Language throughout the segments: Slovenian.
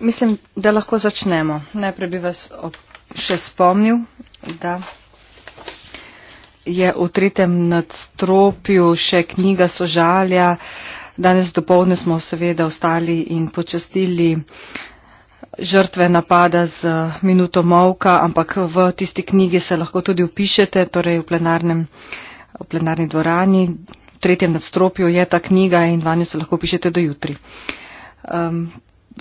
mislim da lahko začnemo najprej bi vas še spomnil da je v tretjem nadstropju še knjiga sožalja danes dopoldne smo seveda ostali in počastili žrtve napada z minuto molka ampak v tisti knjigi se lahko tudi upišete torej v plenarnem v plenarni dvorani tretjem nadstropju je ta knjiga in vanjo se lahko pišete do jutri. Um,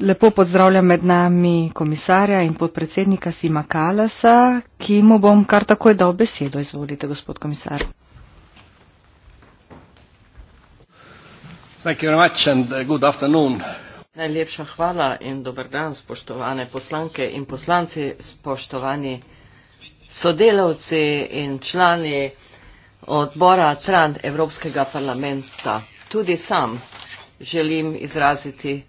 lepo pozdravljam med nami komisarja in podpredsednika Sima Kalasa, ki mu bom kar takoj dal besedo. Izvolite, gospod komisar. Uh, Najlepša hvala in dober dan, spoštovane poslanke in poslanci, spoštovani sodelavci in člani odbora Trant Evropskega parlamenta. Tudi sam želim izraziti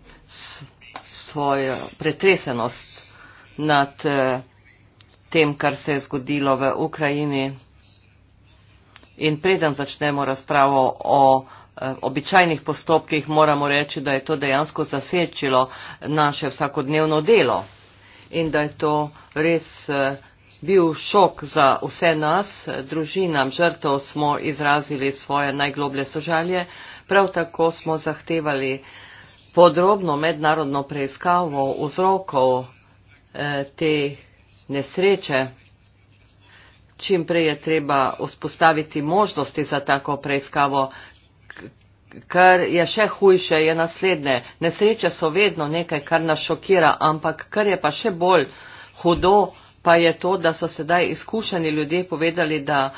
svojo pretresenost nad eh, tem, kar se je zgodilo v Ukrajini. In preden začnemo razpravo o eh, običajnih postopkih, moramo reči, da je to dejansko zasečilo naše vsakodnevno delo in da je to res eh, bil šok za vse nas, družinam žrtov smo izrazili svoje najgloblje sožalje, prav tako smo zahtevali podrobno mednarodno preiskavo vzrokov eh, te nesreče. Čim prej je treba vzpostaviti možnosti za tako preiskavo. Kar je še hujše, je naslednje. Nesreče so vedno nekaj, kar nas šokira, ampak kar je pa še bolj hudo, pa je to, da so sedaj izkušeni ljudje povedali, da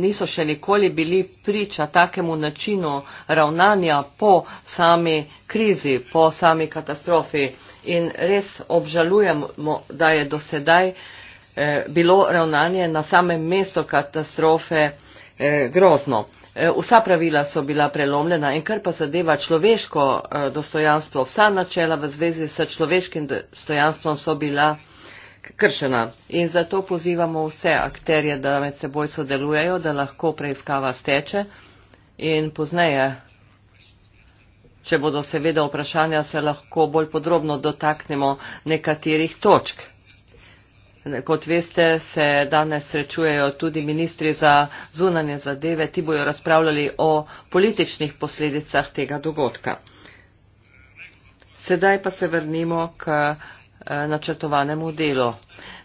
niso še nikoli bili priča takemu načinu ravnanja po sami krizi, po sami katastrofi. In res obžalujemo, da je do sedaj eh, bilo ravnanje na samem mestu katastrofe eh, grozno. Eh, vsa pravila so bila prelomljena in kar pa zadeva človeško eh, dostojanstvo, vsa načela v zvezi s človeškim dostojanstvom so bila kršena. In zato pozivamo vse akterje, da med seboj sodelujejo, da lahko preiskava steče in pozneje, če bodo seveda vprašanja, se lahko bolj podrobno dotaknemo nekaterih točk. Kot veste, se danes srečujejo tudi ministri za zunanje zadeve, ti bojo razpravljali o političnih posledicah tega dogodka. Sedaj pa se vrnimo k Eh, načrtovanemu delu.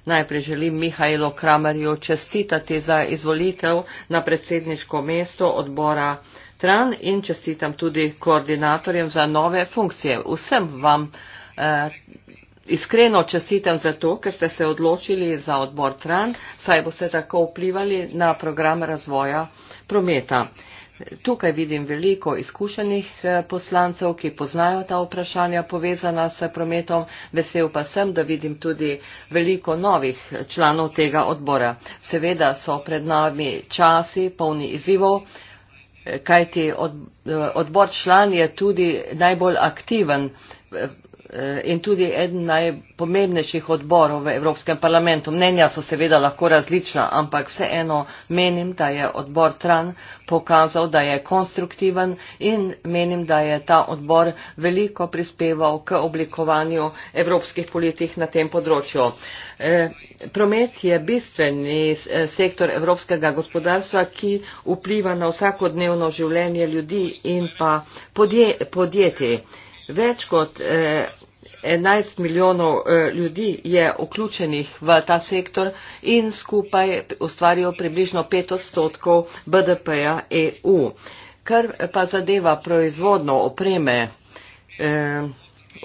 Najprej želim Mihajlo Kramerju čestitati za izvolitev na predsedniško mesto odbora TRAN in čestitam tudi koordinatorjem za nove funkcije. Vsem vam eh, iskreno čestitam za to, ker ste se odločili za odbor TRAN, saj boste tako vplivali na program razvoja prometa. Eh, Tukaj vidim veliko izkušenih eh, poslancev, ki poznajo ta vprašanja povezana s prometom. Vesel pa sem, da vidim tudi veliko novih članov tega odbora. Seveda so pred nami časi polni izzivov, eh, kajti eh, odbor član je tudi najbolj aktiven Eh, in tudi eden najpomembnejših odborov v Evropskem parlamentu. Mnenja so seveda lahko različna, ampak vseeno menim, da je odbor Tran pokazal, da je konstruktiven in menim, da je ta odbor veliko prispeval k oblikovanju evropskih politik na tem področju. Eh, promet je bistveni eh, sektor evropskega gospodarstva, ki vpliva na vsakodnevno življenje ljudi in pa podje, podjetij. Več kot eh, 11 milijonov eh, ljudi je vključenih v ta sektor in skupaj ustvarijo približno 5 odstotkov BDP-ja EU. Kar pa zadeva proizvodno opreme, eh,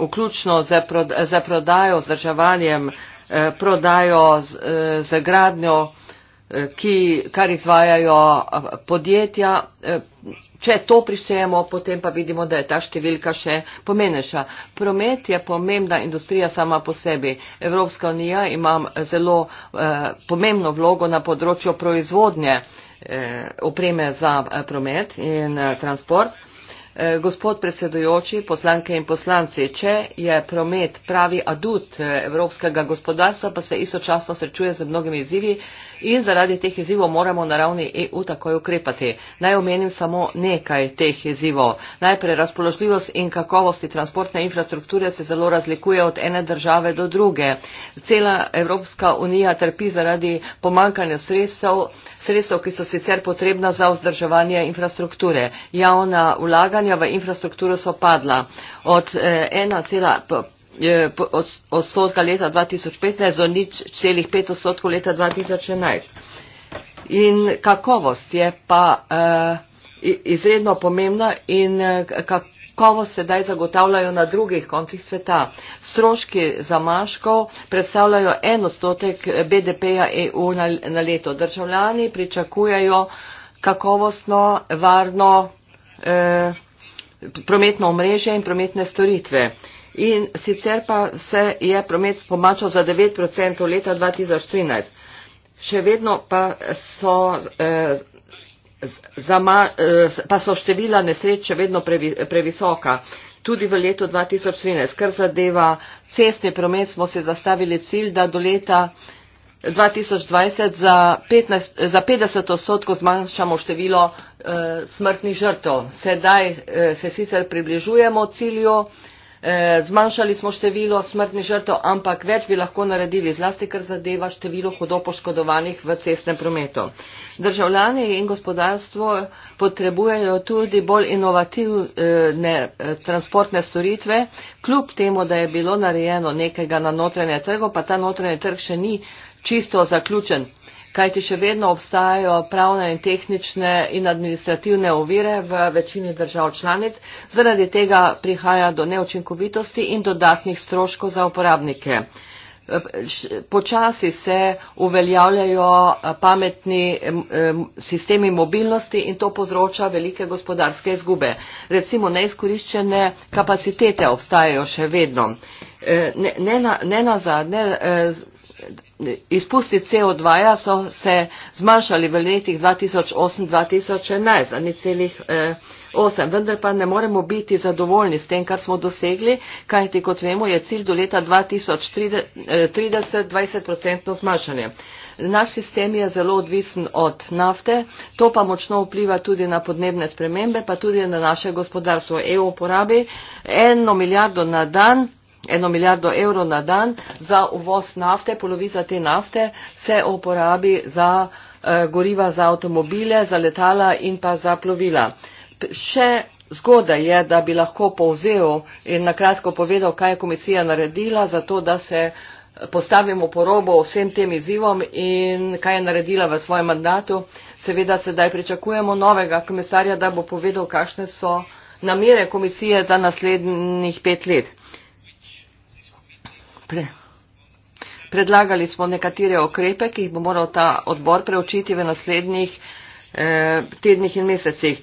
vključno za, prod za prodajo, zdržavanjem, eh, prodajo z, eh, za gradnjo, Eh, ki, kar izvajajo eh, podjetja. Eh, če to prišemo, potem pa vidimo, da je ta številka še pomenejša. Promet je pomembna industrija sama po sebi. Evropska unija ima zelo pomembno vlogo na področju proizvodnje opreme za promet in transport. Eh, gospod predsedujoči, poslanke in poslanci, če je promet pravi adut eh, evropskega gospodarstva, pa se istočasno srečuje z mnogimi izzivi in zaradi teh izzivov moramo na ravni EU takoj ukrepati. Naj omenim samo nekaj teh izzivov. Najprej razpoložljivost in kakovosti transportne infrastrukture se zelo razlikuje od ene države do druge. Cela Evropska unija trpi zaradi pomankanja sredstev, sredstev, ki so sicer potrebna za vzdrževanje infrastrukture. Javna vlaga vlaganja v infrastrukturo so padla od 1,5 eh, eh, odstotka leta 2015 do 0,5 odstotka leta 2011. In kakovost je pa eh, izredno pomembna in kakovost sedaj zagotavljajo na drugih koncih sveta. Stroški zamaškov predstavljajo en odstotek BDP-ja EU na, na leto. Državljani pričakujejo kakovostno, varno, eh, prometno omrežje in prometne storitve. In sicer pa se je promet pomačal za 9 odstotkov leta 2013. Še vedno pa so, eh, zama, eh, pa so števila nesreč še vedno previ, previsoka. Tudi v letu 2013, kar zadeva cestni promet, smo se zastavili cilj, da do leta 2013 2020 za, 15, za 50 odstotkov zmanjšamo število eh, smrtnih žrtov. Sedaj eh, se sicer približujemo cilju, eh, zmanjšali smo število smrtnih žrtov, ampak več bi lahko naredili, zlasti kar zadeva število hudo poškodovanih v cestnem prometu. Državljani in gospodarstvo potrebujejo tudi bolj inovativne eh, transportne storitve, kljub temu, da je bilo narejeno nekega na notranje trgo, pa ta notranje trg še ni čisto zaključen. Kajti še vedno obstajajo pravne in tehnične in administrativne ovire v večini držav članic, zaradi tega prihaja do neučinkovitosti in dodatnih stroškov za uporabnike. Počasi se uveljavljajo pametni sistemi mobilnosti in to povzroča velike gospodarske izgube. Recimo neizkoriščene kapacitete obstajajo še vedno. E, ne, ne, na, ne na zadnje, e, izpusti CO2 -ja so se zmanjšali v letih 2008-2011 za niceljih osem, vendar pa ne moremo biti zadovoljni s tem, kar smo dosegli, kajti kot vemo je cilj do leta 2030-20% zmanjšanje. Naš sistem je zelo odvisen od nafte, to pa močno vpliva tudi na podnebne spremembe, pa tudi na naše gospodarstvo. EU porabi eno milijardo na dan eno milijardo evrov na dan za uvoz nafte, polovica te nafte se uporabi za eh, goriva za avtomobile, za letala in pa za plovila. Še zgodaj je, da bi lahko povzel in nakratko povedal, kaj je komisija naredila za to, da se eh, postavimo porobo vsem tem izzivom in kaj je naredila v svojem mandatu. Seveda sedaj pričakujemo novega komisarja, da bo povedal, kakšne so namere komisije za naslednjih pet let pre. Predlagali smo nekatere okrepe, ki jih bo moral ta odbor preučiti v naslednjih Eh, tednih in mesecih.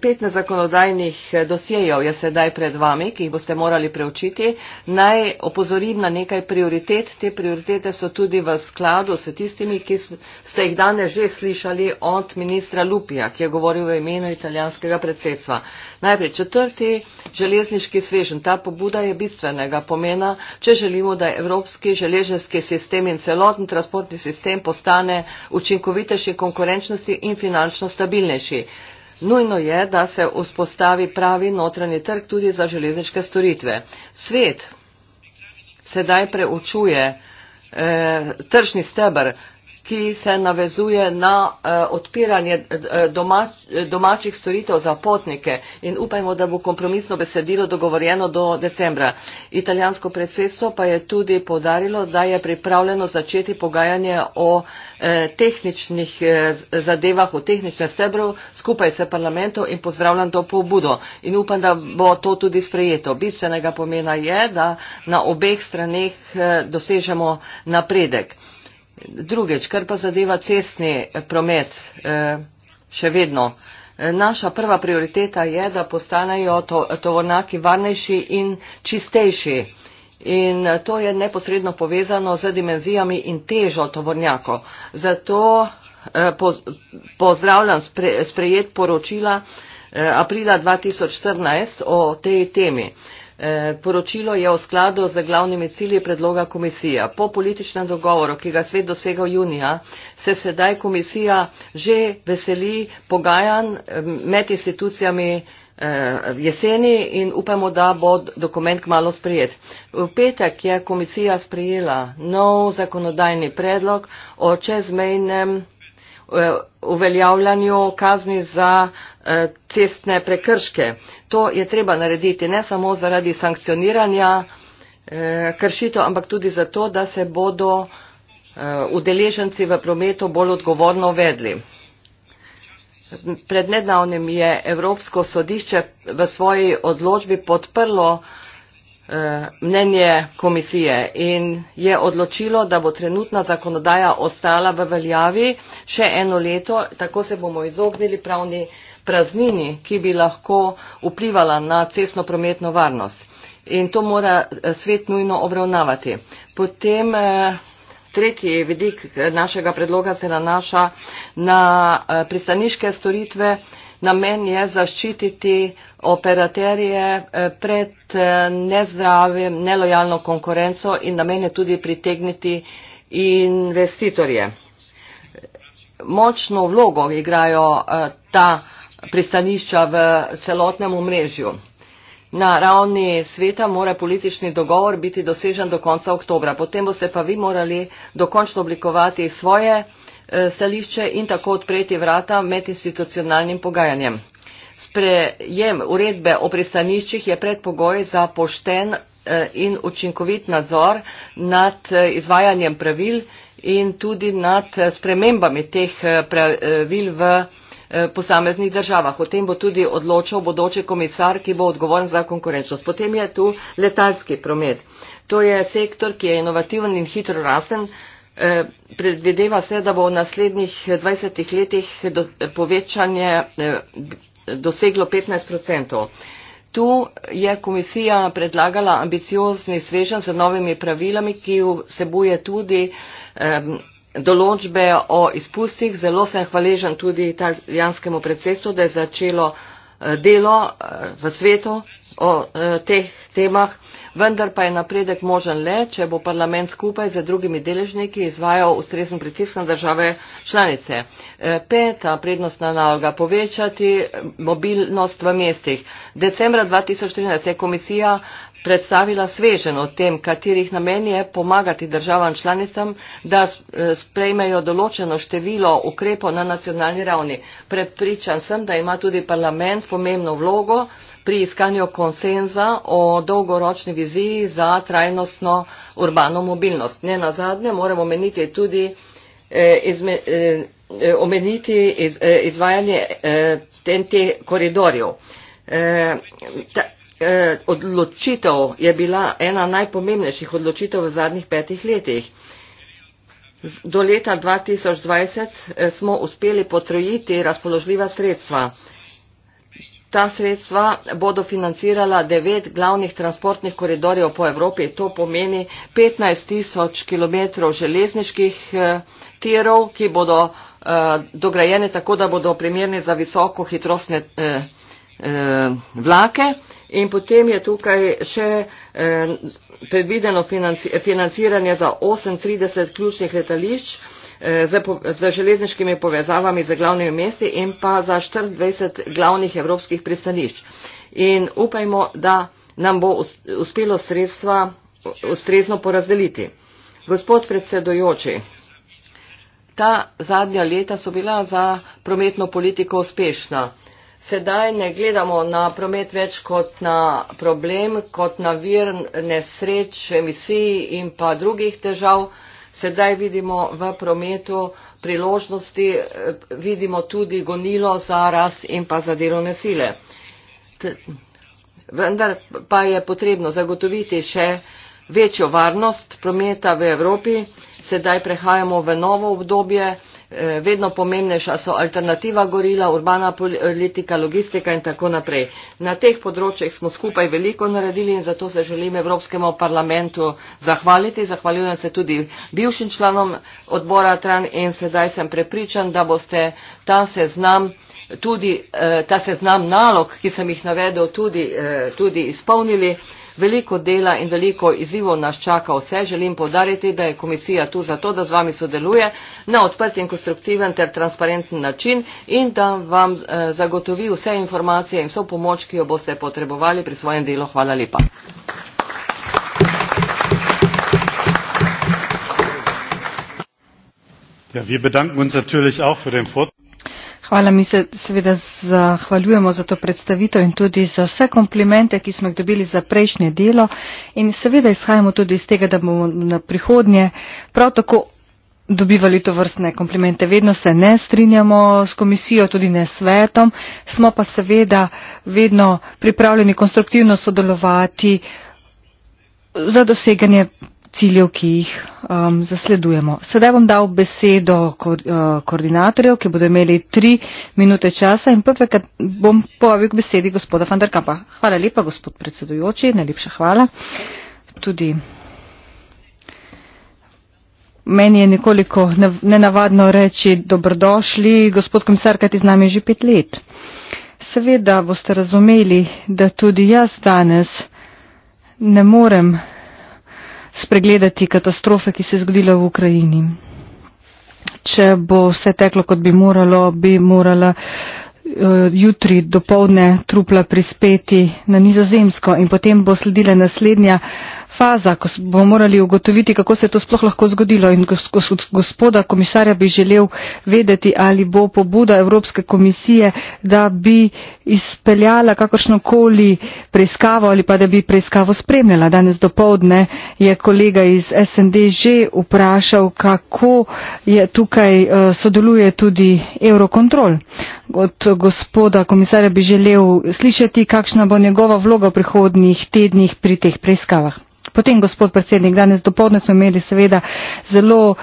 Pet nezakonodajnih eh, dosjejev je sedaj pred vami, ki jih boste morali preučiti. Naj opozorim na nekaj prioritet. Te prioritete so tudi v skladu s tistimi, ki ste jih danes že slišali od ministra Lupija, ki je govoril v imenu italijanskega predsedstva. Najprej četrti železniški svežen. Ta pobuda je bistvenega pomena, če želimo, da evropski železniški sistem in celoten transportni sistem postane učinkovitejši konkurenčnosti in finančnosti finančno stabilnejši. Nujno je, da se vzpostavi pravi notranji trg tudi za železniške storitve. Svet sedaj preučuje eh, tržni stebr, ki se navezuje na eh, odpiranje eh, domač, domačih storitev za potnike in upajmo, da bo kompromisno besedilo dogovorjeno do decembra. Italijansko predsedstvo pa je tudi podarilo, da je pripravljeno začeti pogajanje o eh, tehničnih zadevah, o tehničnem stebru skupaj s parlamentom in pozdravljam to pobudo in upam, da bo to tudi sprejeto. Bistvenega pomena je, da na obeh straneh dosežemo napredek. Drugič, kar pa zadeva cestni eh, promet, eh, še vedno. Eh, naša prva prioriteta je, da postanejo to, tovornaki varnejši in čistejši. In to je neposredno povezano z dimenzijami in težo tovornjako. Zato pozdravljam sprejet poročila aprila 2014 o tej temi. Eh, poročilo je v skladu z glavnimi cilji predloga komisije. Po političnem dogovoru, ki ga je svet dosegal junija, se sedaj komisija že veseli pogajanj eh, med institucijami eh, jeseni in upamo, da bo dokument kmalo sprijet. V petek je komisija sprijela nov zakonodajni predlog o čezmejnem uveljavljanju kazni za eh, cestne prekrške. To je treba narediti ne samo zaradi sankcioniranja eh, kršitev, ampak tudi zato, da se bodo eh, udeleženci v prometu bolj odgovorno vedli. Pred nedavnim je Evropsko sodišče v svoji odločbi podprlo Eh, mnenje komisije in je odločilo, da bo trenutna zakonodaja ostala v veljavi še eno leto, tako se bomo izognili pravni praznini, ki bi lahko vplivala na cestno prometno varnost. In to mora eh, svet nujno obravnavati. Potem eh, tretji vidik našega predloga se nanaša na pristaniške storitve Namen je zaščititi operaterje eh, pred eh, nezdravim, nelojalno konkurenco in namen je tudi pritegniti investitorje. Močno vlogo igrajo eh, ta pristanišča v celotnem omrežju. Na ravni sveta mora politični dogovor biti dosežen do konca oktobra. Potem boste pa vi morali dokončno oblikovati svoje Eh, stališče in tako odpreti vrata med institucionalnim pogajanjem. Sprejem uredbe o pristaniščih je predpogoj za pošten eh, in učinkovit nadzor nad eh, izvajanjem pravil in tudi nad spremembami teh pravil v posameznih državah. O tem bo tudi odločal bodoče komisar, ki bo odgovoren za konkurenčnost. Potem je tu letalski promet. To je sektor, ki je inovativen in hitro rasten. Eh, predvideva se, da bo v naslednjih 20 letih povečanje eh, doseglo 15%. Tu je komisija predlagala ambiciozni svežen z novimi pravilami, ki vsebuje tudi določbe o izpustih. Zelo sem hvaležen tudi italijanskemu predsedstvu, da je začelo delo eh, v svetu o eh, teh temah, vendar pa je napredek možen le, če bo parlament skupaj z drugimi deležniki izvajal ustrezen pritisk na države članice. Eh, peta prednostna naloga - povečati mobilnost v mestih. Decembra 2013 je komisija predstavila svežen o tem, katerih namen je pomagati državam članicam, da eh, sprejmejo določeno število ukrepov na nacionalni ravni. Predpričan sem, da ima tudi parlament pomembno vlogo pri iskanju konsenza o dolgoročni viziji za trajnostno urbano mobilnost. Ne na zadnje, moram omeniti tudi eh, izme, eh, eh, omeniti iz, eh, izvajanje eh, TNT koridorjev. Eh, ta, Eh, odločitev je bila ena najpomembnejših odločitev v zadnjih petih letih. Do leta 2020 eh, smo uspeli potrojiti razpoložljiva sredstva. Ta sredstva bodo financirala devet glavnih transportnih koridorjev po Evropi. To pomeni 15 tisoč kilometrov železniških eh, tirov, ki bodo dograjene tako, da bodo primerni za visoko hitrostne vlake. In potem je tukaj še eh, predvideno financi, financiranje za 38 ključnih letališč eh, z železniškimi povezavami z glavnimi mesti in pa za 24 glavnih evropskih pristanišč. In upajmo, da nam bo uspelo sredstva ustrezno porazdeliti. Gospod predsedojoči, ta zadnja leta so bila za prometno politiko uspešna. Sedaj ne gledamo na promet več kot na problem, kot na vir nesreč, emisij in pa drugih težav. Sedaj vidimo v prometu priložnosti, eh, vidimo tudi gonilo za rast in pa za delovne sile. Vendar pa je potrebno zagotoviti še večjo varnost prometa v Evropi. Sedaj prehajamo v novo obdobje vedno pomembnejša so alternativa gorila, urbana politika, logistika in tako naprej. Na teh področjih smo skupaj veliko naredili in zato se želim Evropskemu parlamentu zahvaliti. Zahvaljujem se tudi bivšim članom odbora Tran in sedaj sem prepričan, da boste ta seznam tudi eh, ta seznam nalog, ki sem jih navedel, tudi, eh, tudi izpolnili. Veliko dela in veliko izzivov nas čaka vse. Želim podariti, da je komisija tu zato, da z vami sodeluje na odprt in konstruktiven ter transparenten način in da vam eh, zagotovi vse informacije in vso pomoč, ki jo boste potrebovali pri svojem delu. Hvala lepa. Ja, wir bedanken uns natürlich auch für den Vortrag. Hvala, mi se seveda zahvaljujemo za to predstavitev in tudi za vse komplimente, ki smo jih dobili za prejšnje delo. In seveda izhajamo tudi iz tega, da bomo na prihodnje prav tako dobivali to vrstne komplimente. Vedno se ne strinjamo s komisijo, tudi ne s svetom, smo pa seveda vedno pripravljeni konstruktivno sodelovati za doseganje ciljev, ki jih um, zasledujemo. Sedaj bom dal besedo ko, uh, koordinatorjev, ki bodo imeli tri minute časa in prve, kad bom povabil k besedi gospoda Fandarkapa. Hvala lepa, gospod predsedujoči, najlepša hvala. Tudi meni je nekoliko nenavadno reči dobrodošli, gospod komisar, kaj ti z nami že pet let. Seveda boste razumeli, da tudi jaz danes ne morem spregledati katastrofe, ki se je zgodila v Ukrajini. Če bo vse teklo, kot bi moralo, bi morala eh, jutri do povdne trupla prispeti na nizozemsko in potem bo sledila naslednja faza, ko bomo morali ugotoviti, kako se je to sploh lahko zgodilo. In gospoda komisarja bi želel vedeti, ali bo pobuda Evropske komisije, da bi izpeljala kakršnokoli preiskavo ali pa da bi preiskavo spremljala. Danes dopovdne je kolega iz SND že vprašal, kako je tukaj eh, sodeluje tudi Eurocontrol od gospoda komisarja bi želel slišati, kakšna bo njegova vloga v prihodnih tednih pri teh preiskavah. Potem, gospod predsednik, danes dopoledne smo imeli seveda zelo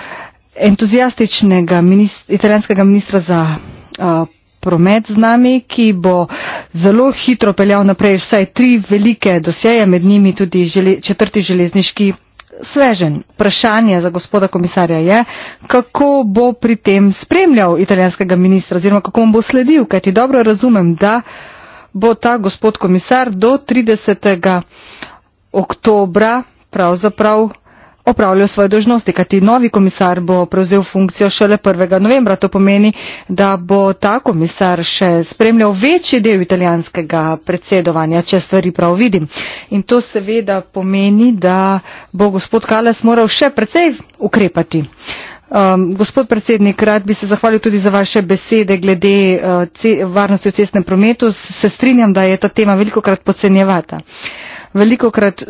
entuzijastičnega minist italijanskega ministra za uh, promet z nami, ki bo zelo hitro peljal naprej vsaj tri velike dosjeje, med njimi tudi žele četrti železniški sveženj vprašanje za gospoda komisarja je, kako bo pri tem spremljal italijanskega ministra oziroma kako mu bo sledil, kaj ti dobro razumem, da bo ta gospod komisar do 30. oktobra pravzaprav opravljajo svoje dožnosti, kajti novi komisar bo prevzel funkcijo šele 1. novembra. To pomeni, da bo ta komisar še spremljal večji del italijanskega predsedovanja, če stvari prav vidim. In to seveda pomeni, da bo gospod Kales moral še precej ukrepati. Um, gospod predsednik, rad bi se zahvalil tudi za vaše besede glede uh, varnosti v cestnem prometu. Se strinjam, da je ta tema veliko krat podcenjevata. Veliko krat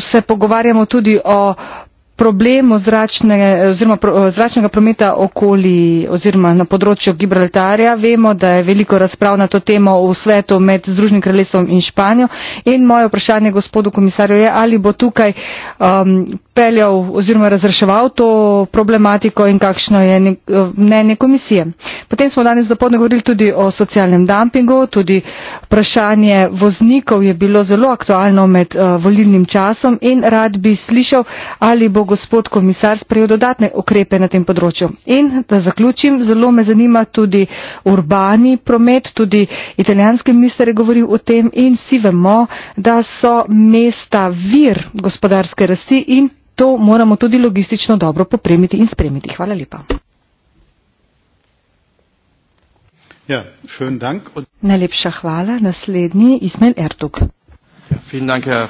se pogovarjamo tudi o problemu zračne, oziroma pro, eh, zračnega prometa okoli oziroma na področju Gibraltarja. Vemo, da je veliko razprav na to temo v svetu med Združenim kraljestvom in Španijo. In moje vprašanje gospodu komisarju je, ali bo tukaj um, peljal oziroma razreševal to problematiko in kakšno je eh, mnenje komisije. Potem smo danes dopolne govorili tudi o socialnem dumpingu, tudi vprašanje voznikov je bilo zelo aktualno med uh, volilnim časom in rad bi slišal, ali bo gospod komisar sprejel dodatne okrepe na tem področju. In da zaključim, zelo me zanima tudi urbani promet, tudi italijanski minister je govoril o tem in vsi vemo, da so mesta vir gospodarske rasti in to moramo tudi logistično dobro popremiti in spremiti. Hvala lepa. Ja, Najlepša hvala. Naslednji Ismail Ertug. Ja,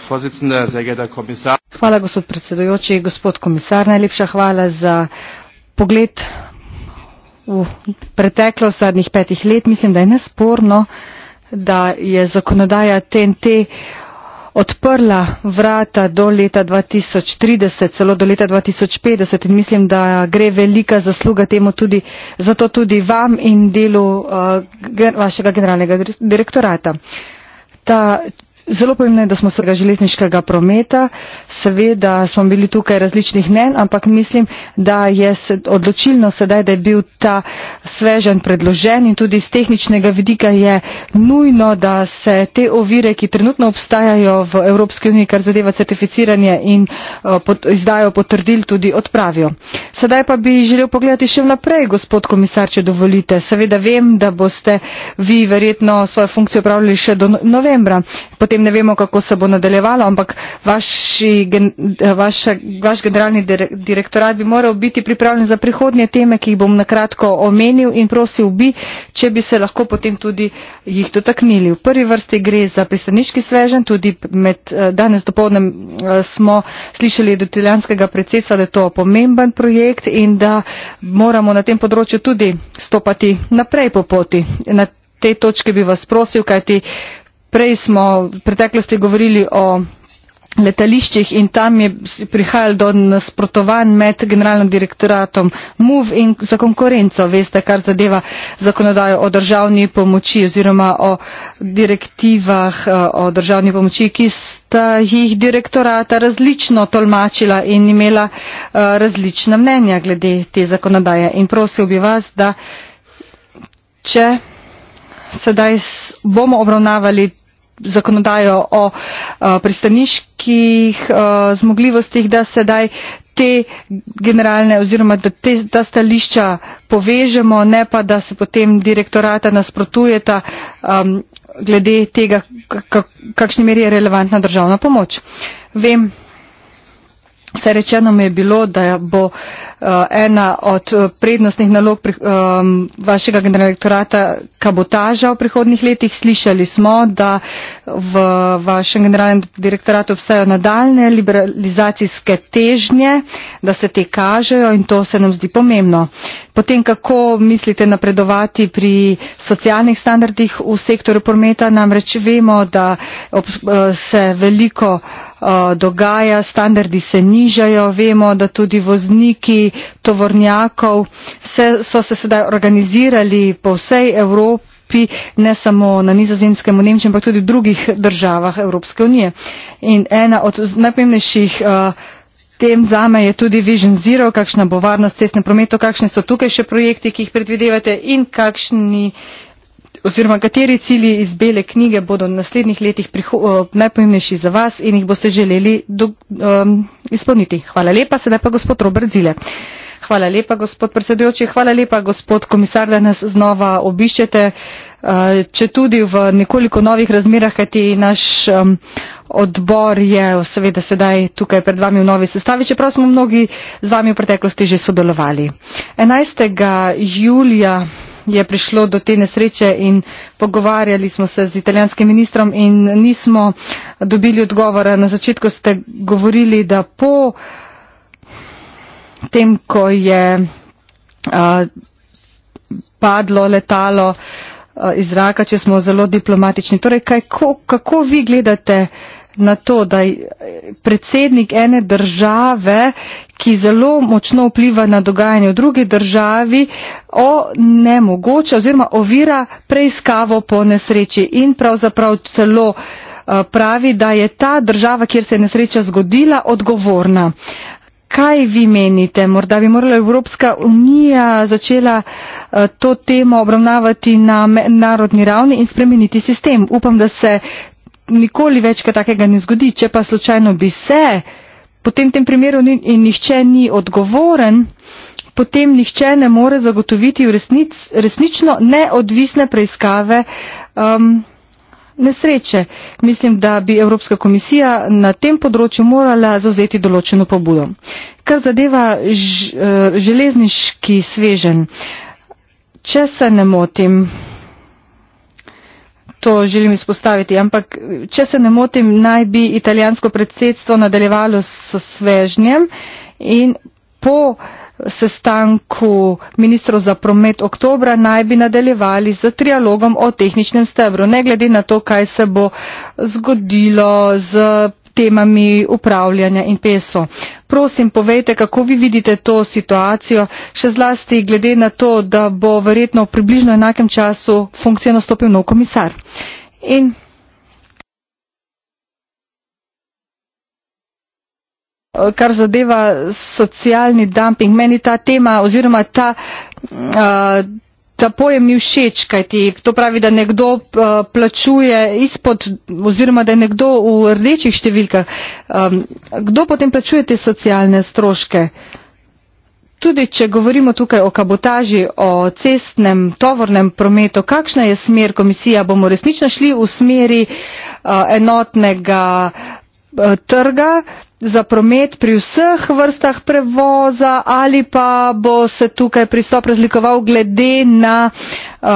hvala, gospod predsedujoči. Gospod komisar, najlepša hvala za pogled v preteklost zadnjih petih let. Mislim, da je nesporno, da je zakonodaja TNT odprla vrata do leta 2030, celo do leta 2050 in mislim, da gre velika zasluga temu tudi, zato tudi vam in delu uh, vašega generalnega direktorata. Ta Zelo pomembno je, da smo se ga železniškega prometa. Seveda smo bili tukaj različnih mnen, ampak mislim, da je odločilno sedaj, da je bil ta svežen predložen in tudi z tehničnega vidika je nujno, da se te ovire, ki trenutno obstajajo v Evropski uniji, kar zadeva certificiranje in eh, pot, izdajo potrdil, tudi odpravijo. Sedaj pa bi želel pogledati še vnaprej, gospod komisar, če dovolite. Seveda vem, da boste vi verjetno svojo funkcijo upravljali še do no-, novembra. Potem potem ne vemo, kako se bo nadaljevalo, ampak vaši, vaš, vaš generalni direktorat bi moral biti pripravljen za prihodnje teme, ki jih bom nakratko omenil in prosil bi, če bi se lahko potem tudi jih dotaknili. V prvi vrsti gre za pristaniški svežen, tudi med eh, danes dopolnem eh, smo slišali od italijanskega predsedstva, da je to pomemben projekt in da moramo na tem področju tudi stopati naprej po poti. Na tej točki bi vas prosil, kajti prej smo v preteklosti govorili o letališčih in tam je prihajalo do nasprotovanj med generalnim direktoratom MUV in za konkurenco, veste, kar zadeva zakonodajo o državni pomoči oziroma o direktivah eh, o državni pomoči, ki sta jih direktorata različno tolmačila in imela eh, različna mnenja glede te zakonodaje. In prosil bi vas, da če sedaj bomo obravnavali zakonodajo o eh, pristaniških eh, zmogljivostih, da sedaj te generalne oziroma da te, ta stališča povežemo, ne pa da se potem direktorata nasprotujeta um, glede tega, kakšni meri je relevantna državna pomoč. Vem, vse rečeno mi je bilo, da bo uh, Eh, ena od eh, prednostnih nalog ehm, vašega generalektorata kabotaža v prihodnih letih. Slišali smo, da v vašem generalnem direktoratu obstajajo nadaljne liberalizacijske težnje, da se te kažejo in to se nam zdi pomembno. Potem, kako mislite napredovati pri socialnih standardih v sektoru prometa, namreč vemo, da eh, se veliko dogaja, standardi se nižajo, vemo, da tudi vozniki tovornjakov, se, so se sedaj organizirali po vsej Evropi, ne samo na nizozemskem, v Nemčiji, ampak tudi v drugih državah Evropske unije. In ena od najpomembnejših uh, Tem zame je tudi Vision Zero, kakšna bo varnost cestne prometo, kakšne so tukaj še projekti, ki jih predvidevate in kakšni oziroma kateri cilji iz bele knjige bodo v naslednjih letih najpomembnejši za vas in jih boste želeli um, izpolniti. Hvala lepa, sedaj pa gospod Robert Zile. Hvala lepa, gospod predsedujoči, hvala lepa, gospod komisar, da nas znova obiščete, uh, če tudi v nekoliko novih razmerah, kajti naš um, odbor je seveda sedaj tukaj pred vami v novi sestavi, čeprav smo mnogi z vami v preteklosti že sodelovali. 11. julija je prišlo do te nesreče in pogovarjali smo se z italijanskim ministrom in nismo dobili odgovora. Na začetku ste govorili, da po tem, ko je a, padlo letalo a, iz raka, če smo zelo diplomatični. Torej, kaj, ko, kako vi gledate? A, na to, da predsednik ene države, ki zelo močno vpliva na dogajanje v drugi državi, o nemogoče oziroma ovira preiskavo po nesreči in pravzaprav celo eh, pravi, da je ta država, kjer se je nesreča zgodila, odgovorna. Kaj vi menite? Morda bi morala Evropska unija začela eh, to temo obravnavati na narodni ravni in spremeniti sistem. Upam, da se nikoli več kaj takega ne zgodi. Če pa slučajno bi se, potem v tem primeru ni, in nihče ni odgovoren, potem nihče ne more zagotoviti resnic, resnično neodvisne preiskave um, nesreče. Mislim, da bi Evropska komisija na tem področju morala zauzeti določeno pobudo. Kar zadeva ž, eh, železniški svežen, če se ne motim to želim izpostaviti, ampak če se ne motim, naj bi italijansko predsedstvo nadaljevalo s svežnjem in po sestanku ministrov za promet oktobra naj bi nadaljevali z trialogom o tehničnem stebru, ne glede na to, kaj se bo zgodilo z temami upravljanja in peso. Prosim, povejte, kako vi vidite to situacijo, še zlasti glede na to, da bo verjetno v približno enakem času funkcijo nastopil nov komisar. In kar zadeva socialni dumping, meni ta tema oziroma ta. Uh, ta pojem ni všeč, kajti to pravi, da nekdo eh, plačuje izpod oziroma da je nekdo v rdečih številkah. Kdo potem plačuje te socialne stroške? Tudi, če govorimo tukaj o kabotaži, o cestnem, tovornem prometu, kakšna je smer komisija, bomo resnično šli v smeri eh, enotnega eh, trga, za promet pri vseh vrstah prevoza ali pa bo se tukaj pristop razlikoval glede na uh,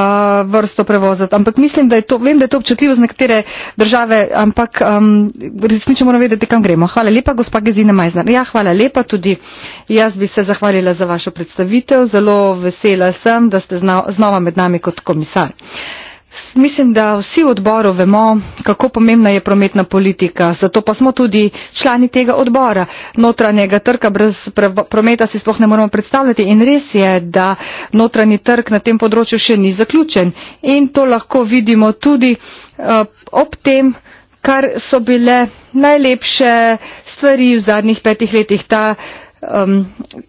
vrsto prevoza. Ampak mislim, da je to, vem, da je to občutljivo za nekatere države, ampak um, resnično moramo vedeti, kam gremo. Hvala lepa, gospa Gezina Majzna. Ja, hvala lepa tudi. Jaz bi se zahvalila za vašo predstavitev. Zelo vesela sem, da ste znova med nami kot komisar. Uh, Mislim, da vsi v odboru vemo, kako pomembna je prometna politika, zato pa smo tudi člani tega odbora. Notranjega trga brez prometa si spoh ne moremo predstavljati in res je, da notranji trg na tem področju še ni zaključen in to lahko vidimo tudi uh, ob tem, kar so bile najlepše stvari v zadnjih petih letih. Ta, uh, um,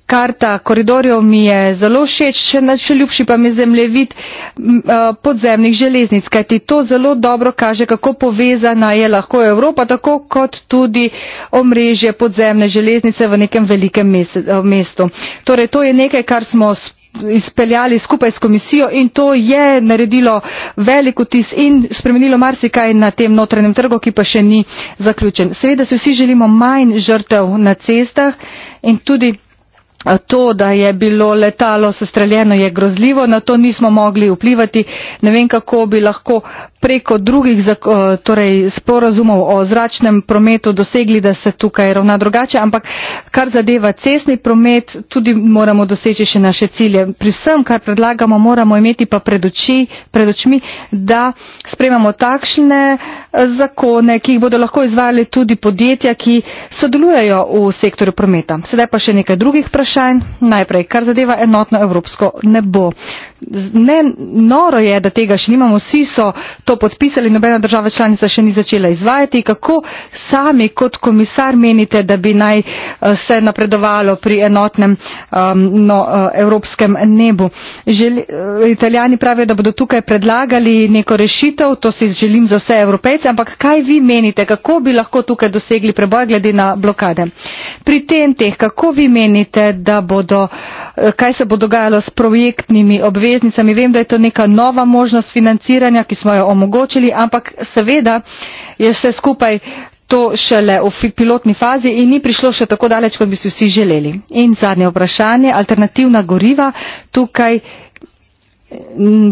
karta koridorjev mi je zelo všeč, še najljubši pa mi je zemljevid uh, podzemnih železnic, kajti to zelo dobro kaže, kako povezana je lahko Evropa, tako kot tudi omrežje podzemne železnice v nekem velikem e, mestu. Torej, to je nekaj, kar smo spoznali izpeljali skupaj s komisijo in to je naredilo velik vtis in spremenilo marsikaj na tem notranjem trgu, ki pa še ni zaključen. Seveda si vsi želimo manj žrtev na cestah in tudi to, da je bilo letalo sestreljeno, je grozljivo, na to nismo mogli vplivati. Ne vem, kako bi lahko preko drugih eh, torej, sporazumov o zračnem prometu dosegli, da se tukaj ravna drugače, ampak kar zadeva cestni promet, tudi moramo doseči še naše cilje. Pri vsem, kar predlagamo, moramo imeti pa pred, oči, pred očmi, da sprejmamo takšne eh, zakone, ki jih bodo lahko izvajali tudi podjetja, ki sodelujejo v sektorju prometa. Sedaj pa še nekaj drugih vprašanj vprašanj najprej kar zadeva enotno evropsko nebo ne, noro je, da tega še nimamo, vsi so to podpisali, nobena država članica še ni začela izvajati. Kako sami kot komisar menite, da bi naj eh, se napredovalo pri enotnem um, no, eh, evropskem nebu? Želi, eh, italijani pravijo, da bodo tukaj predlagali neko rešitev, to si želim za vse evropejce, ampak kaj vi menite, kako bi lahko tukaj dosegli preboj glede na blokade? Pri TNT, kako vi menite, da bodo. Eh, kaj se bo dogajalo s projektnimi obveznicami. Vem, da je to neka nova možnost financiranja, ki smo jo omogočili, ampak seveda je vse skupaj to šele v pilotni fazi in ni prišlo še tako daleč, kot bi si vsi želeli. In zadnje vprašanje, alternativna goriva tukaj. Mm,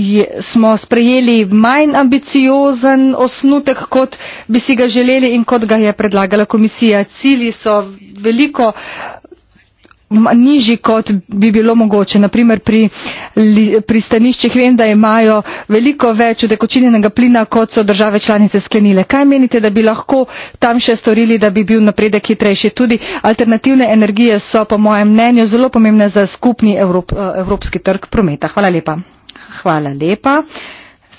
je, smo sprejeli manj ambiciozen osnutek, kot bi si ga želeli in kot ga je predlagala komisija. Cili so veliko uh, nižji, kot bi bilo mogoče. Naprimer pri, li, pri staniščih vem, da imajo veliko več utekočinjenega plina, kot so države članice sklenile. Kaj menite, da bi lahko tam še storili, da bi bil napredek hitrejši? Tudi alternativne energije so, po mojem mnenju, zelo pomembne za skupni Evrop, eh, evropski trg prometa. Hvala lepa. Hvala lepa.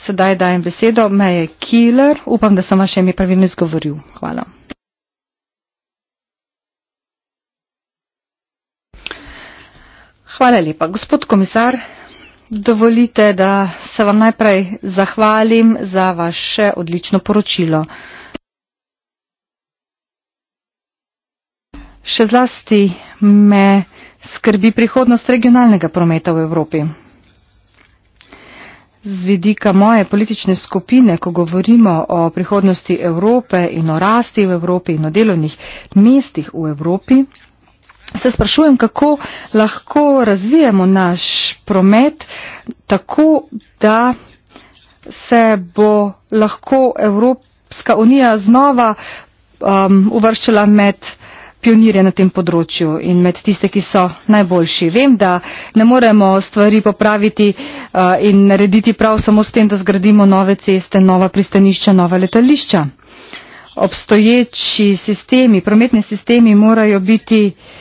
Sedaj dajem besedo. Me je killer. Upam, da sem vaše ime pravilno izgovoril. Hvala. Hvala lepa. Gospod komisar, dovolite, da se vam najprej zahvalim za vaše odlično poročilo. Še zlasti me skrbi prihodnost regionalnega prometa v Evropi. Z vidika moje politične skupine, ko govorimo o prihodnosti Evrope in o rasti v Evropi in o delovnih mestih v Evropi, se sprašujem, kako lahko razvijemo naš promet tako, da se bo lahko Evropska unija znova um, uvrščala med pionirje na tem področju in med tiste, ki so najboljši. Vem, da ne moremo stvari popraviti uh, in narediti prav samo s tem, da zgradimo nove ceste, nova pristanišča, nova letališča. Obstoječi sistemi, prometni sistemi morajo biti uh,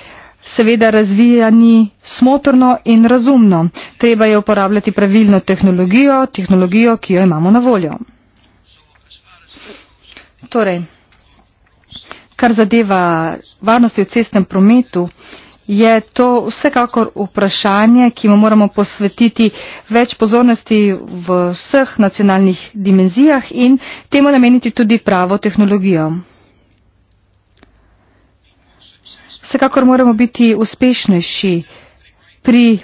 seveda razvijani smotrno in razumno. Treba je uporabljati pravilno tehnologijo, tehnologijo, ki jo imamo na voljo. Torej, kar zadeva varnosti v cestnem prometu, je to vsekakor vprašanje, ki mu moramo posvetiti več pozornosti v vseh nacionalnih dimenzijah in temu nameniti tudi pravo tehnologijo. Vsekakor moramo biti uspešnejši pri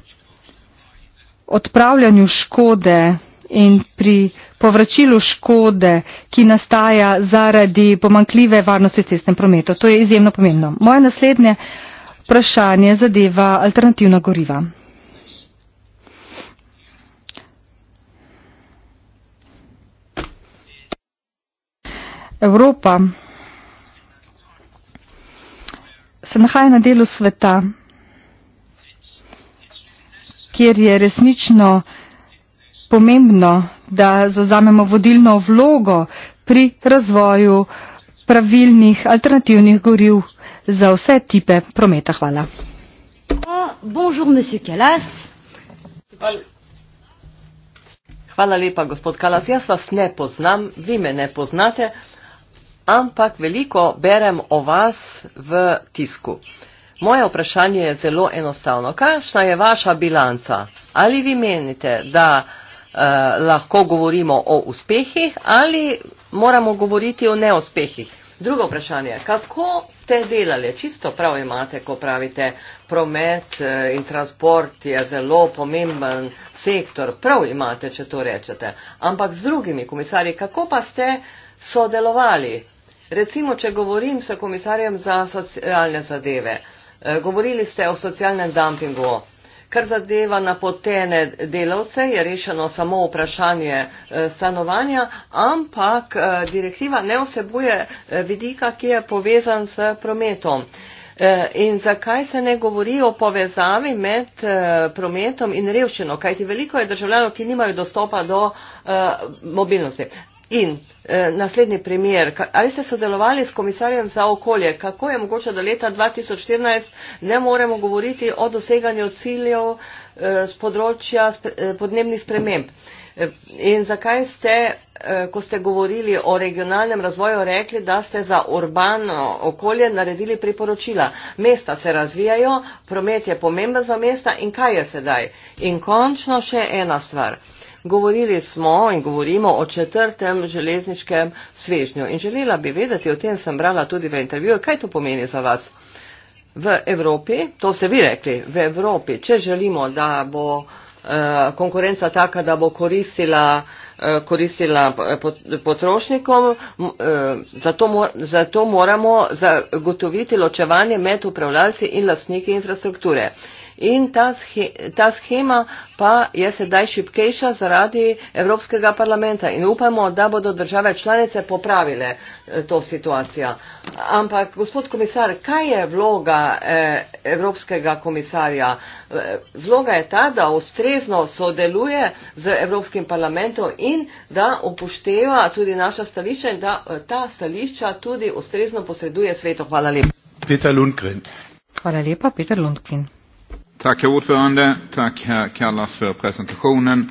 odpravljanju škode in pri povračilu škode, ki nastaja zaradi pomankljive varnosti v cestnem prometu. To je izjemno pomembno. Moje naslednje vprašanje zadeva alternativna goriva. Evropa se nahaja na delu sveta, kjer je resnično pomembno, da zozamemo vodilno vlogo pri razvoju pravilnih alternativnih goriv za vse tipe prometa. Hvala. Bonjour, Hvala lepa, gospod Kalas. Jaz vas ne poznam, vi me ne poznate ampak veliko berem o vas v tisku. Moje vprašanje je zelo enostavno. Kakšna je vaša bilanca? Ali vi menite, da eh, lahko govorimo o uspehih ali moramo govoriti o neuspehih? Drugo vprašanje, kako ste delali? Čisto prav imate, ko pravite, promet eh, in transport je zelo pomemben sektor. Prav imate, če to rečete. Ampak z drugimi komisarji, kako pa ste sodelovali? Recimo, če govorim s komisarjem za socialne zadeve, eh, govorili ste o socialnem dumpingu. Kar zadeva napotene delavce, je rešeno samo vprašanje eh, stanovanja, ampak eh, direktiva ne osebuje vidika, ki je povezan s prometom. In zakaj se ne govori o povezavi med prometom in revščino, kajti veliko je državljanov, ki nimajo dostopa do mobilnosti. In eh, naslednji primer, ali ste sodelovali s komisarjem za okolje, kako je mogoče, da leta 2014 ne moremo govoriti o doseganju ciljev eh, z področja spe, eh, podnebnih sprememb? Eh, in zakaj ste, eh, ko ste govorili o regionalnem razvoju, rekli, da ste za urbano okolje naredili priporočila? Mesta se razvijajo, promet je pomemben za mesta in kaj je sedaj? In končno še ena stvar. Govorili smo in govorimo o četrtem železniškem svežnju. In želela bi vedeti, o tem sem brala tudi v intervjuju, kaj to pomeni za vas. V Evropi, to ste vi rekli, v Evropi, če želimo, da bo eh, konkurenca taka, da bo koristila, eh, koristila eh, potrošnikom, zato, zato moramo zagotoviti ločevanje med upravljalci in lastniki infrastrukture in ta, schi, ta schema pa je sedaj šipkejša zaradi Evropskega parlamenta in upamo, da bodo države članice popravile eh, to situacijo. Ampak, gospod komisar, kaj je vloga eh, Evropskega komisarja? Eh, vloga je ta, da ustrezno sodeluje z Evropskim parlamentom in da upošteva tudi naša stališča in da ta stališča tudi ustrezno posreduje svetu. Hvala lepa. Peter Lundgren. Hvala lepa, Peter Lundgren. Tack herr ordförande, tack herr Kallas för presentationen.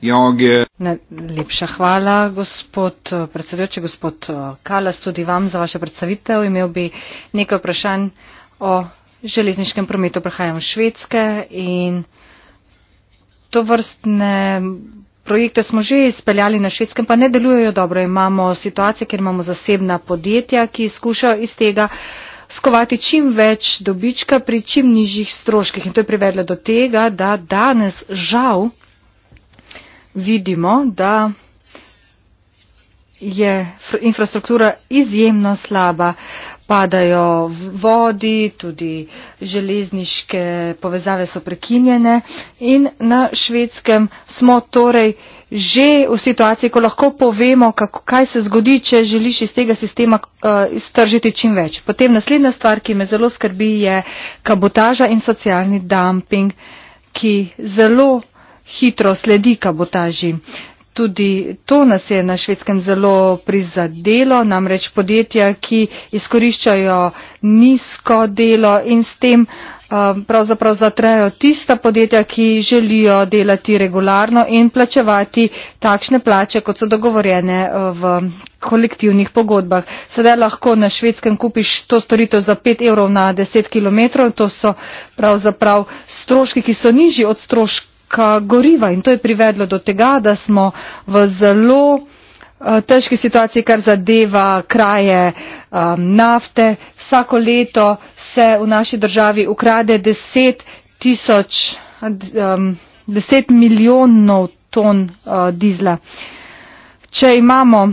Jag... Eh, Najlepša hvala, gospod eh, predsedujoči, gospod eh, Kalas, tudi vam za vašo predstavitev. Imel bi nekaj vprašanj o železniškem prometu. Prehajam v Švedske in to vrstne projekte smo že izpeljali na Švedskem, pa ne delujejo dobro. Imamo situacije, kjer imamo zasebna podjetja, ki skušajo iz tega skovati čim več dobička pri čim nižjih stroških. In to je privedlo do tega, da danes žal vidimo, da je infrastruktura izjemno slaba. Padajo vodi, tudi železniške povezave so prekinjene in na švedskem smo torej že v situaciji, ko lahko povemo, kako, kaj se zgodi, če želiš iz tega sistema eh, iztržiti čim več. Potem naslednja stvar, ki me zelo skrbi, je kabotaža in socialni dumping, ki zelo hitro sledi kabotaži. Tudi to nas je na švedskem zelo prizadelo, namreč podjetja, ki izkoriščajo nizko delo in s tem uh, Ehm, pravzaprav zatrejo tista podjetja, ki želijo delati regularno in plačevati takšne plače, kot so dogovorjene eh, v kolektivnih pogodbah. Sedaj lahko na švedskem kupiš to storitev za 5 evrov na 10 km, to so pravzaprav stroški, ki so nižji od stroška goriva in to je privedlo do tega, da smo v zelo Eh, težki situaciji, kar zadeva kraje um, nafte. Vsako leto se v naši državi ukrade 10, tisoč, um, 10 milijonov ton uh, dizla. Če imamo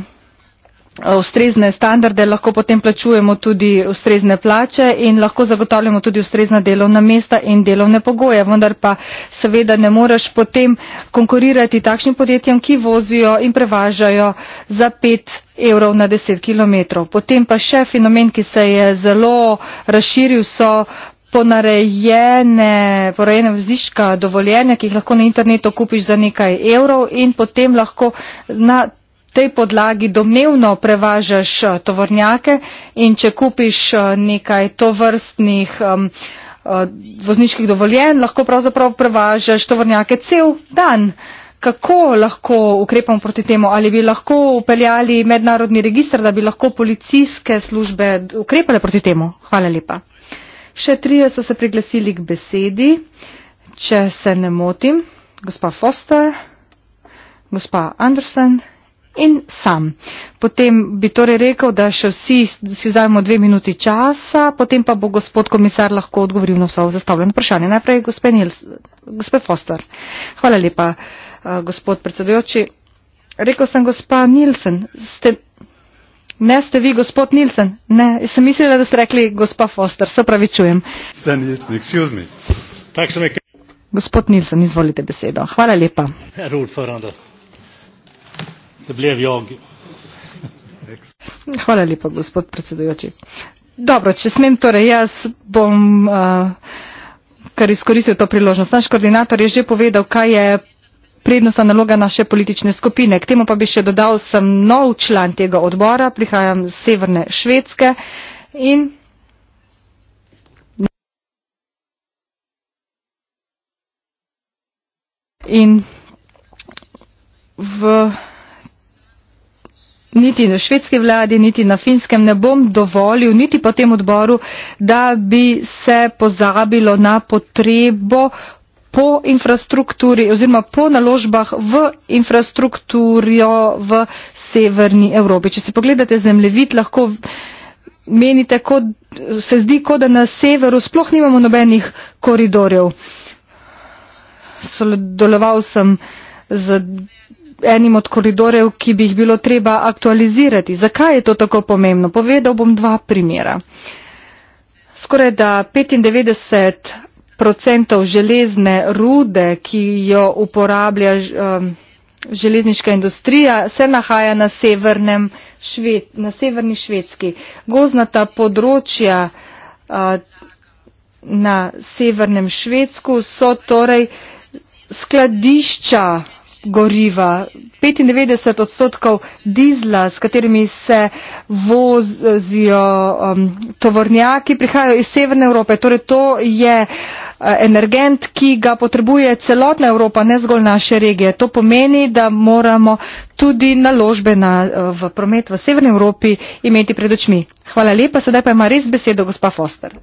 Eh, ustrezne standarde lahko potem plačujemo tudi ustrezne plače in lahko zagotavljamo tudi ustrezna delovna mesta in delovne pogoje vendar pa seveda ne moreš potem konkurirati takšnim podjetjem ki vozijo in prevažajo za pet evrov na deset kilometrov potem pa še fenomen ki se je zelo razširil so ponarejene porojena vozniška dovoljenja ki jih lahko na internetu kupiš za nekaj evrov in potem lahko na tej podlagi domnevno prevažaš eh, tovornjake in če kupiš eh, nekaj tovrstnih eh, vozniških dovoljenj, lahko pravzaprav prevažaš tovornjake cel dan. Kako lahko ukrepamo proti temu? Ali bi lahko upeljali mednarodni registr, da bi lahko policijske službe ukrepale proti temu? Hvala lepa. Še trije so se priglasili k besedi, če se ne motim. Gospa Foster, gospa Andersen in sam. Potem bi torej rekel, da še vsi si vzajemo dve minuti časa, potem pa bo gospod komisar lahko odgovoril na vso zastavljeno vprašanje. Najprej gospod Foster. Hvala lepa, eh, gospod predsedujoči. Rekl sem gospa Nilsen. Ste, ne, ste vi gospod Nilsen? Ne, sem mislila, da ste rekli gospa Foster. Se pravi, čujem. Gospod Nilsen, izvolite besedo. Hvala lepa. Herr Ulf, Det blev jag. Hvala lepa, gospod predsedujoči. Dobro, če smem, torej jaz bom uh, kar izkoristil to priložnost. Naš koordinator je že povedal, kaj je prednostna naloga naše politične skupine. K temu pa bi še dodal, sem nov član tega odbora, prihajam z severne Švedske in. in v, niti na švedski vladi, niti na finskem ne bom dovolil, niti po tem odboru, da bi se pozabilo na potrebo po infrastrukturi oziroma po naložbah v infrastrukturo v severni Evropi. Če si pogledate zemljevid, lahko menite, kot, se zdi, kot da na severu sploh nimamo nobenih koridorjev. Soledoloval sem z enim od koridorjev, ki bi jih bilo treba aktualizirati. Zakaj je to tako pomembno? Povedal bom dva primera. Skoraj da 95 odstotkov železne rude, ki jo uporablja ehm, železniška industrija, se nahaja na, Šved, na severni Švedski. Goznata področja na severnem Švedsku so torej skladišča goriva. 95 odstotkov dizla, s katerimi se vozijo um, tovornjaki, prihajajo iz Severne Evrope. Torej, to je eh, energent, ki ga potrebuje celotna Evropa, ne zgolj naše regije. To pomeni, da moramo tudi naložbe na, eh, v promet v Severni Evropi imeti pred očmi. Hvala lepa, sedaj pa ima res besedo gospa Foster.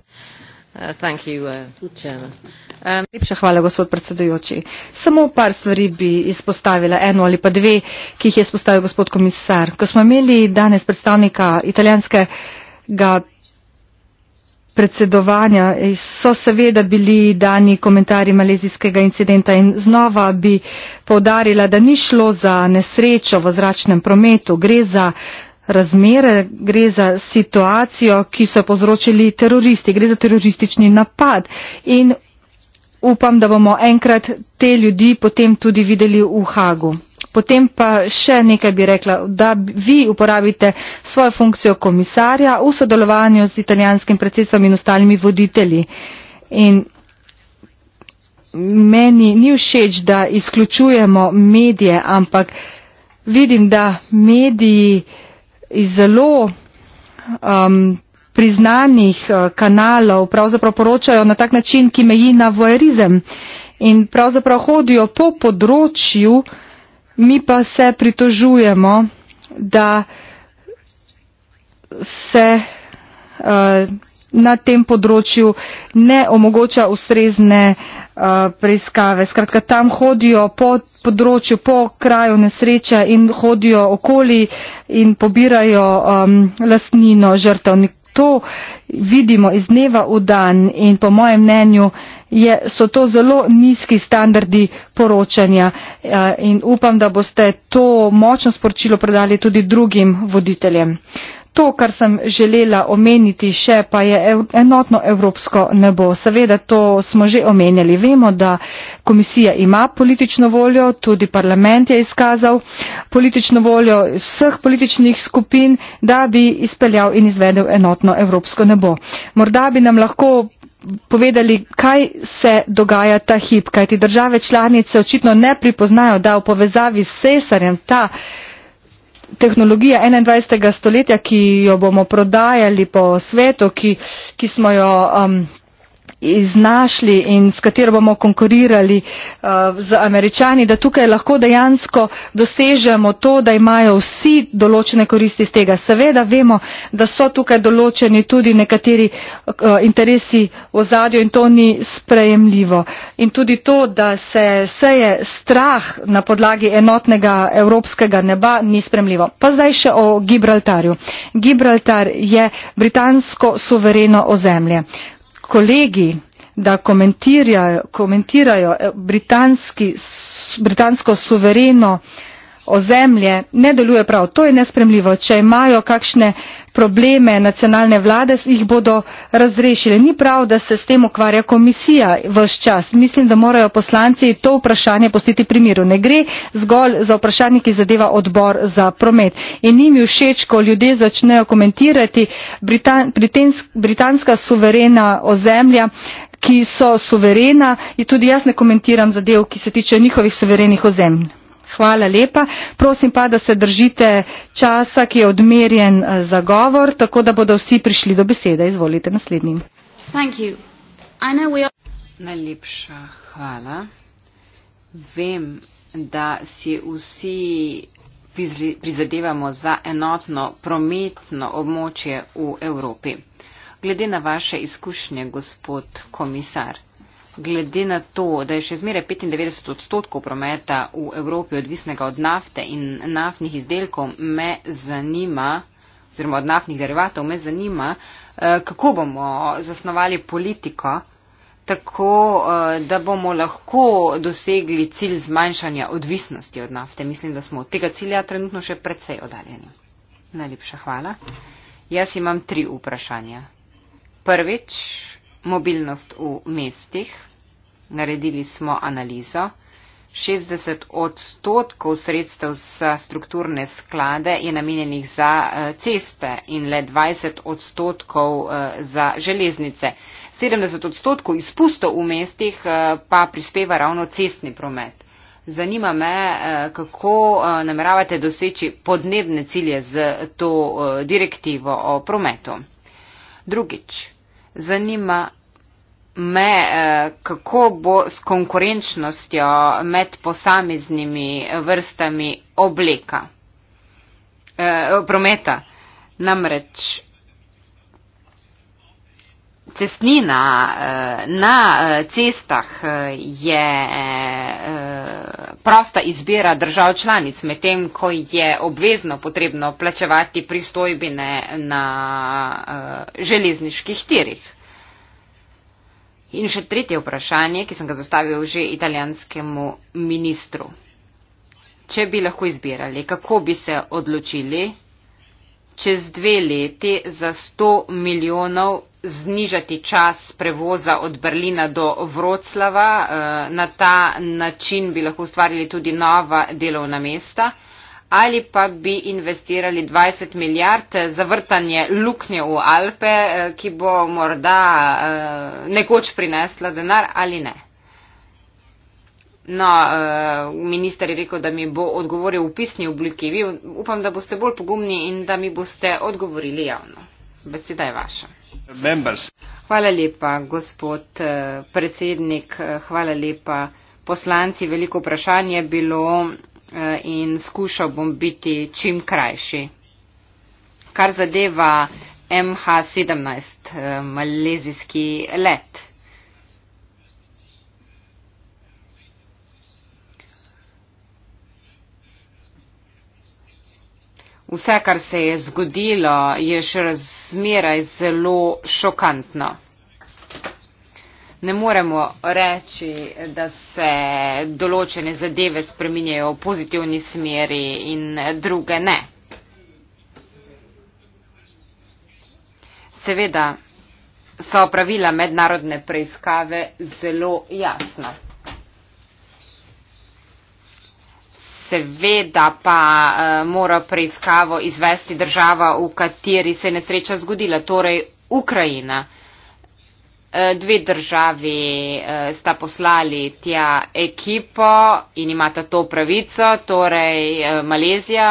Uh, thank you, uh, Lepša hvala, gospod predsedujoči. Samo par stvari bi izpostavila, eno ali pa dve, ki jih je izpostavil gospod komisar. Ko smo imeli danes predstavnika italijanskega predsedovanja, so seveda bili dani komentarji malezijskega incidenta in znova bi povdarila, da ni šlo za nesrečo v zračnem prometu, gre za razmere, gre za situacijo, ki so povzročili teroristi, gre za teroristični napad. In upam, da bomo enkrat te ljudi potem tudi videli v Hagu. Potem pa še nekaj bi rekla, da vi uporabite svojo funkcijo komisarja v sodelovanju z italijanskim predsedstvom in ostalimi voditelji. In meni ni všeč, da izključujemo medije, ampak vidim, da mediji zelo um, priznanih eh, kanalov pravzaprav poročajo na tak način, ki meji na voerizem in pravzaprav hodijo po področju, mi pa se pritožujemo, da se eh, na tem področju ne omogoča ustrezne eh, preiskave. Skratka, tam hodijo po področju, po kraju nesreče in hodijo okoli in pobirajo um, lastnino žrtev to vidimo iz dneva v dan in po mojem mnenju je, so to zelo nizki standardi poročanja eh, in upam, da boste to močno sporočilo predali tudi drugim voditeljem. To, kar sem želela omeniti še, pa je enotno evropsko nebo. Seveda, to smo že omenjali. Vemo, da komisija ima politično voljo, tudi parlament je izkazal politično voljo vseh političnih skupin, da bi izpeljal in izvedel enotno evropsko nebo. Morda bi nam lahko povedali, kaj se dogaja ta hip, kajti države članice očitno ne pripoznajo, da v povezavi s cesarjem ta tehnologija 21. stoletja ki jo bomo prodajali po svetu ki, ki smo jo um, iznašli in s katero bomo konkurirali uh, z američani, da tukaj lahko dejansko dosežemo to, da imajo vsi določene koristi iz tega. Seveda vemo, da so tukaj določeni tudi nekateri uh, interesi v zadju in to ni sprejemljivo. In tudi to, da se vse je strah na podlagi enotnega evropskega neba, ni sprejemljivo. Pa zdaj še o Gibraltarju. Gibraltar je britansko suvereno ozemlje kolegi, da komentirajo, komentirajo eh, britansko suvereno uh, ozemlje ne deluje prav to je nesprejemljivo če imajo kakšne probleme nacionalne vlade jih bodo razrešile ni prav da se s tem ukvarja komisija ves čas mislim da morajo poslanci to vprašanje pustiti pri miru ne gre zgolj za vprašanje ki zadeva odbor za promet in ni mi všeč ko ljudje začnejo komentirati britanska suverena ozemlja ki so suverena in tudi jaz ne komentiram zadev ki se tičejo njihovih suverenih ozemelj Hvala lepa. Prosim pa, da se držite časa, ki je odmerjen eh, za govor, tako da bodo vsi prišli do besede. Izvolite naslednjim. Are... Najlepša hvala. Vem, da si vsi prizadevamo za enotno prometno območje v Evropi. Glede na vaše izkušnje, gospod komisar glede na to, da je še zmere 95 odstotkov prometa v Evropi odvisnega od nafte in naftnih izdelkov, me zanima, oziroma od naftnih derivatov, me zanima, eh, kako bomo zasnovali politiko, tako eh, da bomo lahko dosegli cilj zmanjšanja odvisnosti od nafte. Mislim, da smo od tega cilja trenutno še predvsej odaljeni. Najlepša hvala. Jaz imam tri vprašanja. Prvič, mobilnost v mestih. Naredili smo analizo. 60 odstotkov sredstev za strukturne sklade je namenjenih za eh, ceste in le 20 odstotkov eh, za železnice. 70 odstotkov izpustov v mestih eh, pa prispeva ravno cestni promet. Zanima me, kako nameravate doseči podnebne cilje z to direktivo o prometu. Drugič, zanima me, eh, kako bo s konkurenčnostjo med posameznimi vrstami obleka, eh, prometa. Namreč cestnina eh, na eh, cestah eh, je prosta izbira držav članic, medtem ko je obvezno potrebno plačevati pristojbine na železniških tirih. In še tretje vprašanje, ki sem ga zastavil že italijanskemu ministru. Če bi lahko izbirali, kako bi se odločili čez dve leti za 100 milijonov znižati čas prevoza od Berlina do Vroclava. Eh, na ta način bi lahko ustvarili tudi nova delovna mesta ali pa bi investirali 20 milijard eh, za vrtanje luknje v Alpe, eh, ki bo morda nekoč prinesla denar ali ne. No, minister je rekel, da mi bo odgovoril v pisni obliki. Upam, da boste bolj pogumni in da mi boste odgovorili javno. Beseda je vaša. Members. Hvala lepa, gospod eh, predsednik. Hvala lepa, poslanci. Veliko vprašanje je bilo eh, in skušal bom biti čim krajši. Kar zadeva MH17, eh, malezijski let. Vse, kar se je zgodilo, je še razmeraj zelo šokantno. Ne moremo reči, da se določene zadeve spreminjajo v pozitivni smeri in druge ne. Seveda so pravila mednarodne preiskave zelo jasna. seveda pa eh, mora preiskavo izvesti država, v kateri se je nesreča zgodila, torej Ukrajina. Eh, dve državi eh, sta poslali tja ekipo in imata to pravico, torej Malezija,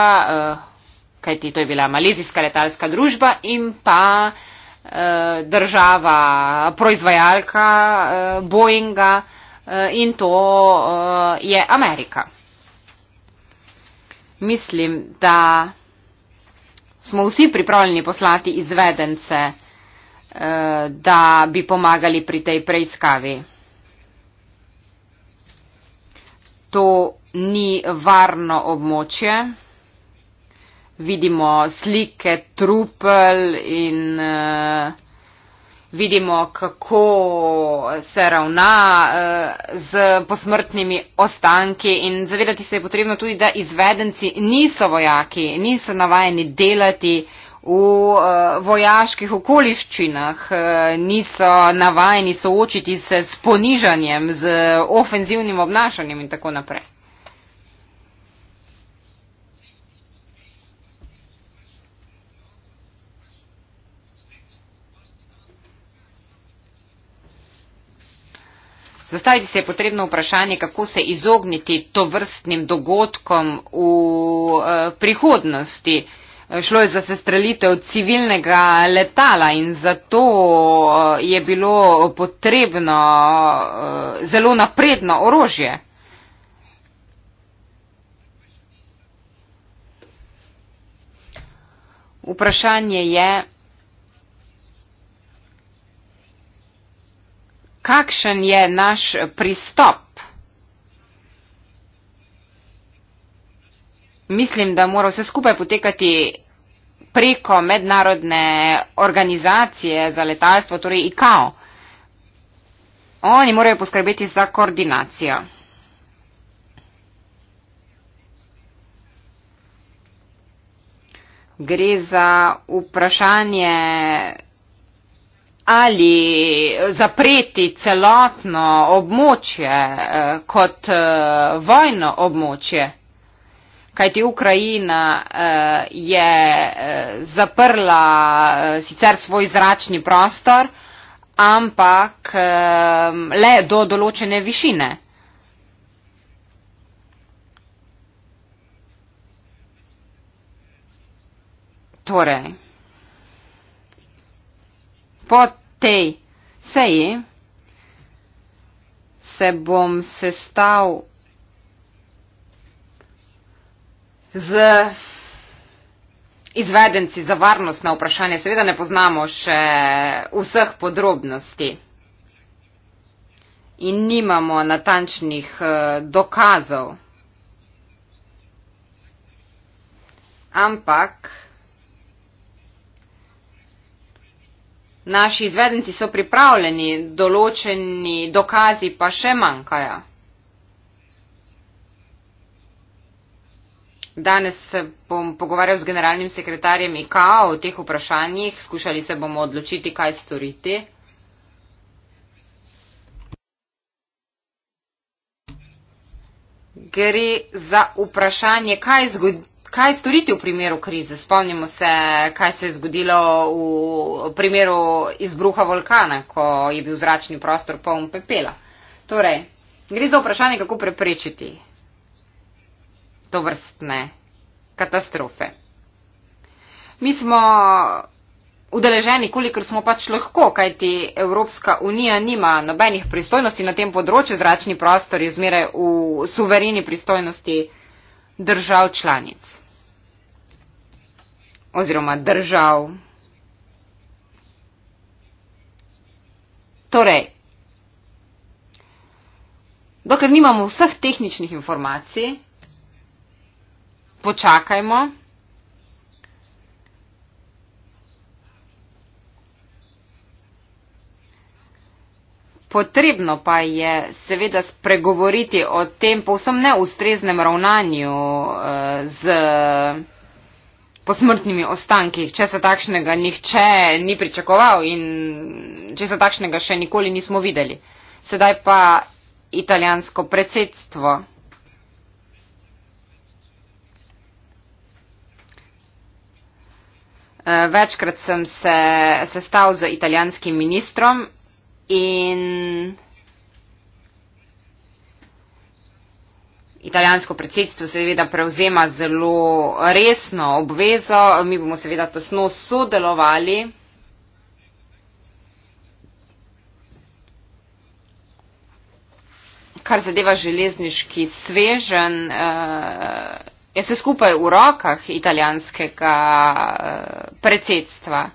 kajti to je bila malezijska letalska družba in pa država proizvajalka Boeinga in to je Amerika mislim, da smo vsi pripravljeni poslati izvedence, eh, da bi pomagali pri tej preiskavi. To ni varno območje. Vidimo slike trupel in uh, vidimo, kako se ravna eh, z posmrtnimi ostanki in zavedati se je potrebno tudi, da izvedenci niso vojaki, niso navajeni delati v eh, vojaških okoliščinah, eh, niso navajeni soočiti se s ponižanjem, z ofenzivnim obnašanjem in tako naprej. Zastaviti se je potrebno vprašanje, kako se izogniti to vrstnim dogodkom v eh, prihodnosti. Eh, šlo je za sestrelitev civilnega letala in zato eh, je bilo potrebno zelo napredno orožje. Vprašanje je, kakšen je naš pristop. Mislim, da mora vse skupaj potekati preko mednarodne organizacije za letalstvo, torej ICAO. Oni morajo poskrbeti za koordinacijo. Gre za vprašanje ali zapreti celotno območje eh, kot eh, vojno območje. Kajti Ukrajina eh, je zaprla sicer svoj zračni prostor, ampak le do določene višine. Torej po tej seji se bom sestal z izvedenci za varnostna vprašanja. Seveda ne poznamo še vseh podrobnosti in nimamo natančnih eh, dokazov. Ampak Naši izvedenci so pripravljeni, določeni dokazi pa še manjkajo. Danes se bom pogovarjal s generalnim sekretarjem IKAO o teh vprašanjih, skušali se bomo odločiti, kaj storiti. Gre za vprašanje, kaj zgodi kaj storiti v primeru krize? Spomnimo se, kaj se je zgodilo v primeru izbruha vulkana, ko je bil zračni prostor poln pepela. Torej, gre za vprašanje, kako preprečiti to vrstne katastrofe. Mi smo udeleženi, kolikor smo pač lahko, kajti Evropska unija nima nobenih pristojnosti na tem področju, zračni prostor je zmeraj v suvereni pristojnosti držav članic oziroma držav. Torej, dokler nimamo vseh tehničnih informacij, počakajmo. Potrebno pa je seveda spregovoriti o tem povsem neustreznem ravnanju eh, z posmrtnimi ostanki, če se takšnega nihče ni pričakoval in če se takšnega še nikoli nismo videli. Sedaj pa italijansko predsedstvo. Eh, večkrat sem se sestal z italijanskim ministrom in. italijansko predsedstvo seveda prevzema zelo resno obvezo. Mi bomo seveda tesno sodelovali. Kar zadeva železniški svežen, eh, je se skupaj v rokah italijanskega eh, predsedstva.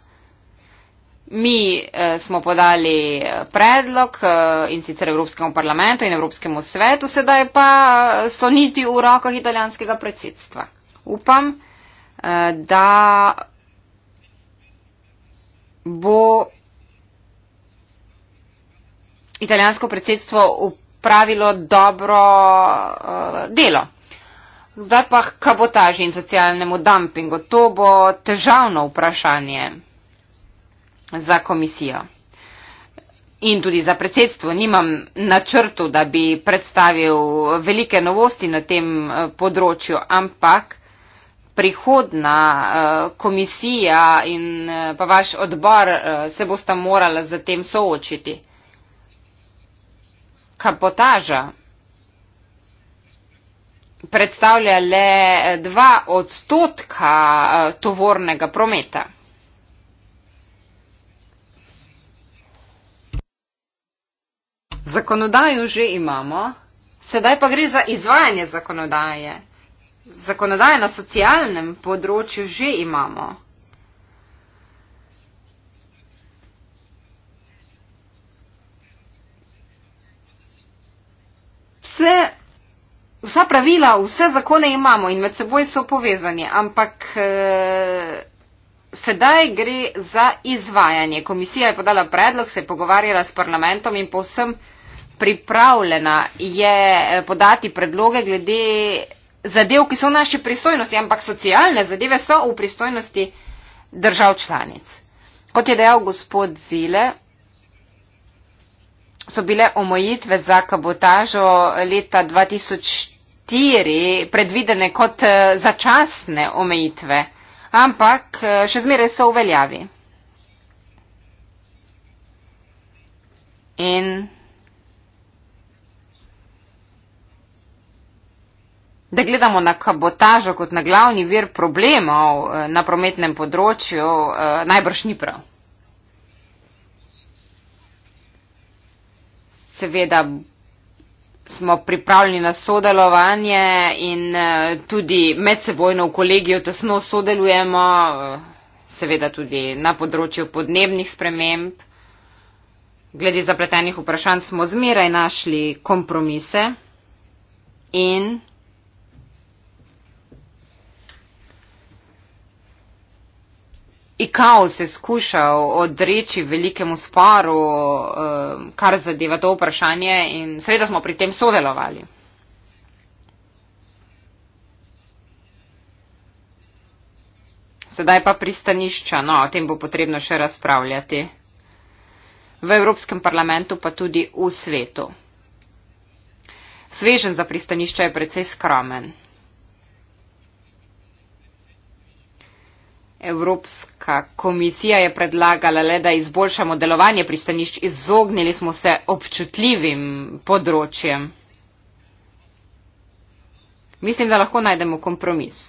Mi eh, smo podali eh, predlog eh, in sicer Evropskemu parlamentu in Evropskemu svetu, sedaj pa eh, so niti v rokah italijanskega predsedstva. Upam, eh, da bo italijansko predsedstvo upravilo dobro eh, delo. Zdaj pa kabotaži in socialnemu dumpingu. To bo težavno vprašanje za komisijo. In tudi za predsedstvo nimam načrtu, da bi predstavil velike novosti na tem eh, področju, ampak prihodna eh, komisija in eh, pa vaš odbor se bosta morala za tem soočiti. Kapotaža predstavlja le dva odstotka tovornega prometa. Zakonodajo že imamo, sedaj pa gre za izvajanje zakonodaje. Zakonodaje na socialnem področju že imamo. Vse, vsa pravila, vse zakone imamo in med seboj so povezani, ampak eh, sedaj gre za izvajanje. Komisija je podala predlog, se je pogovarjala s parlamentom in povsem. Po pripravljena je eh, podati predloge glede zadev, ki so v naši pristojnosti, ampak socialne zadeve so v pristojnosti držav članic. Kot je dejal gospod Zile, so bile omojitve za kabotažo leta 2004 predvidene kot eh, začasne omejitve, ampak eh, še zmeraj so uveljavi. In da gledamo na kabotažo kot na glavni vir problemov eh, na prometnem področju, eh, najbrž ni prav. Seveda smo pripravljeni na sodelovanje in eh, tudi medsebojno v kolegijo tesno sodelujemo, seveda tudi na področju podnebnih sprememb. Glede zapletenih vprašanj smo zmeraj našli kompromise in Ikao se je skušal odreči velikemu sporu, eh, kar zadeva to vprašanje in seveda smo pri tem sodelovali. Sedaj pa pristanišča, no, o tem bo potrebno še razpravljati. V Evropskem parlamentu pa tudi v svetu. Svežen za pristanišča je precej skromen. Evropska komisija je predlagala le, da izboljšamo delovanje pristanišč, izognili smo se občutljivim področjem. Mislim, da lahko najdemo kompromis.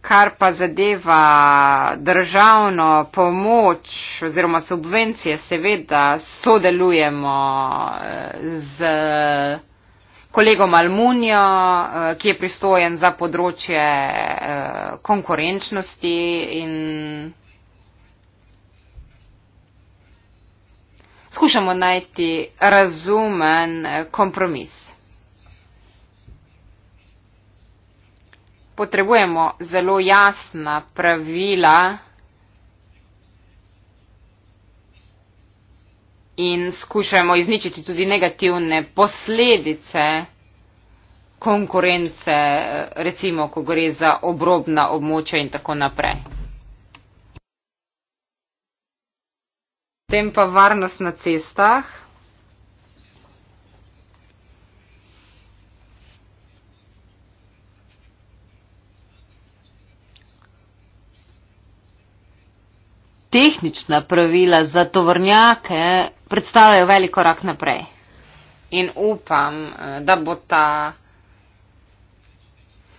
Kar pa zadeva državno pomoč oziroma subvencije, seveda sodelujemo eh, z kolego Malmunjo, eh, ki je pristojen za področje eh, konkurenčnosti in skušamo najti razumen eh, kompromis. Potrebujemo zelo jasna pravila, in skušajmo izničiti tudi negativne posledice konkurence, recimo, ko gre za obrobna območja in tako naprej. Potem pa varnost na cestah. tehnična pravila za tovornjake predstavljajo velik korak naprej. In upam, eh, da bo ta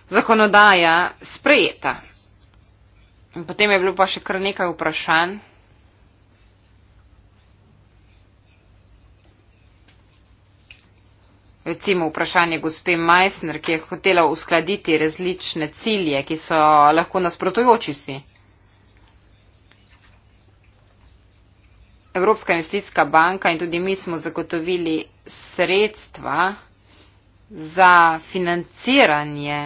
zakonodaja sprejeta. Potem je bilo pa še kar nekaj vprašanj. Recimo vprašanje gospe Meissner, ki je hotela uskladiti različne cilje, ki so lahko nasprotujoči si. Evropska investicijska banka in tudi mi smo zagotovili sredstva za financiranje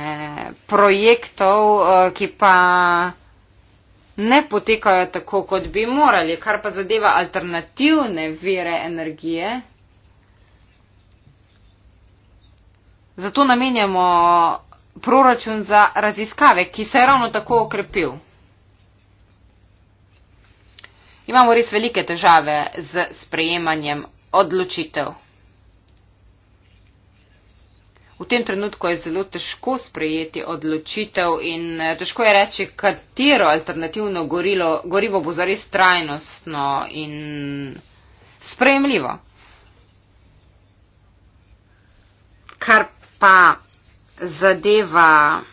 projektov, eh, ki pa ne potekajo tako, kot bi morali, kar pa zadeva alternativne vire energije. Zato namenjamo proračun za raziskave, ki se je ravno tako okrepil imamo res velike težave z sprejemanjem odločitev. V tem trenutku je zelo težko sprejeti odločitev in eh, težko je reči, katero alternativno gorilo, gorivo bo zares trajnostno in sprejemljivo. Kar pa zadeva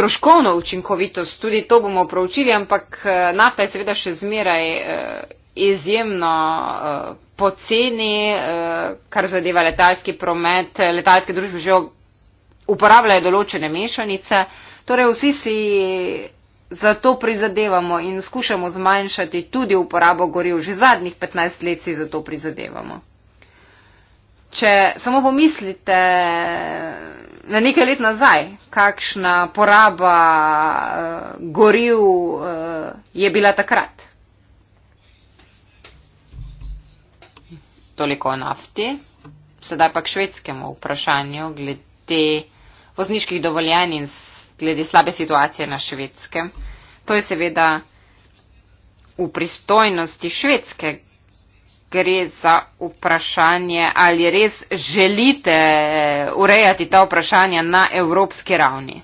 stroškovno učinkovitost, tudi to bomo proučili, ampak eh, nafta je seveda še zmeraj eh, izjemno eh, poceni, kar zadeva letalski promet. Letalske družbe že uporabljajo določene mešanice, torej vsi si zato prizadevamo in skušamo zmanjšati tudi uporabo goriv. Že zadnjih 15 let si zato prizadevamo če samo pomislite na nekaj let nazaj, kakšna poraba uh, eh, goril uh, eh, je bila takrat. Toliko o nafti. Sedaj pa k švedskemu vprašanju glede vozniških dovoljenj in glede slabe situacije na švedskem. To je seveda v pristojnosti švedskega gre za vprašanje, ali res želite urejati ta vprašanja na evropski ravni.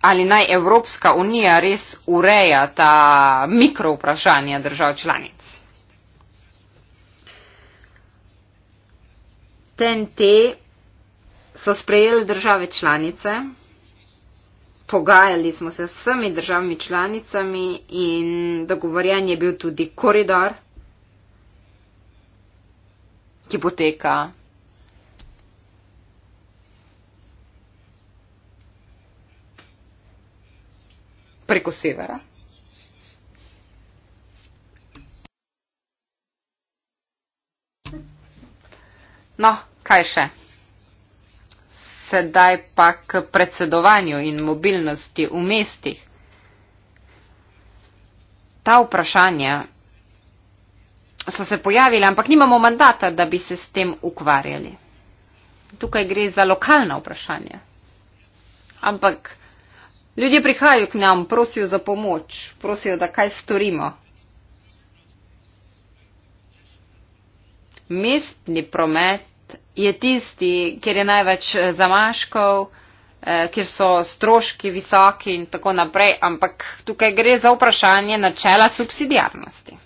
Ali naj Evropska unija res ureja ta mikro vprašanja držav članic? TNT so sprejeli države članice, pogajali smo se z vsemi državami članicami in dogovorjen je bil tudi koridor, ki poteka. Preko severa. No, kaj še? sedaj pa k predsedovanju in mobilnosti v mestih. Ta vprašanja so se pojavile, ampak nimamo mandata, da bi se s tem ukvarjali. Tukaj gre za lokalna vprašanja. Ampak ljudje prihajajo k nam, prosijo za pomoč, prosijo, da kaj storimo. Mestni promet je tisti, kjer je največ eh, zamaškov, eh, kjer so stroški visoki in tako naprej, ampak tukaj gre za vprašanje načela subsidijarnosti.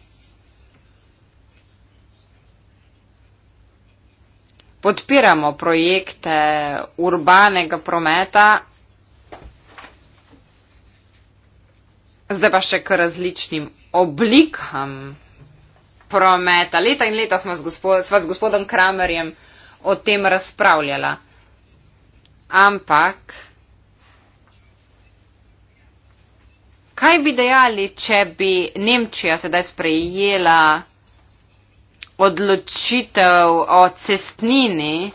Podpiramo projekte urbanega prometa, zdaj pa še k različnim oblikam prometa. Leta in leta smo z, gospod, smo z gospodom Kramerjem o tem razpravljala. Ampak, kaj bi dejali, če bi Nemčija sedaj sprejela odločitev o cestnini?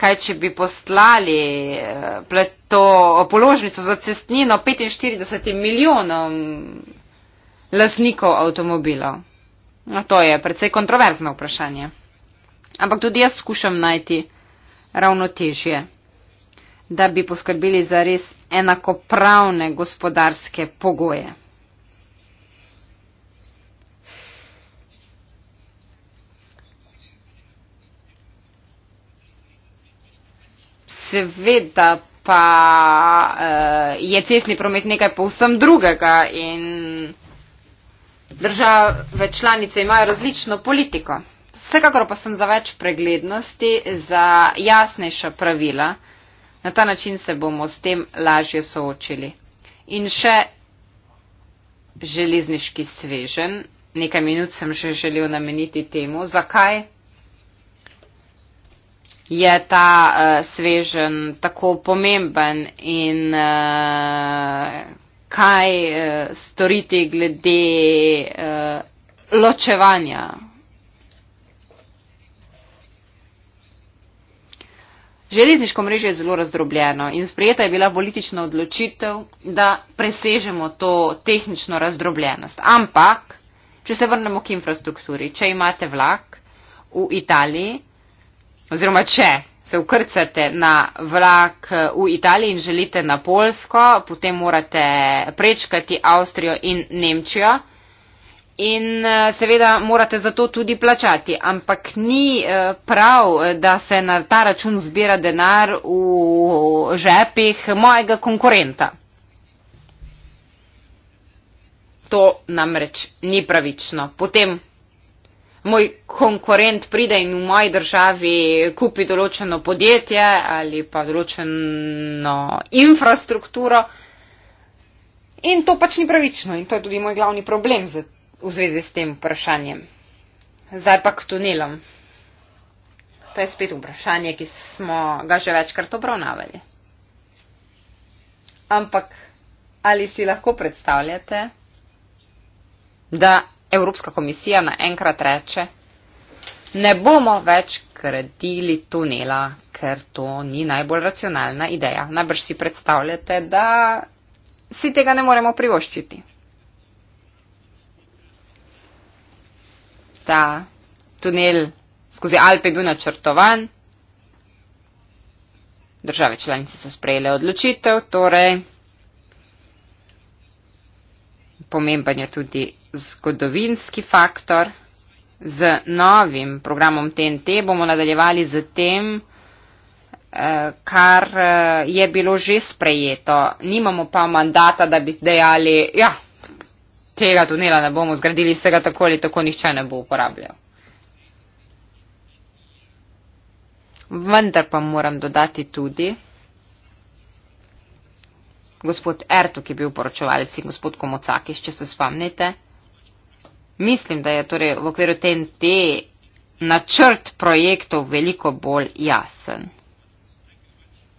Kaj, če bi poslali eh, to položnico za cestnino 45 milijonom lasnikov avtomobilov? No, to je precej kontroverzno vprašanje. Ampak tudi jaz skušam najti ravnotežje, da bi poskrbeli za res enakopravne gospodarske pogoje. Seveda pa uh, je cestni promet nekaj povsem drugega in države članice imajo različno politiko. Vsekakor pa sem za več preglednosti, za jasnejša pravila. Na ta način se bomo s tem lažje soočili. In še železniški svežen. Nekaj minut sem že želel nameniti temu, zakaj je ta uh, eh, svežen tako pomemben in uh, kaj uh, storiti glede uh, ločevanja. Železniško mrežo je zelo razdrobljeno in sprejeta je bila politična odločitev, da presežemo to tehnično razdrobljenost. Ampak, če se vrnemo k infrastrukturi, če imate vlak v Italiji, oziroma če, se ukrcate na vlak eh, v Italiji in želite na Polsko, potem morate prečkati Avstrijo in Nemčijo. In eh, seveda morate za to tudi plačati, ampak ni eh, prav, da se na ta račun zbira denar v žepih mojega konkurenta. To namreč ni pravično. Potem moj konkurent pride in v moji državi kupi določeno podjetje ali pa določeno infrastrukturo. In to pač ni pravično in to je tudi moj glavni problem z, v zvezi s tem vprašanjem. Zdaj pa k tunelom. To je spet vprašanje, ki smo ga že večkrat obravnavali. Ampak ali si lahko predstavljate, da Evropska komisija naenkrat reče, ne bomo več gradili tunela, ker to ni najbolj racionalna ideja. Najbrž si predstavljate, da si tega ne moremo privoščiti. Ta tunel skozi Alpe je bil načrtovan. Države članice so sprejele odločitev, torej pomemben je tudi zgodovinski faktor. Z novim programom TNT bomo nadaljevali z tem, eh, kar eh, je bilo že sprejeto. Nimamo pa mandata, da bi dejali, ja, tega tunela ne bomo zgradili, vsega tako ali tako nihče ne bo uporabljal. Vendar pa moram dodati tudi, gospod Ertuk je bil poročevalec in gospod Komocakis, če se spomnite mislim, da je torej v okviru TNT načrt projektov veliko bolj jasen.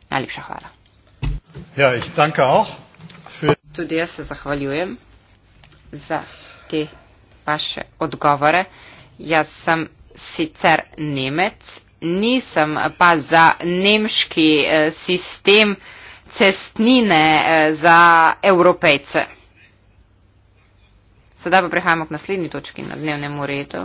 Najlepša hvala. Ja, ich danke auch für... Tudi jaz se zahvaljujem za te vaše odgovore. Jaz sem sicer Nemec, nisem pa za nemški eh, sistem cestnine eh, za evropejce. Sedaj pa prehajamo k naslednji točki na dnevnem redu.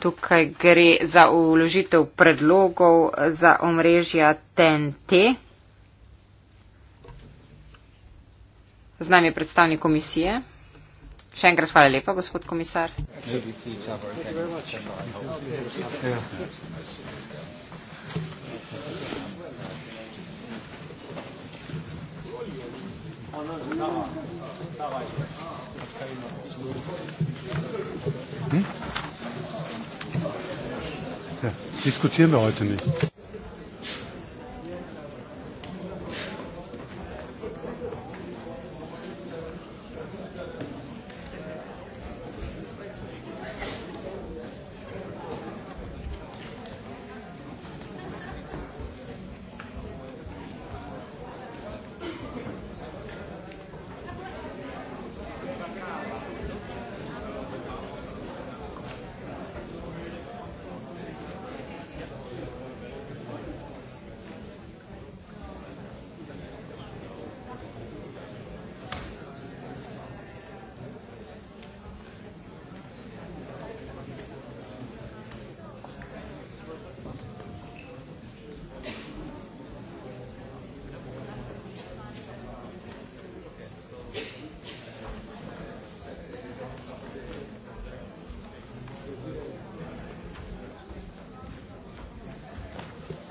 Tukaj gre za uložitev predlogov za omrežja TNT. Z nami je predstavnik komisije. Še enkrat hvala lepa, gospod komisar. Thank you very much. Hm? Ja, diskutieren wir heute nicht.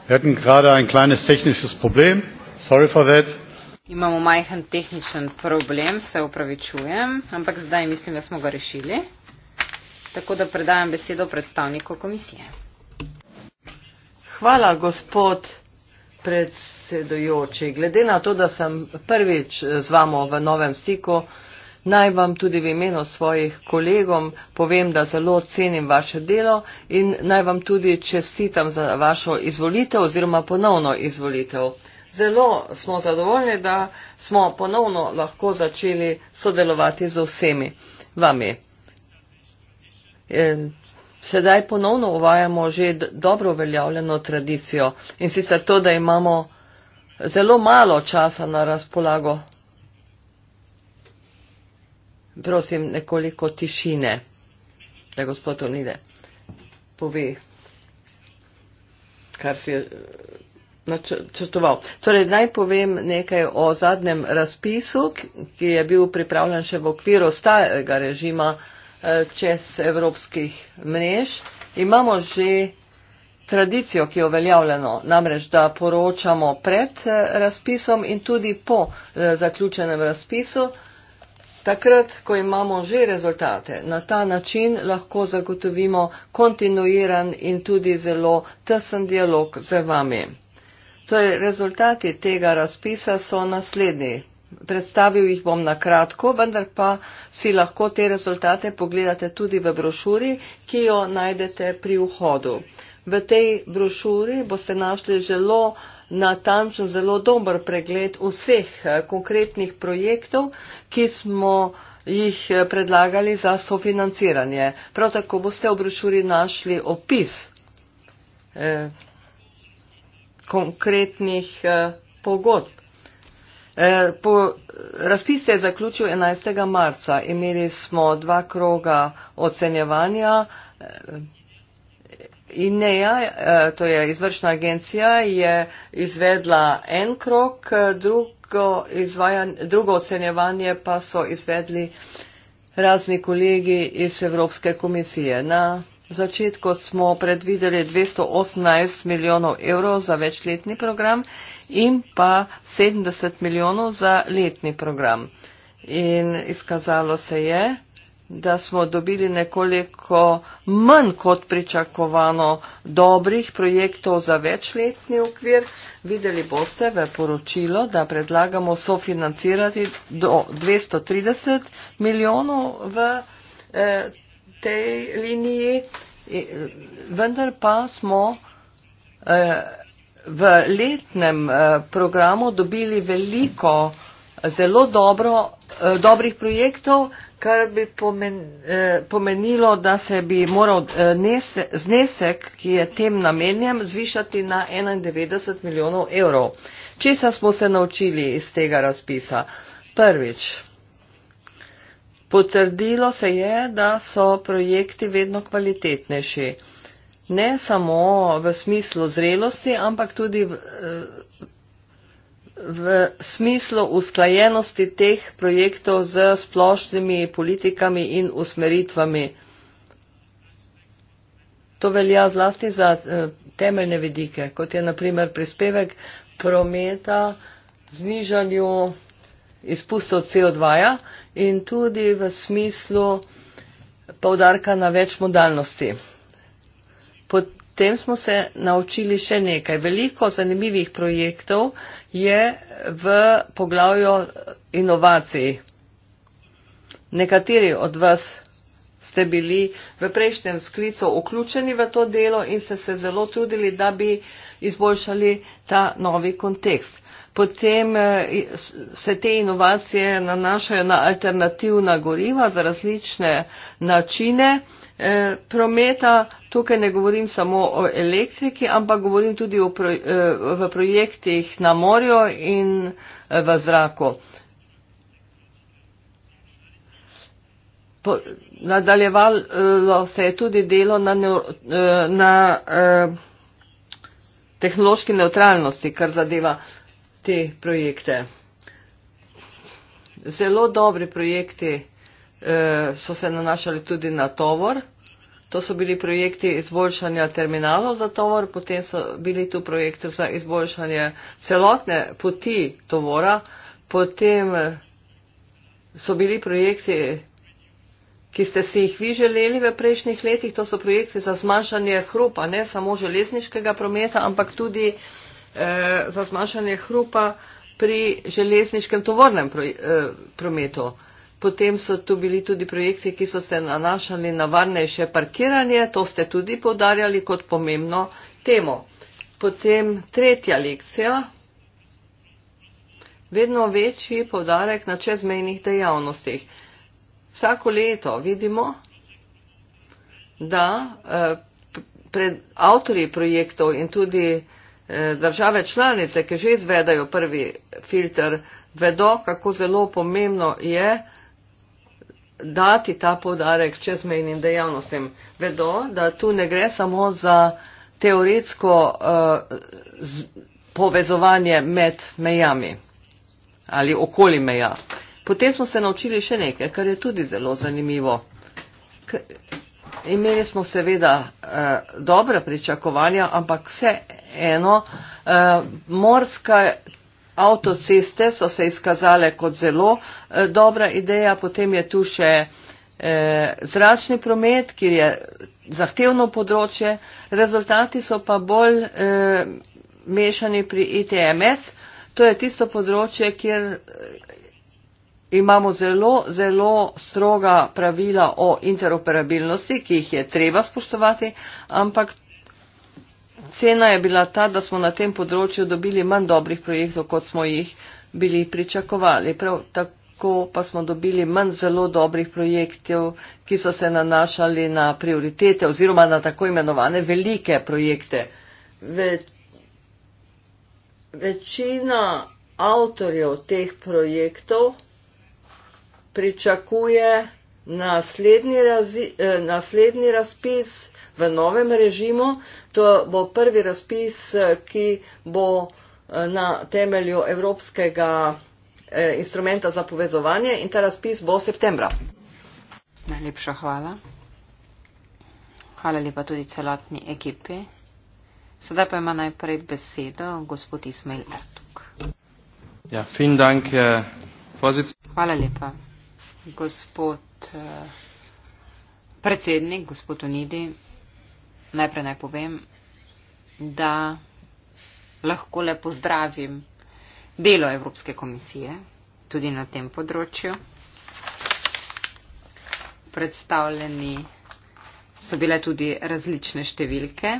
wir hatten gerade ein kleines technisches problem sorry for that imamo majhen tehničen problem se opravičujem ampak zdaj mislim da smo ga rešili tako da predajam besedo predstavniku komisije hvala gospod predsedujoči glede na to da sem prvič z vamo v novem stiku Naj vam tudi v imenu svojih kolegom povem, da zelo cenim vaše delo in naj vam tudi čestitam za vašo izvolitev oziroma ponovno izvolitev. Zelo smo zadovoljni, da smo ponovno lahko začeli sodelovati z vsemi vami. In sedaj ponovno uvajamo že dobro uveljavljeno tradicijo in sicer to, da imamo zelo malo časa na razpolago prosim nekoliko tišine, da gospod Tonide pove, kar si je načrtoval. No, torej, naj povem nekaj o zadnjem razpisu, ki je bil pripravljen še v okviru starega režima eh, čez evropskih mrež. Imamo že tradicijo, ki je uveljavljeno, namreč, da poročamo pred eh, razpisom in tudi po eh, zaključenem razpisu takrat, ko imamo že rezultate, na ta način lahko zagotovimo kontinuiran in tudi zelo tesen dialog z vami. Torej, rezultati tega razpisa so naslednji. Predstavil jih bom na kratko, vendar pa si lahko te rezultate pogledate tudi v brošuri, ki jo najdete pri vhodu. V tej brošuri boste našli zelo uh, natančen, zelo dober pregled vseh eh, konkretnih projektov, ki smo jih eh, predlagali za sofinanciranje. Prav tako boste v brošuri našli opis eh, konkretnih eh, pogodb. Eh, po, razpis se je zaključil 11. marca. Imeli smo dva kroga ocenjevanja, INEA, eh, to je izvršna agencija, je izvedla en krok, eh, drugo, izvajan, drugo ocenjevanje pa so izvedli razni kolegi iz Evropske komisije. Na začetku smo predvideli 218 milijonov evrov za večletni program in pa 70 milijonov za letni program. In izkazalo se je, da smo dobili nekoliko manj kot pričakovano dobrih projektov za večletni okvir. Videli boste v poročilo, da predlagamo sofinancirati do 230 milijonov v eh, tej liniji, eh, vendar pa smo eh, v letnem eh, programu dobili veliko zelo dobro, eh, dobrih projektov, kar bi pomen, eh, pomenilo, da se bi moral eh, nese, znesek, ki je tem namenjen, zvišati na 91 milijonov evrov. Česa smo se naučili iz tega razpisa? Prvič, potrdilo se je, da so projekti vedno kvalitetnejši. Ne samo v smislu zrelosti, ampak tudi. Eh, v smislu usklajenosti teh projektov z splošnimi politikami in usmeritvami. To velja zlasti za eh, temeljne vidike, kot je naprimer prispevek prometa, znižanju izpustov CO2 -ja in tudi v smislu povdarka na večmodalnosti. Potem smo se naučili še nekaj. Veliko zanimivih projektov uh, je v poglavju inovacij. Nekateri od vas ste bili v prejšnjem sklicu vključeni v to delo in ste se zelo trudili, da bi izboljšali ta novi kontekst. Potem eh, se te inovacije nanašajo na alternativna goriva za različne načine. Eh, prometa. Tukaj ne govorim samo o elektriki, ampak govorim tudi proj eh, v projektih na morju in eh, v zraku. Po nadaljevalo se je tudi delo na, ne na tehnološki neutralnosti, kar zadeva te projekte. Zelo dobri projekti. Eh, so se nanašali tudi na tovor. To so bili projekti izboljšanja terminalov za tovor, potem so bili tu projekti za izboljšanje celotne poti tovora, potem eh, so bili projekti, ki ste si jih vi želeli v prejšnjih letih, to so projekti za zmanjšanje hrupa, ne samo železniškega prometa, ampak tudi eh, za zmanjšanje hrupa pri železniškem tovornem pro, eh, prometu. Potem so tu bili tudi projekti, ki so se nanašali na varnejše parkiranje, to ste tudi podarjali kot pomembno temo. Potem tretja lekcija. Vedno večji podarek na čezmejnih dejavnostih. Vsako leto vidimo, da eh, pred avtori projektov in tudi eh, države članice, ki že izvedajo prvi filter, vedo, kako zelo pomembno je, dati ta podarek čezmejnim dejavnostim. Vedo, da tu ne gre samo za teoretsko uh, z, povezovanje med mejami ali okoli meja. Potem smo se naučili še nekaj, kar je tudi zelo zanimivo. K imeli smo seveda uh, dobra pričakovanja, ampak vse eno, uh, eh, morska avtoceste so se izkazale kot zelo eh, dobra ideja, potem je tu še eh, zračni promet, kjer je zahtevno področje, rezultati so pa bolj eh, mešani pri ITMS, e to je tisto področje, kjer imamo zelo, zelo stroga pravila o interoperabilnosti, ki jih je treba spoštovati, ampak Cena je bila ta, da smo na tem področju dobili manj dobrih projektov, kot smo jih bili pričakovali. Prav tako pa smo dobili manj zelo dobrih projektov, ki so se nanašali na prioritete oziroma na tako imenovane velike projekte. Ve, večina avtorjev teh projektov pričakuje naslednji, razi, eh, naslednji razpis v novem režimu. To bo prvi razpis, ki bo eh, na temelju evropskega eh, instrumenta za povezovanje in ta razpis bo septembra. Najlepša hvala. Hvala lepa tudi celotni ekipi. Sedaj pa ima najprej besedo gospod Ismail Ertuk. Ja, fin dank, pozic. Eh, hvala lepa, gospod predsednik, gospod Unidi. Najprej naj povem, da lahko le pozdravim delo Evropske komisije tudi na tem področju. Predstavljeni so bile tudi različne številke.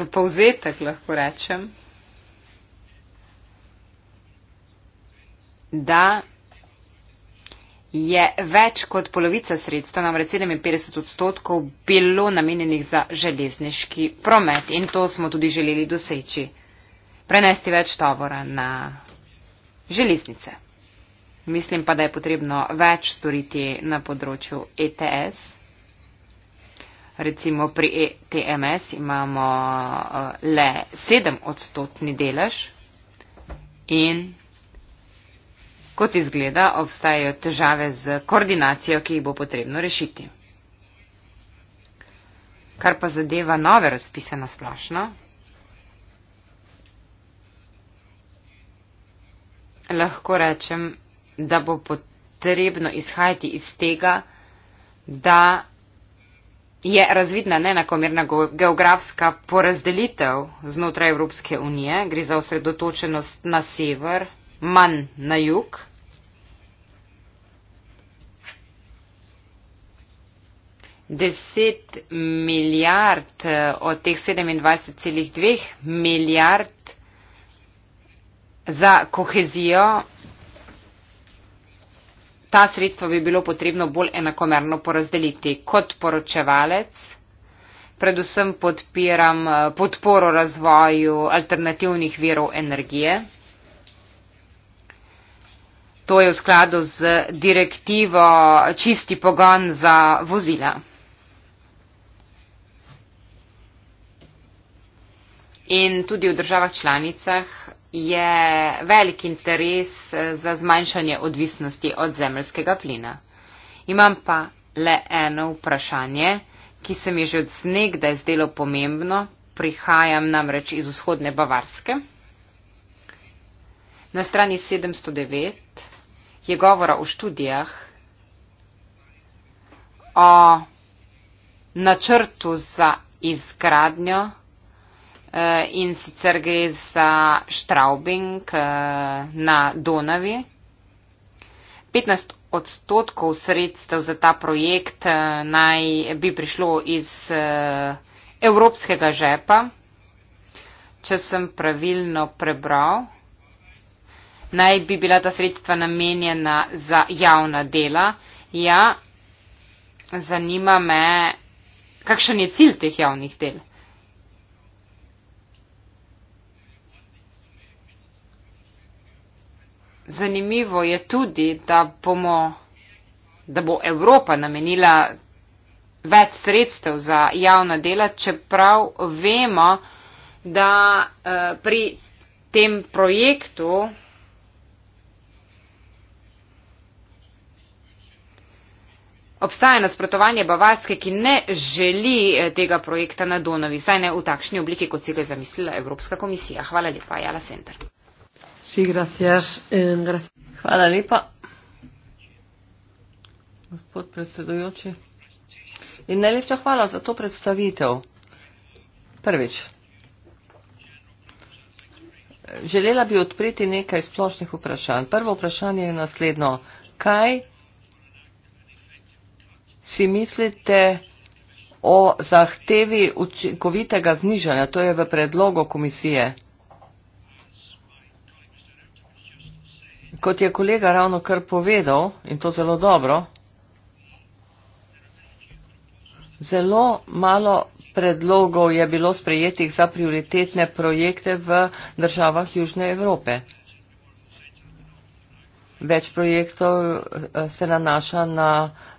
V povzetek lahko rečem, da je več kot polovica sredstva, namreč 57 odstotkov, bilo namenjenih za železniški promet in to smo tudi želeli doseči. Prenesti več tovora na železnice. Mislim pa, da je potrebno več storiti na področju ETS. Recimo pri ETMS imamo eh, le 7 odstotni delež in Kot izgleda, obstajajo težave z koordinacijo, ki jih bo potrebno rešiti. Kar pa zadeva nove razpise na splošno, lahko rečem, da bo potrebno izhajati iz tega, da je razvidna nenakomerna geografska porazdelitev znotraj Evropske unije, gre za osredotočenost na sever, manj na jug. 10 milijard eh, od teh 27,2 milijard za kohezijo, ta sredstvo bi bilo potrebno bolj enakomerno porazdeliti. Kot poročevalec predvsem podpiram eh, podporo razvoju alternativnih virov energije. To je v skladu z direktivo Čisti pogon za vozila. In tudi v državah članicah je velik interes eh, za zmanjšanje odvisnosti od zemljskega plina. Imam pa le eno vprašanje, ki se mi že od nekdaj zdelo pomembno, prihajam namreč iz vzhodne Bavarske. Na strani 709 je govora o študijah o načrtu za izgradnjo Eh, in sicer gre za Straubing eh, na Donavi. 15 odstotkov sredstev za ta projekt eh, naj bi prišlo iz evropskega žepa, če sem pravilno prebral. Naj bi bila ta sredstva namenjena za javna dela. Ja, zanima me, kakšen je cilj teh javnih del. Zanimivo je tudi, da, bomo, da bo Evropa namenila več sredstev za javna dela, čeprav vemo, da eh, pri tem projektu obstaja nasprotovanje Bavarske, ki ne želi eh, tega projekta na Donovi, saj ne v takšni obliki, kot si ga je zamislila Evropska komisija. Hvala lepa, Jala Center. Sí, gracias. Eh, gracias. Hvala lepa. Gospod predsedujoči. In najlepša hvala za to predstavitev. Prvič. Želela bi odpreti nekaj splošnih vprašanj. Prvo vprašanje je naslednjo. Kaj si mislite o zahtevi učinkovitega znižanja? To je v predlogu komisije. Kot je kolega ravno kar povedal, in to zelo dobro, zelo malo predlogov je bilo sprejetih za prioritetne projekte v državah Južne Evrope. Več projektov eh, se nanaša na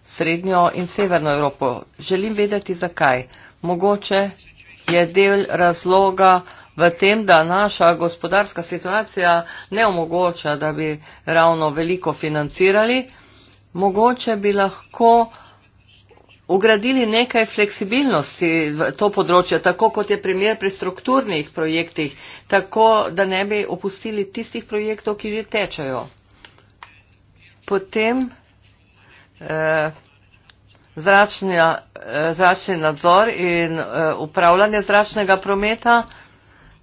srednjo in severno Evropo. Želim vedeti, zakaj. Mogoče je del razloga, v tem, da naša gospodarska situacija ne omogoča, da bi ravno veliko financirali, mogoče bi lahko ugradili nekaj fleksibilnosti v to področje, tako kot je primer pri strukturnih projektih, tako da ne bi opustili tistih projektov, ki že tečajo. Potem eh, zračni, eh, zračni nadzor in eh, upravljanje zračnega prometa.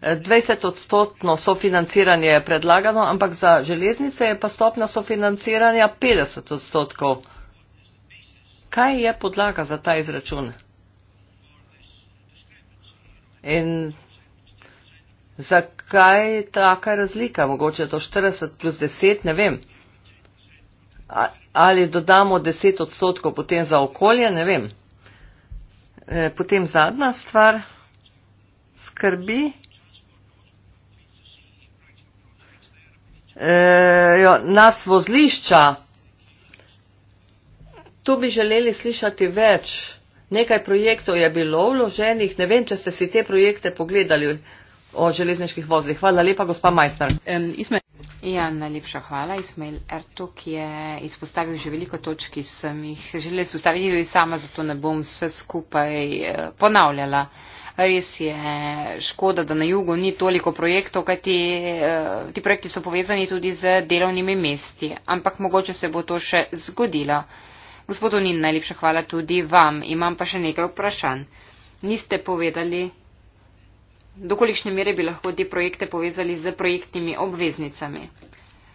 20 odstotno sofinanciranje je predlagano, ampak za železnice je pa stopna sofinanciranja 50 odstotkov. Kaj je podlaga za ta izračun? In zakaj taka razlika? Mogoče je to 40 plus 10, ne vem. Ali dodamo 10 odstotkov potem za okolje, ne vem. E, potem zadnja stvar. Skrbi Eh, nas vozlišča. Tu bi želeli slišati več. Nekaj projektov je bilo vloženih. Ne vem, če ste si te projekte pogledali o železniških vozlih. Hvala lepa, gospa Majstor. Um, ja, najlepša hvala. Ismail Ertuk je izpostavil že veliko točk, ki sem jih želela izpostaviti sama, zato ne bom vse skupaj eh, ponavljala. Uh, res je škoda, da na jugu ni toliko projektov, kajti eh, ti projekti so povezani tudi z delovnimi mesti, ampak mogoče se bo to še zgodilo. Gospod Onin, najlepša hvala tudi vam. Imam pa še nekaj vprašanj. Niste povedali, dokolikšne mere bi lahko ti projekte povezali z projektnimi obveznicami.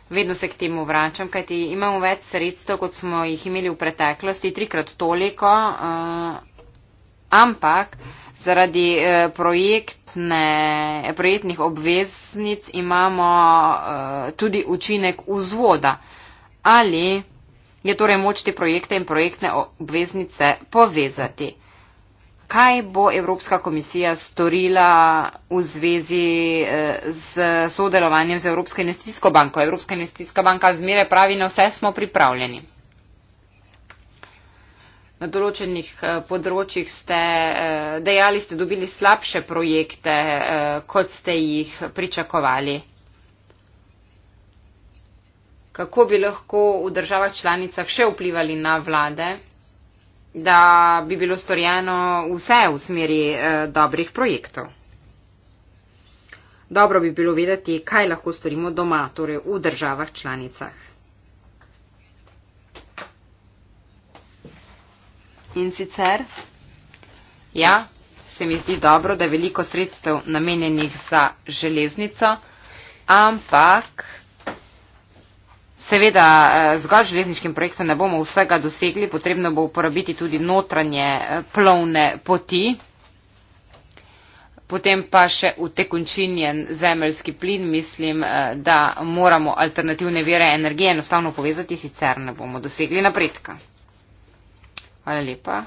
Vedno se k temu vračam, kajti imamo več sredstev, kot smo jih imeli v preteklosti, trikrat toliko, uh, ampak zaradi eh, projektne, projektnih obveznic imamo eh, tudi učinek vzvoda. Ali je torej moč te projekte in projektne obveznice povezati? Kaj bo Evropska komisija storila v zvezi eh, z sodelovanjem z Evropsko investicijsko banko? Evropska investicijska banka zmeraj pravi, na vse smo pripravljeni na določenih uh, področjih ste uh, dejali, ste dobili slabše projekte, uh, kot ste jih pričakovali. Kako bi lahko v državah članicah še vplivali na vlade, da bi bilo storjeno vse v smeri uh, dobrih projektov? Dobro bi bilo vedeti, kaj lahko storimo doma, torej v državah članicah. In sicer? Ja, se mi zdi dobro, da je veliko sredstev namenjenih za železnico, ampak seveda eh, zgolj železniškim projektom ne bomo vsega dosegli, potrebno bo uporabiti tudi notranje eh, plovne poti. Potem pa še utekončinjen zemljski plin, mislim, eh, da moramo alternativne vire energije enostavno povezati, sicer ne bomo dosegli napredka. Hvala lepa,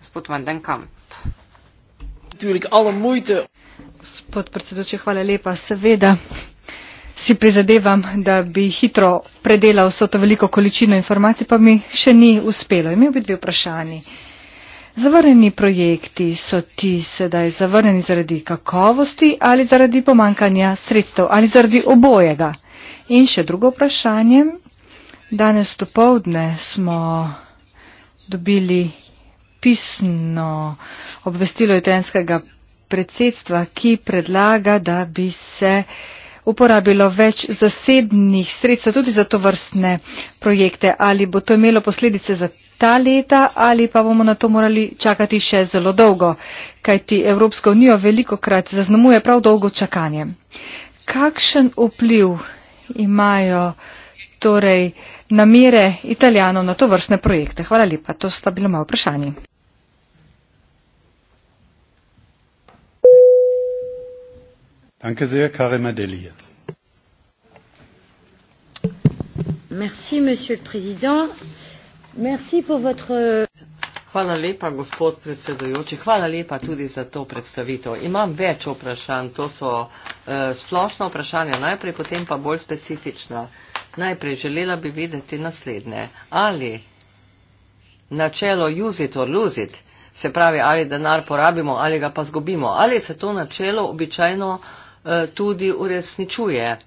gospod Vanden Kamp. Tudi alle mojte. Gospod predsedoče, hvala lepa. Seveda si prizadevam, da bi hitro predelal vso to veliko količino informacij, pa mi še ni uspelo. Imel bi dve vprašanji. Zavrnjeni projekti so ti sedaj zavrnjeni zaradi kakovosti ali zaradi pomankanja sredstev ali zaradi obojega. In še drugo vprašanje. Danes dopovdne smo dobili pisno obvestilo italijanskega predsedstva, ki predlaga, da bi se uporabilo več zasebnih sredstev tudi za to vrstne projekte. Ali bo to imelo posledice za ta leta ali pa bomo na to morali čakati še zelo dolgo, kajti Evropsko unijo veliko krat zaznamuje prav dolgo čakanje. Kakšen vpliv imajo torej uh, namere italijanov na to vrstne projekte. Hvala lepa, to sta bilo malo vprašanje. Danke sehr, Karim Adeli jetzt. Merci, Monsieur le Président. Merci pour votre... Hvala lepa, gospod predsedujoči. Hvala lepa tudi za to predstavitev. Imam več vprašanj. To so uh, splošna vprašanja najprej, potem pa bolj specifična. Uh, Najprej želela bi videti naslednje. Ali načelo use it or lose it, se pravi, ali denar porabimo ali ga pa zgubimo, ali se to načelo običajno eh, tudi uresničuje.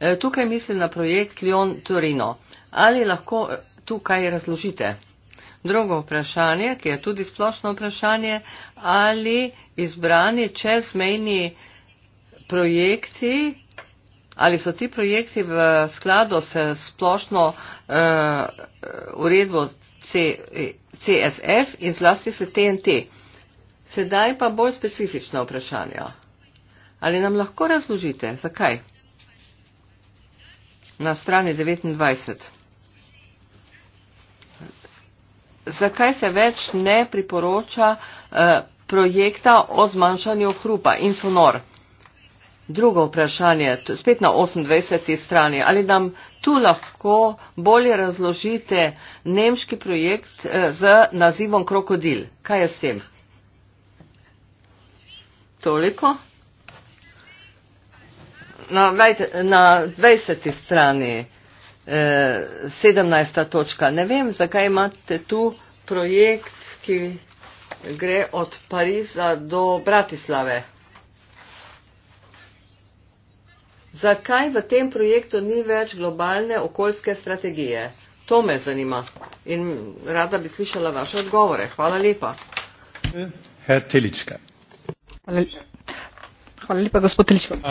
Eh, tukaj mislim na projekt Lyon Torino. Ali lahko eh, tukaj razložite? Drugo vprašanje, ki je tudi splošno vprašanje, ali izbrani čezmejni projekti ali so ti projekti v skladu s splošno uh, uredbo C, CSF in zlasti s TNT. Sedaj pa bolj specifično vprašanje. Ali nam lahko razložite, zakaj? Na strani 29. Zakaj se več ne priporoča uh, projekta o zmanjšanju hrupa in sonor? Drugo vprašanje, spet na 28. strani, ali nam tu lahko bolje razložite nemški projekt eh, z nazivom Krokodil? Kaj je s tem? Toliko? No, na, vajte, na 20. strani, 17. Eh, točka, ne vem, zakaj imate tu projekt, ki gre od Pariza do Bratislave. Zakaj v tem projektu ni več globalne okoljske strategije? To me zanima in rada bi slišala vaše odgovore. Hvala lepa. Herr Telička. Hvala, hvala lepa, gospod Telička. Uh, uh,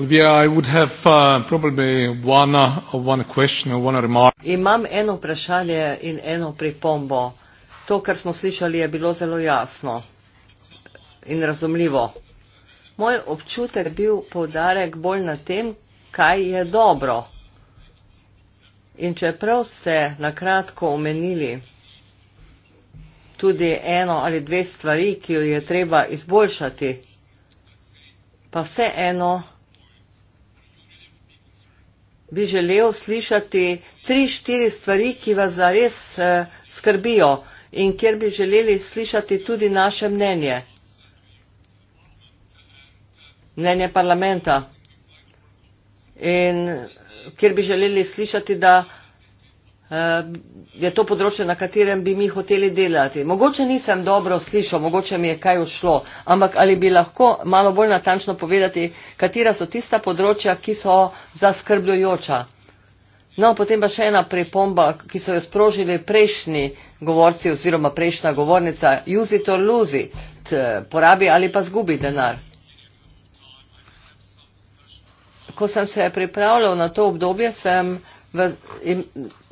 uh, uh Imam eno vprašanje in eno pripombo. To, kar smo slišali, je bilo zelo jasno in razumljivo moj občutek bil povdarek bolj na tem, kaj je dobro. In čeprav ste nakratko omenili tudi eno ali dve stvari, ki jo je treba izboljšati, pa vse eno bi želel slišati tri, štiri stvari, ki vas zares eh, skrbijo in kjer bi želeli slišati tudi naše mnenje mnenje parlamenta in kjer bi želeli slišati, da eh, je to področje, na katerem bi mi hoteli delati. Mogoče nisem dobro slišal, mogoče mi je kaj ušlo, ampak ali bi lahko malo bolj natančno povedati, katera so tista področja, ki so zaskrbljujoča. No, potem pa še ena pripomba, ki so jo sprožili prejšnji govorci oziroma prejšnja govornica, use it or lose it, eh, porabi ali pa zgubi denar ko sem se pripravljal na to obdobje, sem v,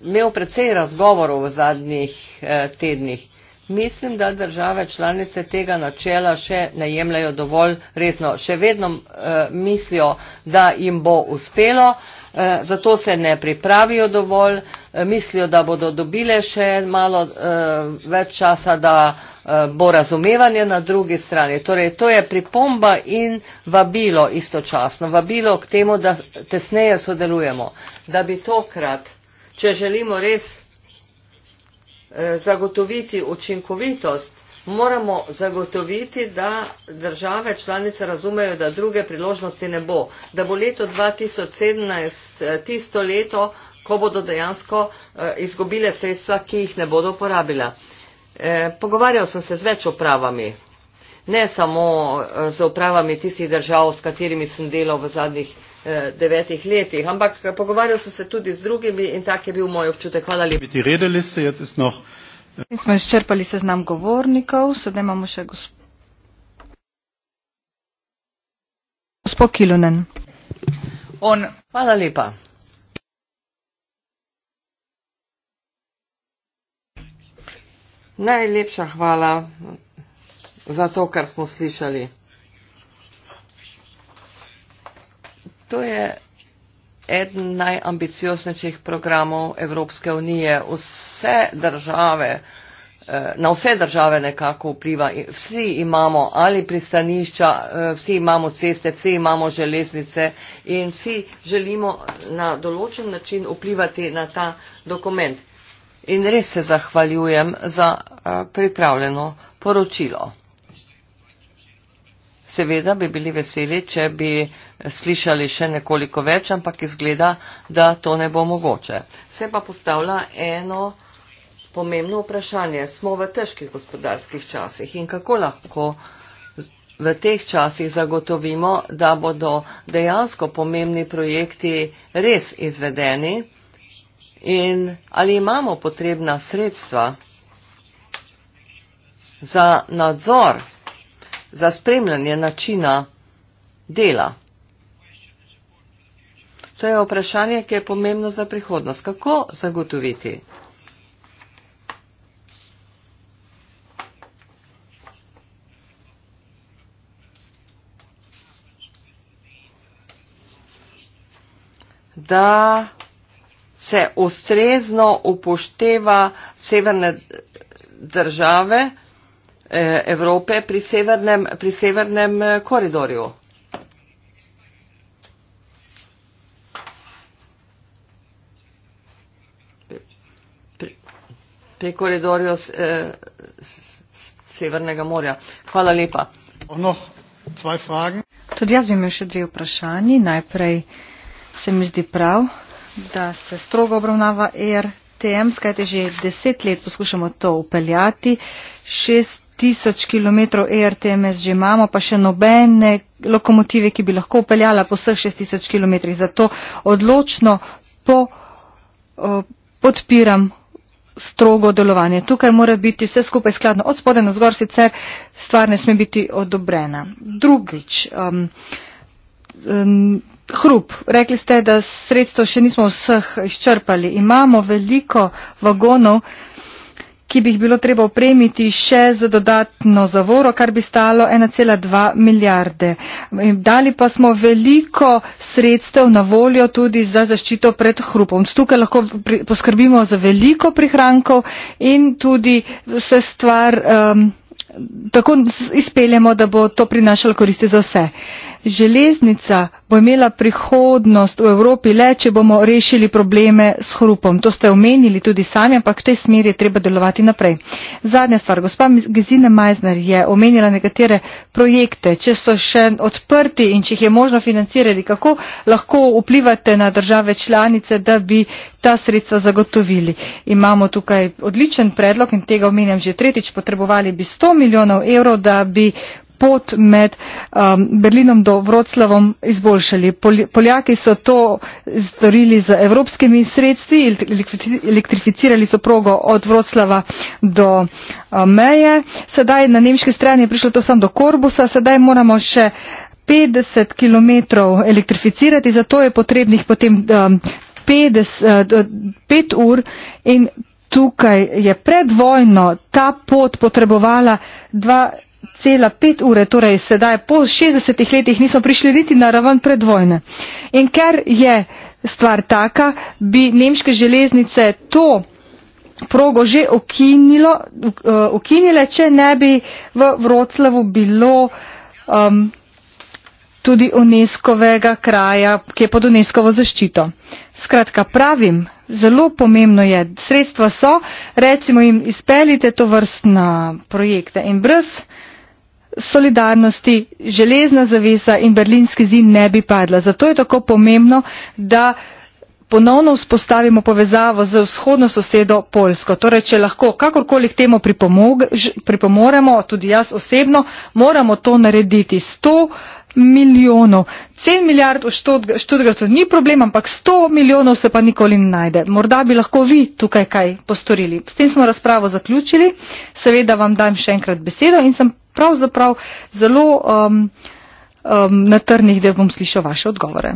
imel precej razgovorov v zadnjih eh, tednih. Mislim, da države članice tega načela še ne jemljajo dovolj resno. Še vedno eh, mislijo, da jim bo uspelo, eh, zato se ne pripravijo dovolj, eh, Eh, mislijo, da bodo dobile še malo uh, več časa, da uh, bo razumevanje na drugi strani. Torej, to je pripomba in vabilo istočasno, vabilo k temu, da tesneje sodelujemo, da bi tokrat, če želimo res uh, zagotoviti učinkovitost, Moramo zagotoviti, da države članice razumejo, da druge priložnosti ne bo, da bo leto 2017 tisto leto, ko bodo dejansko eh, izgubile sredstva, ki jih ne bodo uporabila. Eh, pogovarjal sem se z več upravami, ne samo eh, z upravami tistih držav, s katerimi sem delal v zadnjih eh, devetih letih, ampak pogovarjal sem se tudi z drugimi in tak je bil moj občutek. Hvala lepa. In smo izčrpali seznam govornikov, sedaj imamo še gospod Kilonen. On. Hvala lepa. Najlepša hvala za to, kar smo slišali. To je eden najambicioznejših programov Evropske unije. Vse države, eh, na vse države nekako vpliva. Vsi imamo ali pristanišča, eh, vsi imamo ceste, vsi imamo železnice in vsi želimo na določen način vplivati na ta dokument in res se zahvaljujem za eh, pripravljeno poročilo. Seveda bi bili veseli, če bi slišali še nekoliko več, ampak izgleda, da to ne bo mogoče. Se pa postavlja eno pomembno vprašanje. Smo v težkih gospodarskih časih in kako lahko v teh časih zagotovimo, da bodo dejansko pomembni projekti res izvedeni. In ali imamo potrebna sredstva za nadzor, za spremljanje načina dela? To je vprašanje, ki je pomembno za prihodnost. Kako zagotoviti? da se ustrezno upošteva severne države eh, Evrope pri severnem, pri severnem eh, koridorju. pri koridorju s, eh, s, s, Severnega morja. Hvala lepa. Tudi jaz imam še dve vprašanji. Najprej se mi zdi prav, da se strogo obravnava e RTM, skajte že deset let poskušamo to upeljati, šest tisoč kilometrov e RTMS že imamo, pa še nobene lokomotive, ki bi lahko upeljala po vseh šest tisoč kilometrih. Zato odločno po, podpiram strogo delovanje. Tukaj mora biti vse skupaj skladno od spode na zgor, sicer stvar ne sme biti odobrena. Drugič, um, um, hrup. Rekli ste, da sredstvo še nismo vseh izčrpali. Imamo veliko vagonov, ki bi jih bilo treba opremiti še za dodatno zavoro, kar bi stalo 1,2 milijarde. Dali pa smo veliko sredstev na voljo tudi za zaščito pred hrupom. Tukaj lahko poskrbimo za veliko prihrankov in tudi se stvar. Um, tako izpeljemo, da bo to prinašalo koristi za vse. Uh, železnica bo imela prihodnost v Evropi le, če bomo rešili probleme s hrupom. To ste omenili tudi sami, ampak v tej smeri je treba delovati naprej. Zadnja stvar. Gospa Gezina Meisner je omenila nekatere projekte. Če so še odprti in če jih je možno financirati, kako lahko vplivate na države članice, da bi ta sredstva zagotovili. Imamo tukaj odličen predlog in tega omenjam že tretjič. Potrebovali bi 100 milijonov evrov, da bi pot med um, Berlinom do Vroclavom izboljšali. Pol, Poljaki so to storili z evropskimi sredstvi, elektrificirali so progo od Vroclava do um, meje. Sedaj na nemški strani je prišlo to samo do Korbusa, sedaj moramo še 50 km elektrificirati, zato je potrebnih potem um, 5 uh, ur in tukaj je pred vojno ta pot potrebovala 2 cela pet ure, torej sedaj po šestdesetih letih nismo prišli niti na raven predvojne. In ker je stvar taka, bi nemške železnice to progo že eh, ukinile, če ne bi v Vroclavu bilo um, tudi UNESCO-vega kraja, ki je pod UNESCO-vo zaščito. Skratka, pravim, zelo pomembno je, sredstva so, recimo jim izpelite to vrstna projekta in brez solidarnosti železna zavesa in berlinski zid ne bi padla. Zato je tako pomembno, da ponovno vzpostavimo povezavo z vzhodno sosedo Poljsko. Torej, če lahko kakorkoli k temu pripomoremo, tudi jaz osebno, moramo to narediti. 100 milijonov. 7 milijard v Študgradu ni problem, ampak 100 milijonov se pa nikoli ne najde. Morda bi lahko vi tukaj kaj postorili. S tem smo razpravo zaključili. Seveda vam dajem še enkrat besedo in sem pravzaprav zelo um, um, na trnih, da bom slišal vaše odgovore.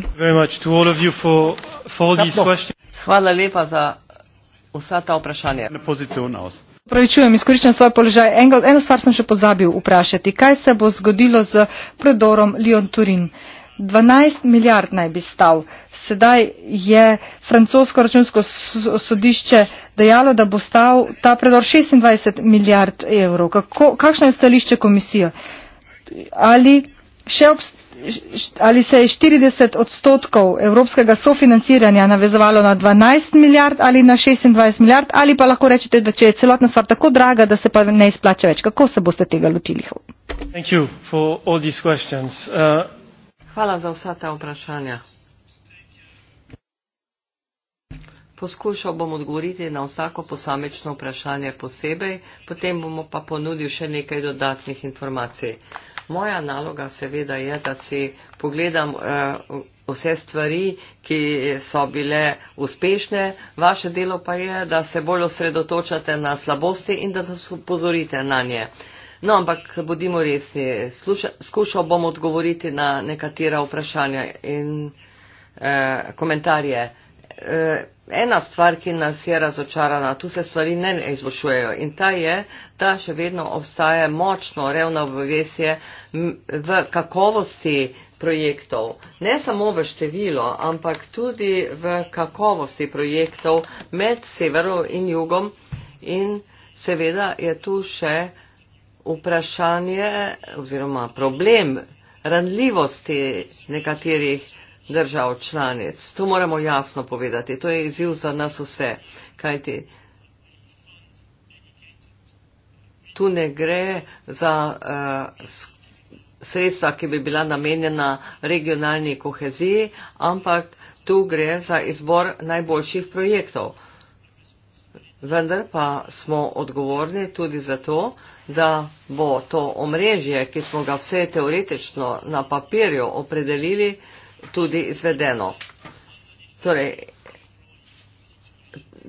Hvala lepa za vsa ta vprašanja. Pravičujem, izkoriščam svoj položaj. Engel, eno stvar sem še pozabil vprašati. Kaj se bo zgodilo z predorom Lyon-Turin? 12 milijard naj bi stal sedaj je francosko računsko sodišče dejalo, da bo stal ta predor 26 milijard evrov. Kako, kakšno je stališče komisije? Ali, ali se je 40 odstotkov evropskega sofinanciranja navezovalo na 12 milijard ali na 26 milijard, ali pa lahko rečete, da če je celotna stvar tako draga, da se pa ne izplača več? Kako se boste tega lotili? Uh, Hvala za vsa ta vprašanja. Poskušal bom odgovoriti na vsako posamečno vprašanje posebej, potem bomo pa ponudil še nekaj dodatnih informacij. Moja naloga seveda je, da si pogledam uh, vse stvari, ki so bile uspešne, vaše delo pa je, da se bolj osredotočate na slabosti in da nas upozorite na nje. No, ampak bodimo resni, Sluša, skušal bom odgovoriti na nekatera vprašanja in uh, komentarje. Eh, ena stvar, ki nas je razočarana, tu se stvari ne izboljšujejo in ta je, da še vedno obstaja močno revno obvesje v kakovosti projektov. Ne samo v število, ampak tudi v kakovosti projektov med severom in jugom in seveda je tu še vprašanje oziroma problem ranljivosti nekaterih držav članic. To moramo jasno povedati. To je izziv za nas vse. Kajti tu ne gre za uh, sredstva, ki bi bila namenjena regionalni koheziji, ampak tu gre za izbor najboljših projektov. Vendar pa smo odgovorni tudi za to, da bo to omrežje, ki smo ga vse teoretično na papirju opredelili, tudi izvedeno. Torej,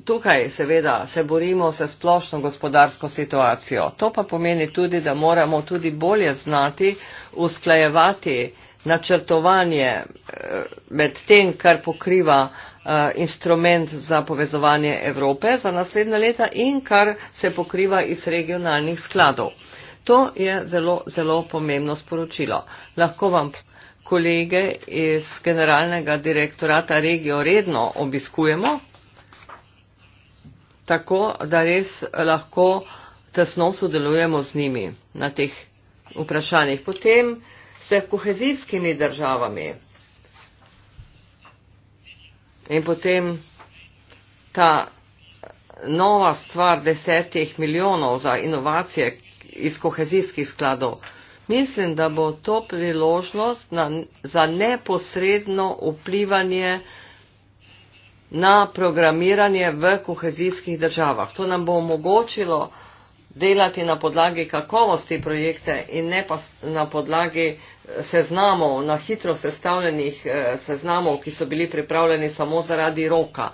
tukaj seveda se borimo se splošno gospodarsko situacijo. To pa pomeni tudi, da moramo tudi bolje znati usklajevati načrtovanje eh, med tem, kar pokriva eh, instrument za povezovanje Evrope za naslednje leta in kar se pokriva iz regionalnih skladov. To je zelo, zelo pomembno sporočilo. Lahko vam kolege iz generalnega direktorata regijo redno obiskujemo, tako da res lahko tesno sodelujemo z njimi na teh vprašanjih. Potem se kohezijskimi državami in potem ta nova stvar desetih milijonov za inovacije iz kohezijskih skladov. Mislim, da bo to priložnost na, za neposredno vplivanje na programiranje v kohezijskih državah. To nam bo omogočilo delati na podlagi kakovosti projekte in ne pa na podlagi eh, seznamov, na hitro sestavljenih eh, seznamov, ki so bili pripravljeni samo zaradi roka.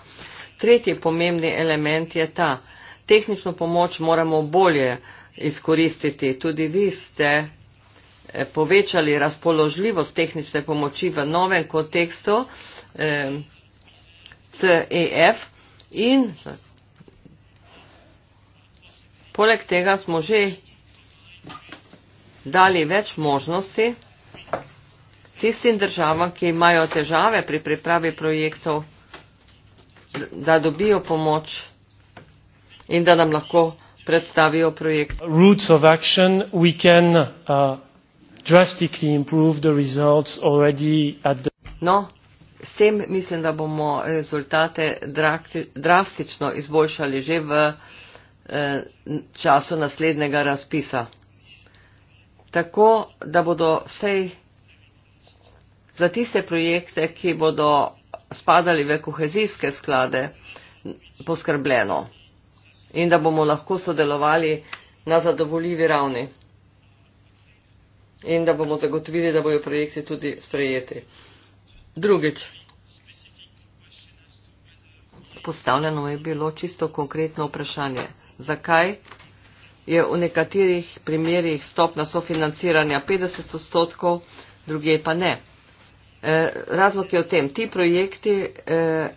Tretji pomembni element je ta. Tehnično pomoč moramo bolje izkoristiti. Tudi vi ste povečali razpoložljivost tehnične pomoči v novem kontekstu CEF in poleg tega smo že dali več možnosti tistim državam, ki imajo težave pri pripravi projektov, da dobijo pomoč in da nam lahko predstavijo projekt. Roots of action we can uh, drastically improve the results already at the No, s tem mislim, da bomo rezultate drastično izboljšali že v eh, času naslednjega razpisa. Tako, da bodo vsej za tiste projekte, ki bodo spadali v kohezijske sklade, poskrbljeno in da bomo lahko sodelovali na zadovoljivi ravni in da bomo zagotovili, da bojo projekti tudi sprejeti. Drugič, postavljeno je bilo čisto konkretno vprašanje, zakaj je v nekaterih primerjih stopna sofinanciranja 50 odstotkov, druge pa ne. E, razlog je v tem, ti projekti e,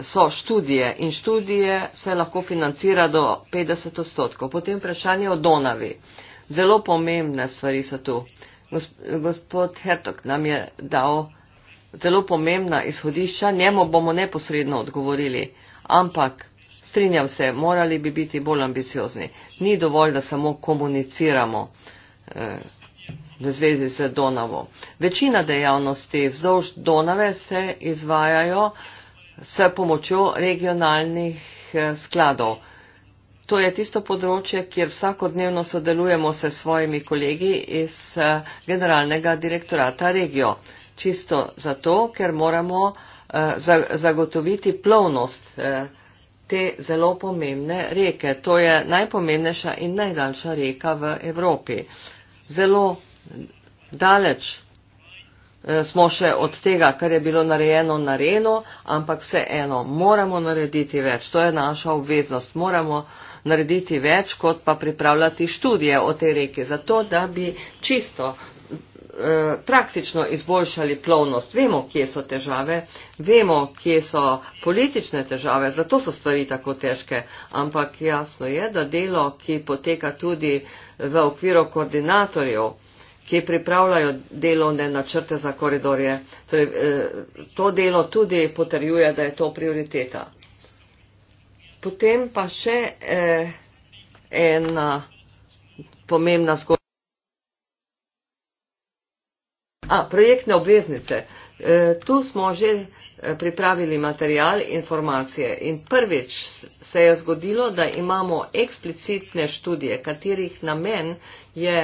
so študije in študije se lahko financira do 50 odstotkov. Potem vprašanje o Donavi. Zelo pomembne stvari so tu. Gospod Hertog nam je dal zelo pomembna izhodišča, njemu bomo neposredno odgovorili, ampak strinjam se, morali bi biti bolj ambiciozni. Ni dovolj, da samo komuniciramo eh, v zvezi z Donavo. Večina dejavnosti vzdolž Donave se izvajajo s pomočjo regionalnih eh, skladov. To je tisto področje, kjer vsakodnevno sodelujemo se svojimi kolegi iz eh, generalnega direktorata regijo. Čisto zato, ker moramo eh, zagotoviti plovnost eh, te zelo pomembne reke. To je najpomembnejša in najdaljša reka v Evropi. Zelo daleč smo še od tega, kar je bilo narejeno na Renu, ampak vseeno moramo narediti več. To je naša obveznost. Moramo narediti več, kot pa pripravljati študije o tej reki, zato da bi čisto eh, praktično izboljšali plovnost. Vemo, kje so težave, vemo, kje so politične težave, zato so stvari tako težke. Ampak jasno je, da delo, ki poteka tudi v okviru koordinatorjev, ki pripravljajo delovne načrte za koridorje, torej, eh, to delo tudi potrjuje, da je to prioriteta. Potem pa še eh, ena pomembna zgodba. A, projektne obveznice. E, tu smo že e, pripravili material, informacije in prvič se je zgodilo, da imamo eksplicitne študije, katerih namen je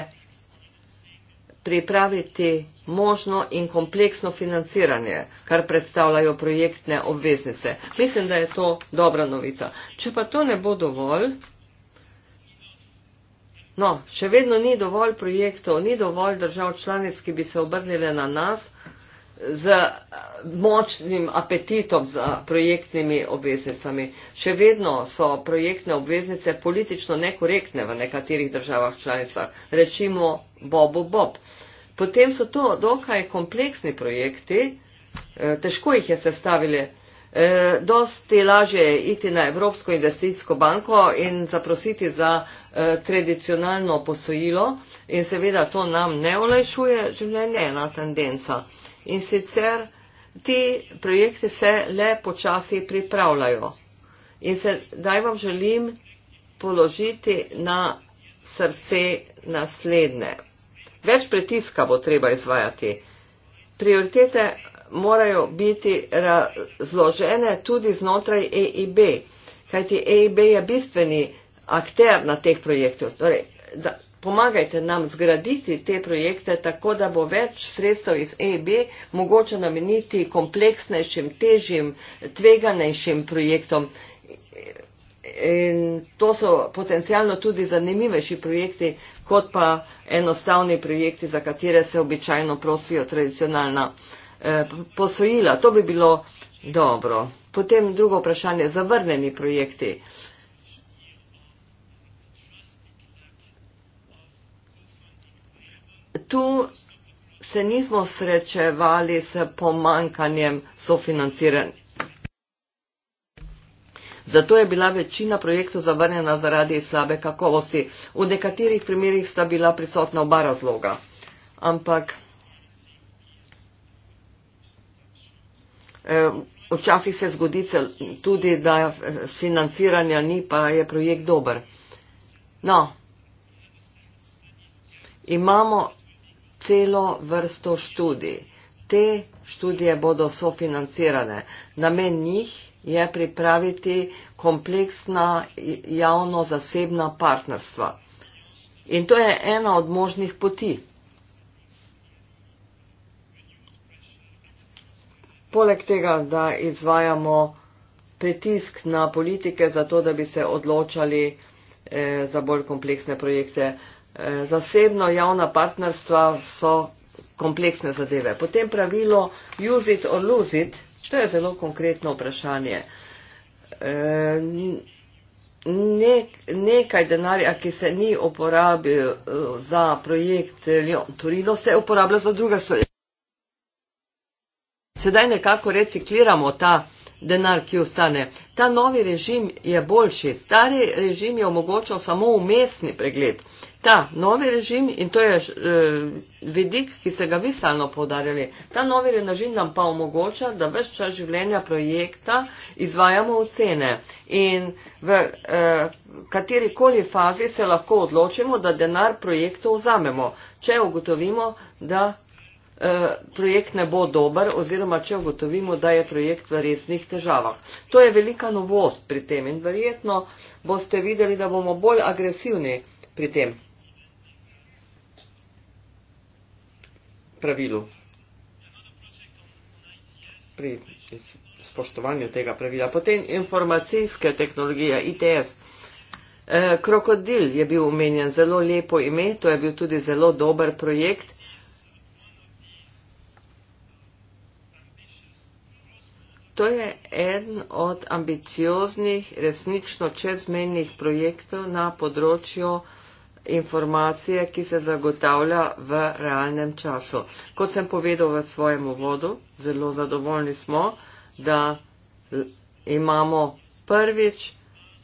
pripraviti možno in kompleksno financiranje, kar predstavljajo projektne obveznice. Mislim, da je to dobra novica. Če pa to ne bo dovolj, no, še vedno ni dovolj projektov, ni dovolj držav članic, ki bi se obrnile na nas, z močnim apetitom za projektnimi obveznicami. Še vedno so projektne obveznice politično nekorektne v nekaterih državah članicah. Rečimo Bobu Bob. Potem so to dokaj kompleksni projekti, eh, težko jih je sestavili. Eh, dosti lažje je iti na Evropsko investicijsko banko in zaprositi za eh, tradicionalno posojilo in seveda to nam ne olajšuje življenje, ena tendenca in sicer te projekte se le počasi pripravljajo. In sedaj vam želim položiti na srce naslednje. Več pritiska bo treba izvajati. Prioritete morajo biti razložene tudi znotraj EIB, kajti EIB je bistveni akter na teh projektih. Torej, pomagajte nam zgraditi te projekte tako, da bo več sredstev iz EB mogoče nameniti kompleksnejšim, težjim, tveganejšim projektom. In to so potencijalno tudi zanimivejši projekti, kot pa enostavni projekti, za katere se običajno prosijo tradicionalna eh, posojila. To bi bilo dobro. Potem drugo vprašanje, zavrneni projekti. Eh, tu se nismo srečevali s pomankanjem sofinanciranja. Zato je bila večina projektov zavrnjena zaradi slabe kakovosti. V nekaterih primerjih sta bila prisotna oba razloga. Ampak eh, včasih se zgodi tudi, da financiranja ni, pa je projekt dober. No, imamo celo vrsto študij. Te študije bodo sofinancirane. Namen njih je pripraviti kompleksna javno-zasebna partnerstva. In to je ena od možnih poti. Poleg tega, da izvajamo pritisk na politike, zato da bi se odločali eh, za bolj kompleksne projekte, eh, zasebno javna partnerstva so kompleksne zadeve. Potem pravilo use it or lose it, to je zelo konkretno vprašanje. E, ne, nekaj denarja, ki se ni uporabil e, za projekt Lyon Turino, se uporablja za druga stvar. Sedaj nekako recikliramo ta denar, ki ostane. Ta novi režim je boljši. Stari režim je omogočal samo umestni pregled. Uh, ta novi režim in to je uh, vidik, ki ste ga vi stalno povdarjali, ta novi režim nam pa omogoča, da več čas življenja projekta izvajamo ocene in v uh, katerikoli fazi se lahko odločimo, da denar projektu vzamemo, če ugotovimo, da eh, projekt ne bo dober oziroma če ugotovimo, da je projekt v resnih težavah. To je velika novost pri tem in verjetno boste videli, da bomo bolj agresivni pri tem. pravilu. Pri spoštovanju tega pravila. Potem informacijske tehnologije, ITS. E, krokodil je bil omenjen zelo lepo ime, to je bil tudi zelo dober projekt. To je en od ambicioznih, resnično čezmenjih projektov na področju informacije, ki se zagotavlja v realnem času. Kot sem povedal v svojem uvodu, zelo zadovoljni smo, da imamo prvič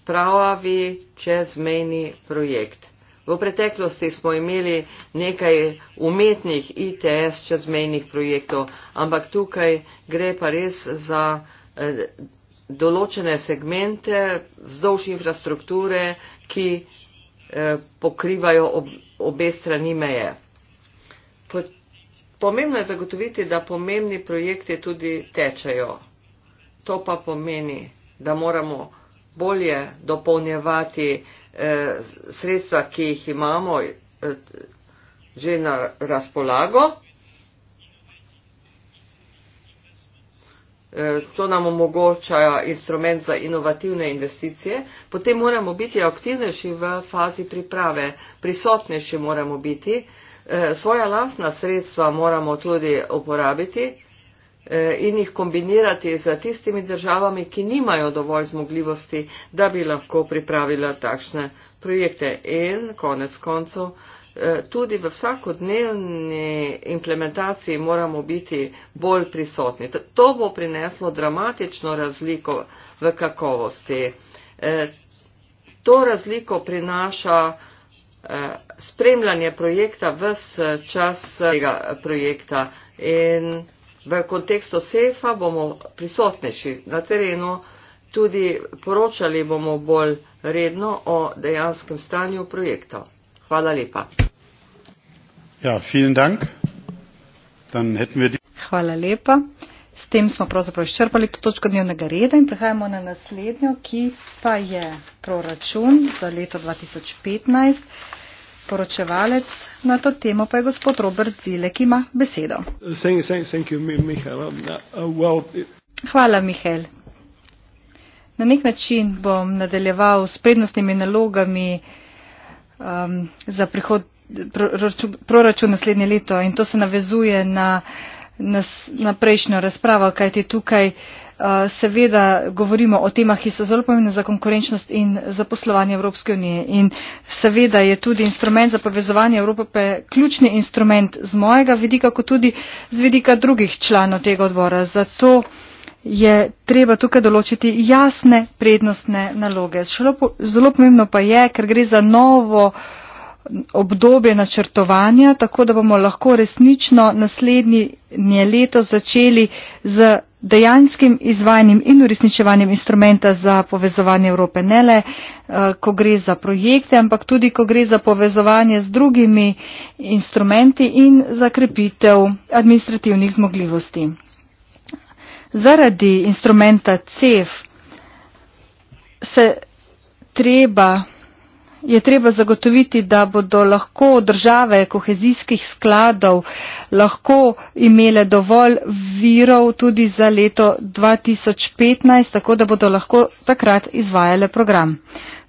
pravi čezmejni projekt. V preteklosti smo imeli nekaj umetnih ITS čezmejnih projektov, ampak tukaj gre pa res za eh, določene segmente vzdolž infrastrukture, ki Eh, pokrivajo ob, obe strani meje. Po, pomembno je zagotoviti, da pomembni projekti tudi tečajo. To pa pomeni, da moramo bolje dopolnjevati eh, sredstva, ki jih imamo eh, že na razpolago, Eh, to nam omogoča instrument za inovativne investicije, potem moramo biti aktivnejši v fazi priprave, prisotnejši moramo biti, eh, svoja lastna sredstva moramo tudi uporabiti eh, in jih kombinirati z tistimi državami, ki nimajo dovolj zmogljivosti, da bi lahko pripravila takšne projekte. In konec koncev Eh, tudi v vsakodnevni implementaciji moramo biti bolj prisotni. To bo prineslo dramatično razliko v kakovosti. Eh, to razliko prinaša eh, spremljanje projekta vse čas tega projekta in v kontekstu sefa bomo prisotnejši na terenu, tudi poročali bomo bolj redno o dejanskem stanju projektov. Hvala lepa. Ja, dank. Wir die... Hvala lepa. S tem smo pravzaprav izčrpali to točko dnevnega reda in prehajamo na naslednjo, ki pa je proračun za leto 2015. Poročevalec na to temo pa je gospod Robert Zile, ki ima besedo. Hvala, Mihel. Na nek način bom nadaljeval s prednostnimi nalogami um, za prihod, proračun, proračun naslednje leto in to se navezuje na, na, na prejšnjo razpravo, kajti tukaj uh, seveda govorimo o temah, ki so zelo pomembne za konkurenčnost in za poslovanje Evropske unije. In seveda je tudi instrument za povezovanje Evrope ključni instrument z mojega vidika, kot tudi z vidika drugih članov tega odbora. Zato, uh, je treba tukaj določiti jasne prednostne naloge. Po, zelo pomembno pa je, ker gre za novo obdobje načrtovanja, tako da bomo lahko resnično naslednje leto začeli z dejanskim izvajanjem in uresničevanjem instrumenta za povezovanje Evrope. Ne le, eh, ko gre za projekte, ampak tudi, ko gre za povezovanje z drugimi instrumenti in za krepitev administrativnih zmogljivosti. Zaradi instrumenta CEF se treba, je treba zagotoviti, da bodo lahko države kohezijskih skladov lahko imele dovolj virov tudi za leto 2015, tako da bodo lahko takrat izvajale program.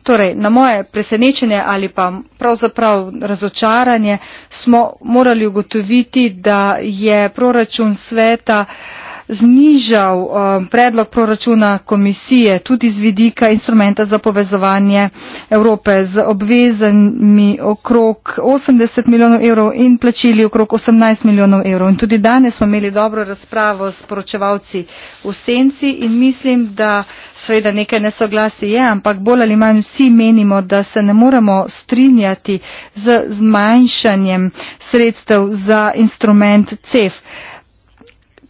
Torej, na moje presenečenje ali pa pravzaprav razočaranje smo morali ugotoviti, da je proračun sveta uh, znižal eh, predlog proračuna komisije tudi z vidika instrumenta za povezovanje Evrope z obvezami okrog 80 milijonov evrov in plačili okrog 18 milijonov evrov. In tudi danes smo imeli dobro razpravo s poročevalci v senci in mislim, da seveda nekaj nesoglasi je, ampak bolj ali manj vsi menimo, da se ne moremo strinjati z zmanjšanjem sredstev za instrument CEF. Uh,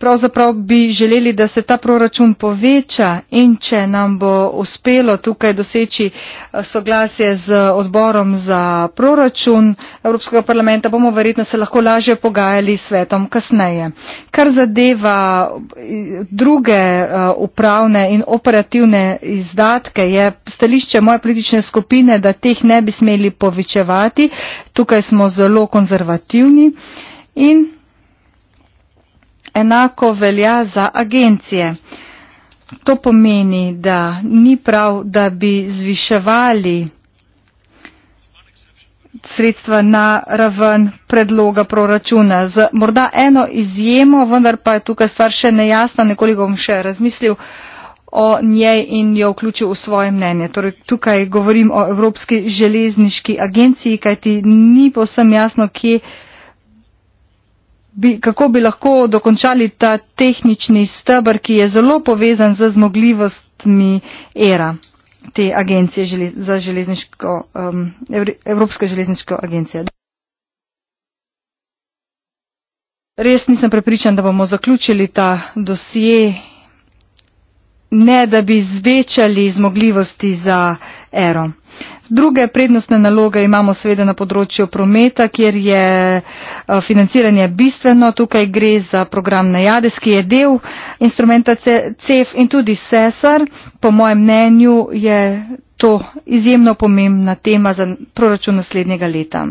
pravzaprav bi želeli, da se ta proračun poveča in če nam bo uspelo tukaj doseči eh, soglasje z odborom za proračun Evropskega parlamenta, bomo verjetno se lahko lažje pogajali s svetom kasneje. Kar zadeva eh, druge eh, upravne in operativne izdatke, je stališče moje politične skupine, da teh ne bi smeli povečevati. Tukaj smo zelo konzervativni. In enako velja za agencije. To pomeni, da ni prav, da bi zviševali sredstva na raven predloga proračuna. Z morda eno izjemo, vendar pa je tukaj stvar še nejasna, nekoliko bom še razmislil o njej in jo vključil v svoje mnenje. Torej, tukaj govorim o Evropski železniški agenciji, kajti ni povsem jasno, kje uh, bi, kako bi lahko dokončali ta tehnični stebr, ki je zelo povezan z zmogljivostmi era te agencije za železniško, um, Evropske železniško agencije. Res nisem prepričan, da bomo zaključili ta dosje, ne da bi zvečali zmogljivosti za ERO. Uh, Druge prednostne naloge imamo seveda na področju prometa, kjer je eh, financiranje bistveno. Tukaj gre za program Najades, ki je del instrumenta CEF in tudi SESAR. Po mojem mnenju je to izjemno pomembna tema za proračun naslednjega leta.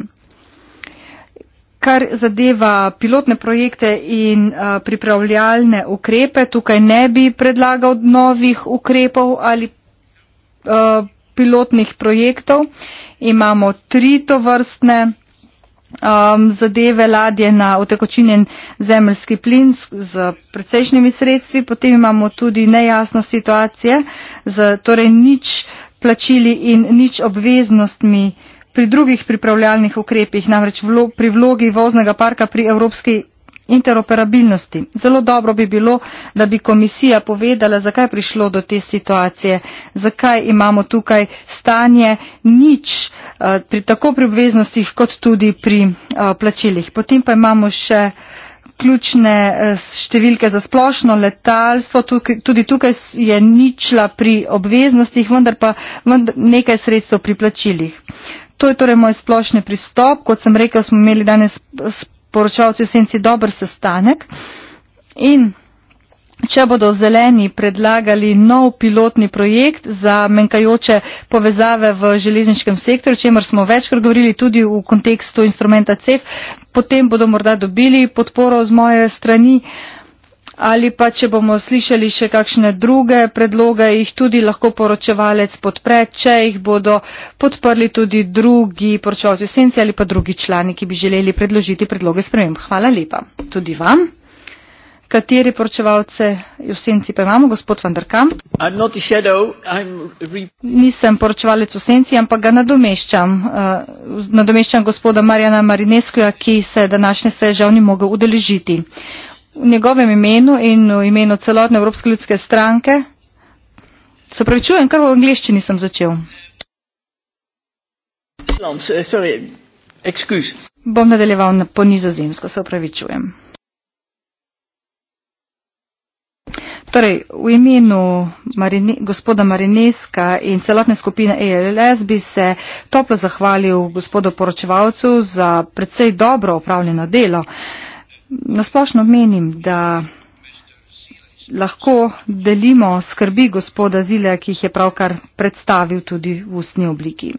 Kar zadeva pilotne projekte in a, eh, pripravljalne ukrepe, tukaj ne bi predlagal novih ukrepov ali a, eh, pilotnih projektov. Imamo tri tovrstne um, zadeve ladje na otekočinjen zemljski plin z, z precejšnjimi sredstvi, potem imamo tudi nejasno situacije, z, torej nič plačili in nič obveznostmi. Pri drugih pripravljalnih ukrepih, namreč vlo, pri vlogi voznega parka pri Evropski interoperabilnosti zelo dobro bi bilo da bi komisija povedala zakaj je prišlo do te situacije zakaj imamo tukaj stanje nič eh, pri tako pri obveznostih kot tudi pri eh, plačilih potem pa imamo še ključne eh, številke za splošno letalstvo, tudi tukaj je ničla pri obveznostih, vendar pa vendar nekaj sredstev pri plačilih. To je torej moj splošni pristop. Kot sem rekel, smo imeli danes poročavci v senci dober sestanek in Če bodo zeleni predlagali nov pilotni projekt za menjkajoče povezave v železniškem sektorju, čemer smo večkrat govorili tudi v kontekstu instrumenta CEF, potem bodo morda dobili podporo z moje strani. Uh, ali pa če bomo slišali še kakšne druge predloge, jih tudi lahko poročevalec podpre, če jih bodo podprli tudi drugi poročevalci esenci ali pa drugi člani, ki bi želeli predložiti predloge sprememb. Hvala lepa. Tudi vam. Kateri poročevalce v senci pa imamo, gospod Vanderkamp? Nisem poročevalec v senci, ampak ga nadomeščam. Uh, nadomeščam gospoda Marjana Marineskoja, ki se današnje seje žal ni mogel udeležiti v njegovem imenu in v imenu celotne Evropske ljudske stranke. Se pravi, čujem, kar v angliščini sem začel. Eh, Bom nadaljeval na, po nizozemsko, se upravičujem. Torej, v imenu Marine, gospoda Marineska in celotne skupine ELS bi se toplo zahvalil gospodu poročevalcu za predvsej dobro upravljeno delo. Uh, Nasplošno menim, da lahko delimo skrbi gospoda Zilja, ki jih je pravkar predstavil tudi v ustni obliki.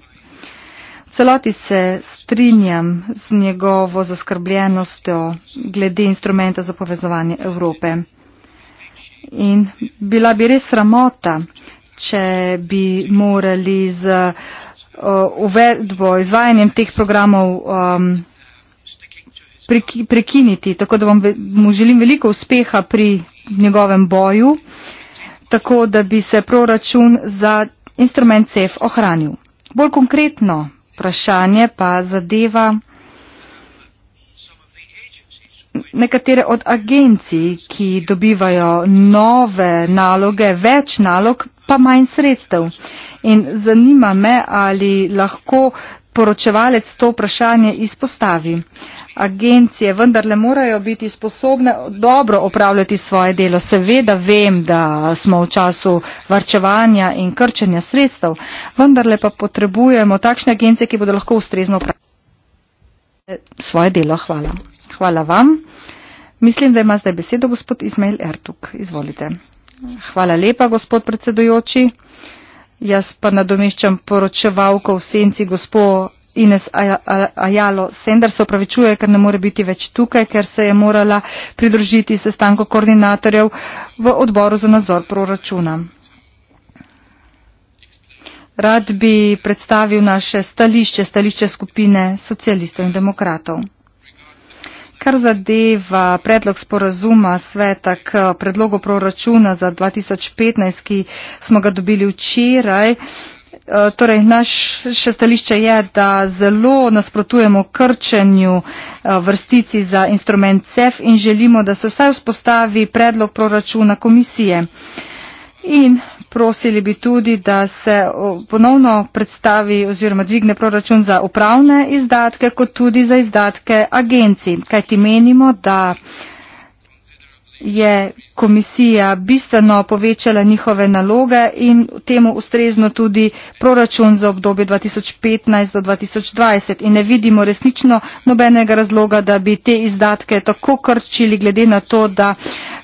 V celoti se strinjam z njegovo zaskrbljenostjo glede instrumenta za povezovanje Evrope. In bila bi res sramota, če bi morali z uh, uvedbo, izvajanjem teh programov. Um, preki, prekiniti. Tako da mu želim veliko uspeha pri njegovem boju, tako da bi se proračun za instrument CEF ohranil. Bolj konkretno vprašanje pa zadeva nekatere od agencij, ki dobivajo nove naloge, več nalog, pa manj sredstev. In zanima me, ali lahko poročevalec to vprašanje izpostavi agencije vendarle morajo biti sposobne dobro opravljati svoje delo. Seveda vem, da smo v času varčevanja in krčenja sredstev, vendarle pa potrebujemo takšne agencije, ki bodo lahko ustrezno opravljali svoje delo. Hvala. Hvala vam. Mislim, da ima zdaj besedo gospod Izmail Ertuk. Izvolite. Hvala lepa, gospod predsedujoči. Jaz pa nadomeščam poročevalko v senci gospod Ines Ajalo Sender se opravičuje, ker ne more biti več tukaj, ker se je morala pridružiti sestanku koordinatorjev v odboru za nadzor proračuna. Rad bi predstavil naše stališče, stališče skupine socialistov in demokratov. Kar zadeva predlog sporazuma sveta k predlogu proračuna za 2015, ki smo ga dobili včeraj, Eh, torej naše stališče je, da zelo nasprotujemo krčenju eh, vrstici za instrument CEF in želimo, da se vsaj vzpostavi predlog proračuna komisije. In prosili bi tudi, da se ponovno predstavi oziroma dvigne proračun za upravne izdatke, kot tudi za izdatke agencij, kajti menimo, da je komisija bistveno povečala njihove naloge in temu ustrezno tudi proračun za obdobje 2015 do 2020. In ne vidimo resnično nobenega razloga, da bi te izdatke tako krčili, glede na to, da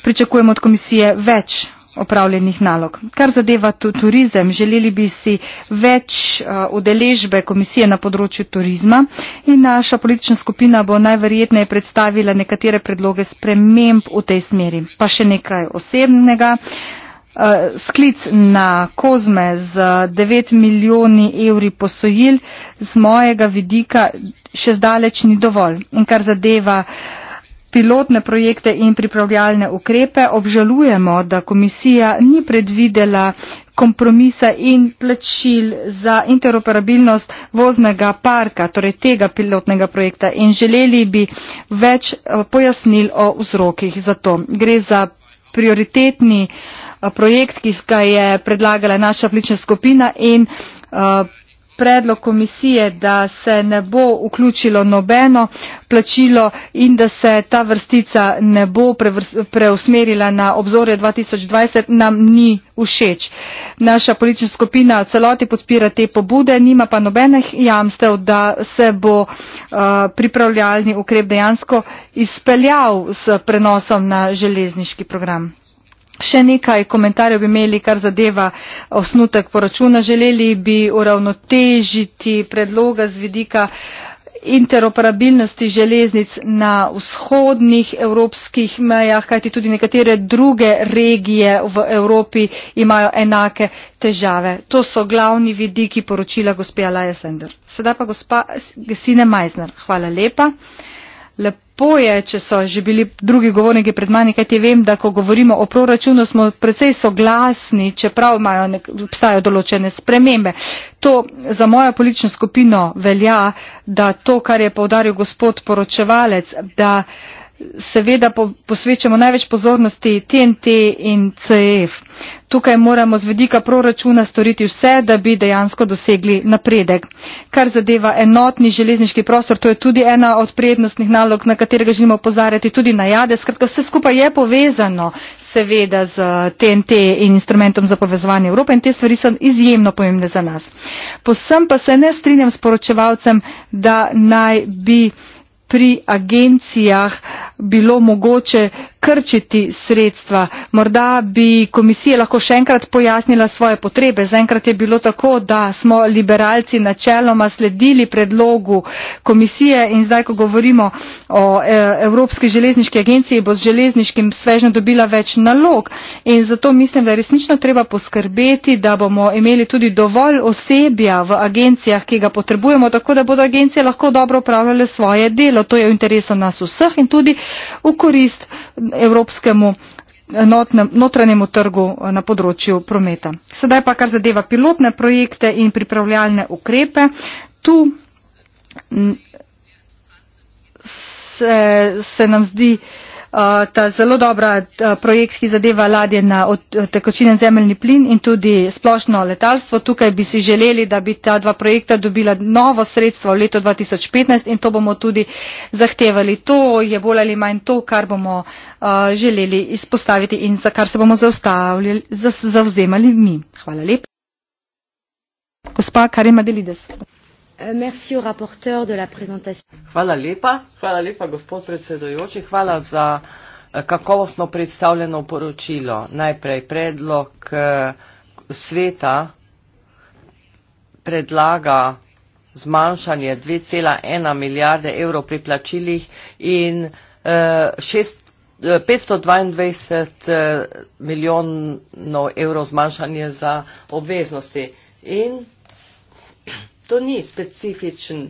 pričakujemo od komisije več opravljenih nalog. Kar zadeva turizem, želeli bi si več eh, udeležbe komisije na področju turizma in naša politična skupina bo najverjetneje predstavila nekatere predloge sprememb v tej smeri. Pa še nekaj osebnega. Eh, sklic na kozme z 9 milijoni evri posojil z mojega vidika še zdaleč ni dovolj. In kar zadeva uh, pilotne projekte in pripravljalne ukrepe, obžalujemo, da komisija ni predvidela kompromisa in plačil za interoperabilnost voznega parka, torej tega pilotnega projekta in želeli bi več eh, pojasnil o vzrokih za to. Gre za prioritetni eh, projekt, ki ga je predlagala naša aplična skupina in uh, predlog komisije, da se ne bo vključilo nobeno plačilo in da se ta vrstica ne bo preusmerila na obzorje 2020, nam ni všeč. Naša politična skupina celoti podpira te pobude, nima pa nobenih jamstev, da se bo uh, pripravljalni ukrep dejansko izpeljal s prenosom na železniški program. Še nekaj komentarjev bi imeli, kar zadeva osnutek poračuna. Želeli bi uravnotežiti predloga z vidika interoperabilnosti železnic na vzhodnih evropskih mejah, kajti tudi nekatere druge regije v Evropi imajo enake težave. To so glavni vidiki poročila gospe Alaja Sender. Sedaj pa gospa Gesine Majzner. Hvala lepa. lepa lepo je če so že bili drugi govorniki pred mani kajti vem da ko govorimo o proračunu smo precej soglasni čeprav imajo nek, obstajajo določene spremembe to za mojo politično skupino velja da to kar je povdaril gospod poročevalec da seveda po, posvečamo največ pozornosti TNT in CEF tukaj moramo z vidika proračuna storiti vse da bi dejansko dosegli napredek kar zadeva enotni železniški prostor to je tudi ena od prednostnih nalog na katerega želimo opozarjati tudi na jade skratka vse skupaj je povezano seveda z tnt in instrumentom za povezovanje evrope in te stvari so izjemno pomembne za nas posem pa se ne strinjam s poročevalcem da naj bi pri agencijah uh, bilo mogoče krčiti sredstva. Morda bi komisija lahko še enkrat pojasnila svoje potrebe. Zaenkrat je bilo tako, da smo liberalci načeloma sledili predlogu komisije in zdaj, ko govorimo o e, Evropski železniški agenciji, bo z železniškim svežno dobila več nalog. In zato mislim, da je resnično treba poskrbeti, da bomo imeli tudi dovolj osebja v agencijah, ki ga potrebujemo, tako da bodo agencije lahko dobro upravljale svoje delo. To je v interesu nas vseh in tudi v korist evropskemu notranjemu trgu eh, na področju prometa. Sedaj pa, kar zadeva pilotne projekte in pripravljalne ukrepe, tu mm, se, se nam zdi, Eh, ta zelo dobra eh, projekt, ki zadeva ladje na tekočinen zemljni plin in tudi splošno letalstvo. Tukaj bi si želeli, da bi ta dva projekta dobila novo sredstvo v letu 2015 in to bomo tudi zahtevali. To je bolj ali manj to, kar bomo eh, želeli izpostaviti in za kar se bomo zavzemali mi. Hvala lepa. Gospa Karima Delides. Euh, merci au rapporteur de la présentation. Hvala lepa, hvala lepa gospod predsedujoči, hvala za eh, kakovostno predstavljeno poročilo. Najprej predlog eh, sveta predlaga zmanjšanje 2,1 milijarde evrov pri plačilih in 522 eh, milijonov evrov zmanjšanje za obveznosti. In To ni specifičen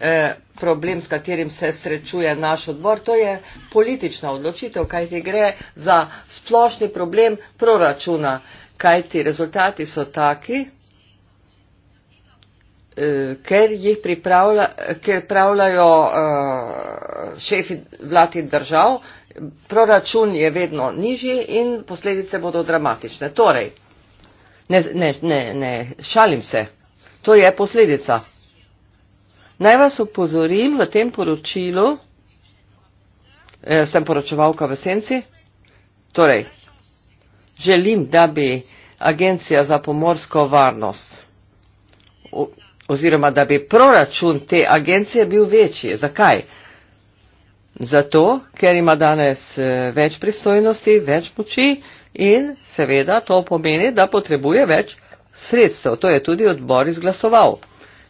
eh, problem, s katerim se srečuje naš odbor, to je politična odločitev, kajti gre za splošni problem proračuna, kajti rezultati so taki, eh, ker jih pripravlja, ker pravljajo eh, šefi vlati držav, proračun je vedno nižji in posledice bodo dramatične. Torej, ne, ne, ne, ne šalim se. To je posledica. Naj vas upozorim v tem poročilu, eh, sem poročevalka v Senci, torej, želim, da bi Agencija za pomorsko varnost oziroma, da bi proračun te agencije bil večji. Zakaj? Zato, ker ima danes eh, več pristojnosti, več moči in seveda to pomeni, da potrebuje več sredstev. To je tudi odbor izglasoval.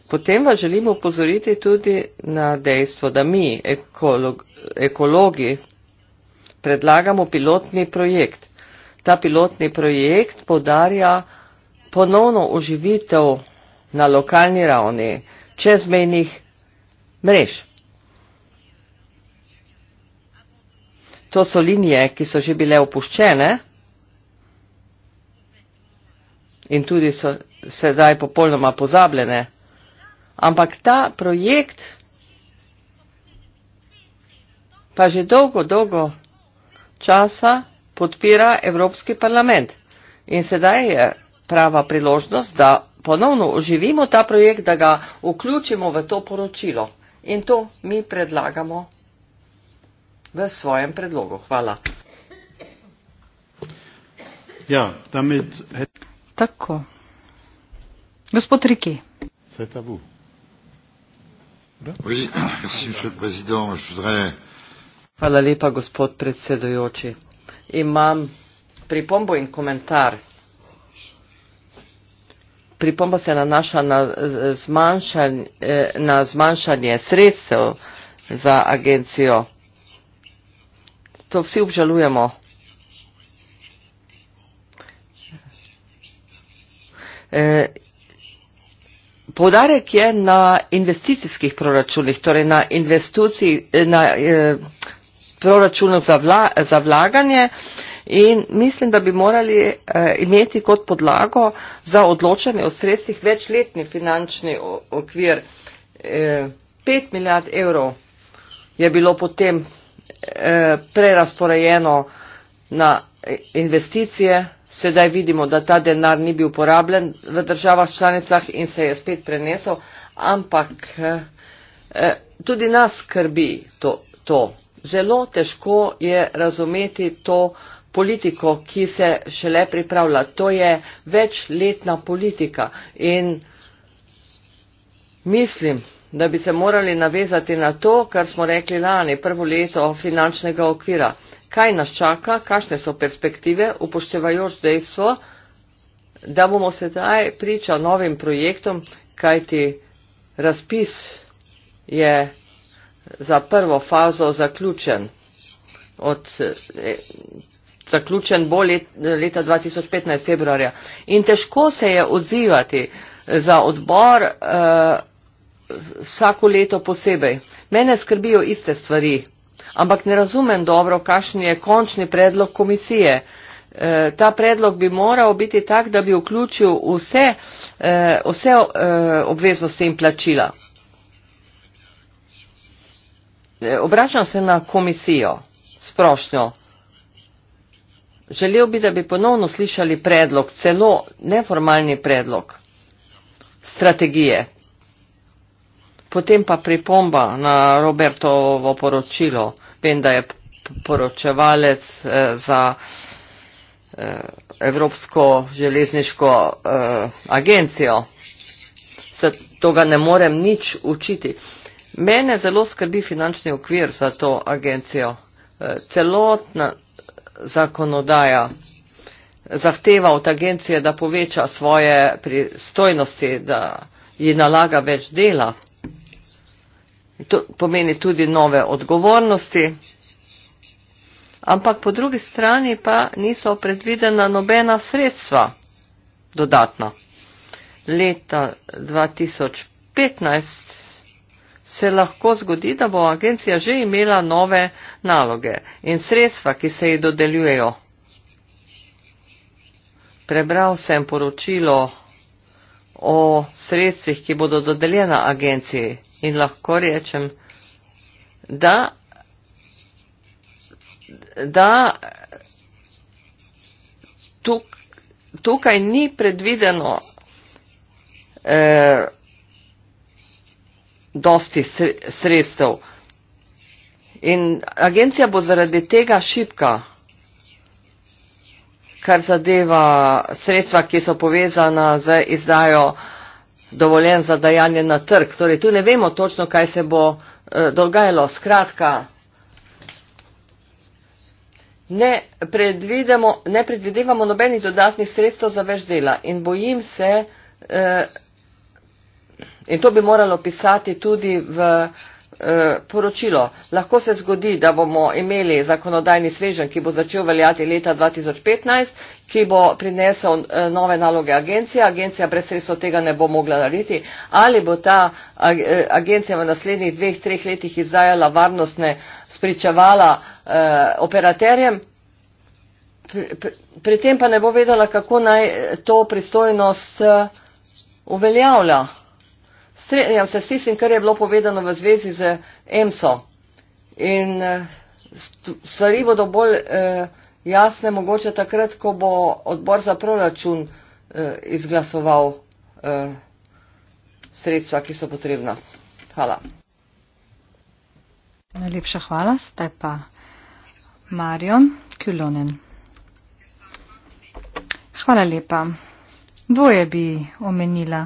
Potem vas želim upozoriti tudi na dejstvo, da mi, ekolog, ekologi, predlagamo pilotni projekt. Ta pilotni projekt podarja ponovno oživitev na lokalni ravni čezmejnih mrež. To so linije, ki so že bile opuščene in tudi so sedaj popolnoma pozabljene. Ampak ta projekt pa že dolgo, dolgo časa podpira Evropski parlament. In sedaj je prava priložnost, da ponovno oživimo ta projekt, da ga vključimo v to poročilo. In to mi predlagamo v svojem predlogu. Hvala. Ja, damit hätte Tako. Gospod Riki. C'est à vous. Oui, merci, monsieur le président. Je voudrais... Hvala lepa, gospod predsedujoči. Imam pripombo in komentar. Pripomba se nanaša na zmanjšanje, na zmanjšanje sredstev za agencijo. To vsi obžalujemo. Eh, Podarek je na investicijskih proračunih, torej na, eh, na eh, proračunu za, vla, za vlaganje in mislim, da bi morali imeti kot podlago za odločanje o sredstvih večletni finančni okvir. 5 milijard evrov je bilo potem prerasporejeno na investicije, sedaj vidimo, da ta denar ni bil uporabljen v državah članicah in se je spet prenesel, ampak eh, eh, tudi nas skrbi to, to. Zelo težko je razumeti to politiko, ki se šele pripravlja. To je večletna politika in mislim, da bi se morali navezati na to, kar smo rekli lani, prvo leto finančnega okvira kaj nas čaka, kakšne so perspektive, upoštevajoč dejstvo, da bomo sedaj priča novim projektom, kajti razpis je za prvo fazo zaključen. Od, eh, zaključen bo let, leta 2015 februarja. In težko se je odzivati za odbor eh, vsako leto posebej. Mene skrbijo iste stvari ampak ne razumem dobro, kakšen je končni predlog komisije. E, ta predlog bi moral biti tak, da bi vključil vse, e, vse e, obveznosti in plačila. Obračam se na komisijo s prošnjo. Želel bi, da bi ponovno slišali predlog, celo neformalni predlog strategije. Potem pa pripomba na Robertovo poročilo vem, da je poročevalec eh, za eh, Evropsko železniško eh, agencijo. Se toga ne morem nič učiti. Mene zelo skrbi finančni okvir za to agencijo. Celotna zakonodaja zahteva od agencije, da poveča svoje pristojnosti, da ji nalaga več dela to pomeni tudi nove odgovornosti. Ampak po drugi strani pa niso predvidena nobena sredstva dodatna. Leta 2015 se lahko zgodi, da bo agencija že imela nove naloge in sredstva, ki se ji dodeljujejo. Prebral sem poročilo o sredstvih, ki bodo dodeljena agenciji in lahko rečem, da, da tuk, tukaj ni predvideno eh, dosti sredstev. In agencija bo zaradi tega šipka, kar zadeva sredstva, ki so povezana z izdajo eh, dovoljen za dajanje na trg. Torej, tu ne vemo točno, kaj se bo eh, dogajalo. Skratka, ne, ne predvidevamo nobenih dodatnih sredstev za več dela in bojim se, eh, in to bi moralo pisati tudi v Eh, poročilo. Lahko se zgodi, da bomo imeli zakonodajni svežen, ki bo začel veljati leta 2015, ki bo prinesel eh, nove naloge agencije. Agencija brez sredstva tega ne bo mogla narediti. Ali bo ta eh, agencija v naslednjih dveh, treh letih izdajala varnostne spričevala operaterjem. Pri tem pa ne bo vedela, kako naj to pristojnost uveljavlja. Strenjam se s tistim, kar je bilo povedano v zvezi z EMSO. In eh, stvari bodo bolj eh, jasne, mogoče takrat, ko bo odbor za proračun eh, izglasoval eh, sredstva, ki so potrebna. Hvala. Najlepša hvala. Zdaj pa Marion Kulonen. Hvala lepa. Dvoje bi omenila.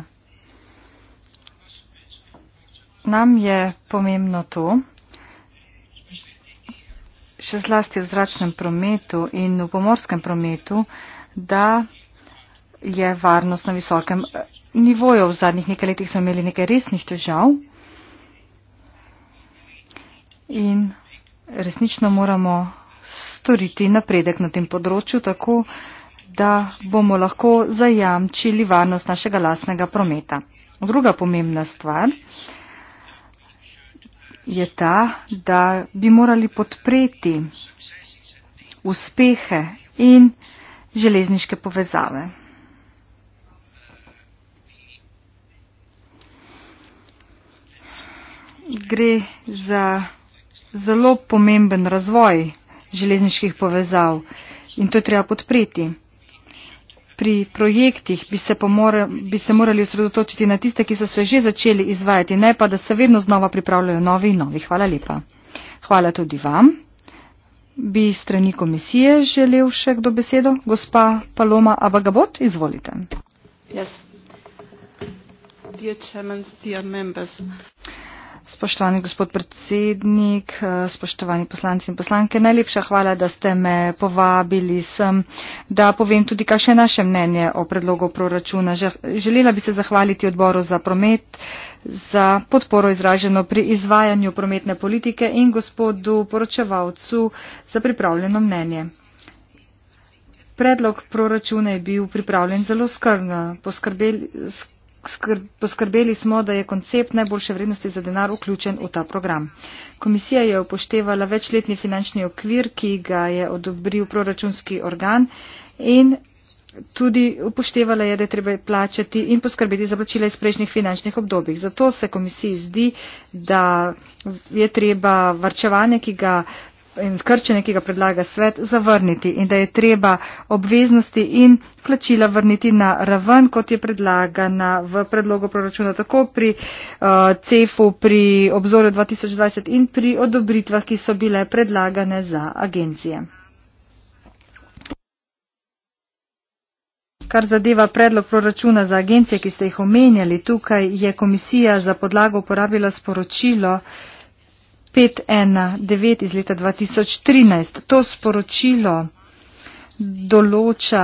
Nam je pomembno to, še zlasti v zračnem prometu in v pomorskem prometu, da je varnost na visokem eh, nivoju. V zadnjih nekaj letih smo imeli nekaj resnih težav in resnično moramo storiti napredek na tem področju, tako da bomo lahko zajamčili varnost našega lastnega prometa. Druga pomembna stvar je, je ta, da bi morali podpreti uspehe in železniške povezave. Gre za zelo pomemben razvoj železniških povezav in to je treba podpreti pri projektih bi se, pomore, bi se morali osredotočiti na tiste, ki so se že začeli izvajati, ne pa da se vedno znova pripravljajo novi in novi. Hvala lepa. Hvala tudi vam. Bi strani komisije želel še kdo besedo? Gospa Paloma Abagabot, izvolite. Yes. Dear Spoštovani gospod predsednik, eh, spoštovani poslanci in poslanke, najlepša hvala, da ste me povabili sem, da povem tudi, kakšne je naše mnenje o predlogu proračuna. Želela bi se zahvaliti odboru za promet za podporo izraženo pri izvajanju prometne politike in gospodu poročevalcu za pripravljeno mnenje. Predlog proračuna je bil pripravljen zelo skrbno, poskrbeli skr poskrbeli smo, da je koncept najboljše vrednosti za denar vključen v ta program. Komisija je upoštevala večletni finančni okvir, ki ga je odobril proračunski organ in tudi upoštevala je, da je treba plačati in poskrbeti za plačila iz prejšnjih finančnih obdobij. Zato se komisiji zdi, da je treba varčevanje, ki ga in skrčenje, ki ga predlaga svet, zavrniti in da je treba obveznosti in plačila vrniti na raven, kot je predlagana v predlogu proračuna, tako pri uh, CEF-u, pri obzorju 2020 in pri odobritvah, ki so bile predlagane za agencije. Kar zadeva predlog proračuna za agencije, ki ste jih omenjali, tukaj je komisija za podlago uporabila sporočilo, uh, 519 iz leta 2013. To sporočilo določa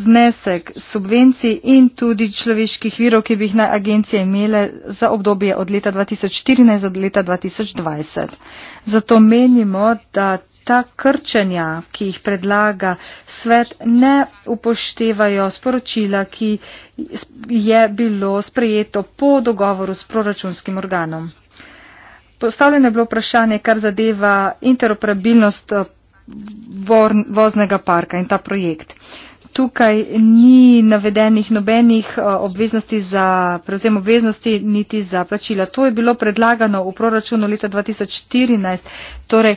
znesek subvencij in tudi človeških virov, ki bi jih naj agencije imele za obdobje od leta 2014 do leta 2020. Zato menimo, da ta krčenja, ki jih predlaga svet, ne upoštevajo sporočila, ki je bilo sprejeto po dogovoru s proračunskim organom. Postavljeno je bilo vprašanje, kar zadeva interoperabilnost eh, voznega parka in ta projekt. Tukaj ni navedenih nobenih eh, obveznosti za prevzem obveznosti, niti za plačila. To je bilo predlagano v proračunu leta 2014. Torej,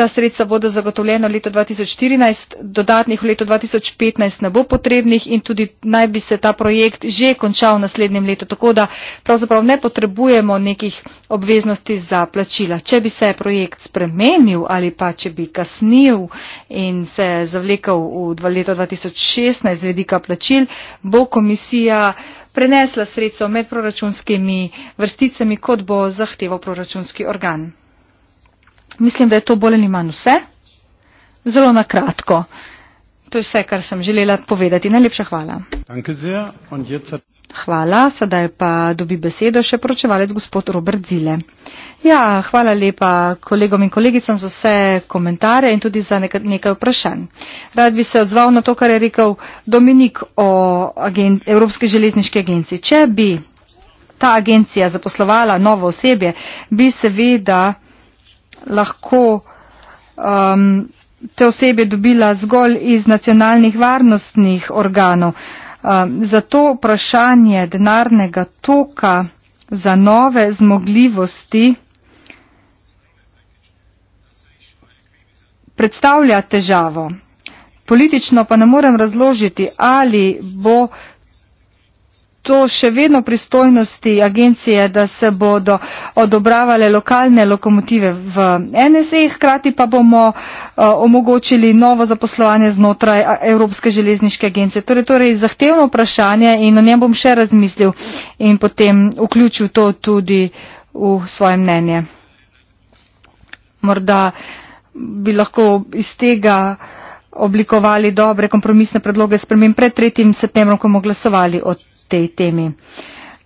Ta sredstva bodo zagotovljena leto 2014, dodatnih v letu 2015 ne bo potrebnih in tudi naj bi se ta projekt že končal v naslednjem letu, tako da pravzaprav ne potrebujemo nekih obveznosti za plačila. Če bi se projekt spremenil ali pa če bi kasnil in se zavlekal v leto 2016 z vedika plačil, bo komisija prenesla sredstva med proračunskimi vrsticami, kot bo zahteval proračunski organ mislim, da je to bolj ali manj vse. Zelo na kratko. To je vse, kar sem želela povedati. Najlepša hvala. Hvala, sedaj pa dobi besedo še poročevalec gospod Robert Zile. Ja, hvala lepa kolegom in kolegicam za vse komentare in tudi za nekaj vprašanj. Rad bi se odzval na to, kar je rekel Dominik o agen Evropske železniške agenciji. Če bi ta agencija zaposlovala novo osebje, bi seveda lahko um, te osebe dobila zgolj iz nacionalnih varnostnih organov. Um, zato vprašanje denarnega toka za nove zmogljivosti predstavlja težavo. Politično pa ne morem razložiti, ali bo to še vedno pristojnosti agencije, da se bodo odobravale lokalne lokomotive v NSE, hkrati pa bomo eh, omogočili novo zaposlovanje znotraj Evropske železniške agencije. Torej, torej zahtevno vprašanje in o njem bom še razmislil in potem vključil to tudi v svoje mnenje. Morda bi lahko iz tega oblikovali dobre kompromisne predloge spremem pred 3. septembrom, ko bomo glasovali o tej temi.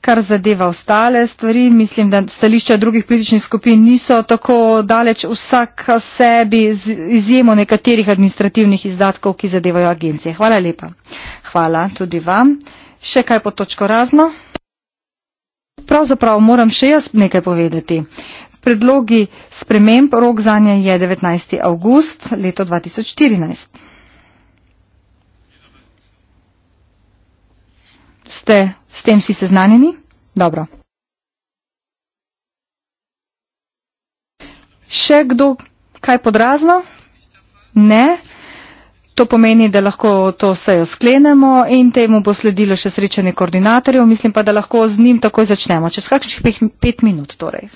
Kar zadeva ostale stvari, mislim, da stališča drugih političnih skupin niso tako daleč vsak sebi z izjemo nekaterih administrativnih izdatkov, ki zadevajo agencije. Hvala lepa. Hvala tudi vam. Še kaj po točko razno? Pravzaprav moram še jaz nekaj povedati. Predlogi sprememb rok zanje je 19. avgust leto 2014. ste s tem vsi seznanjeni? Dobro. Še kdo kaj podrazno? Ne. To pomeni, da lahko to sejo sklenemo in temu bo sledilo še srečanje koordinatorjev. Mislim pa, da lahko z njim takoj začnemo. Čez kakšnih pet minut torej.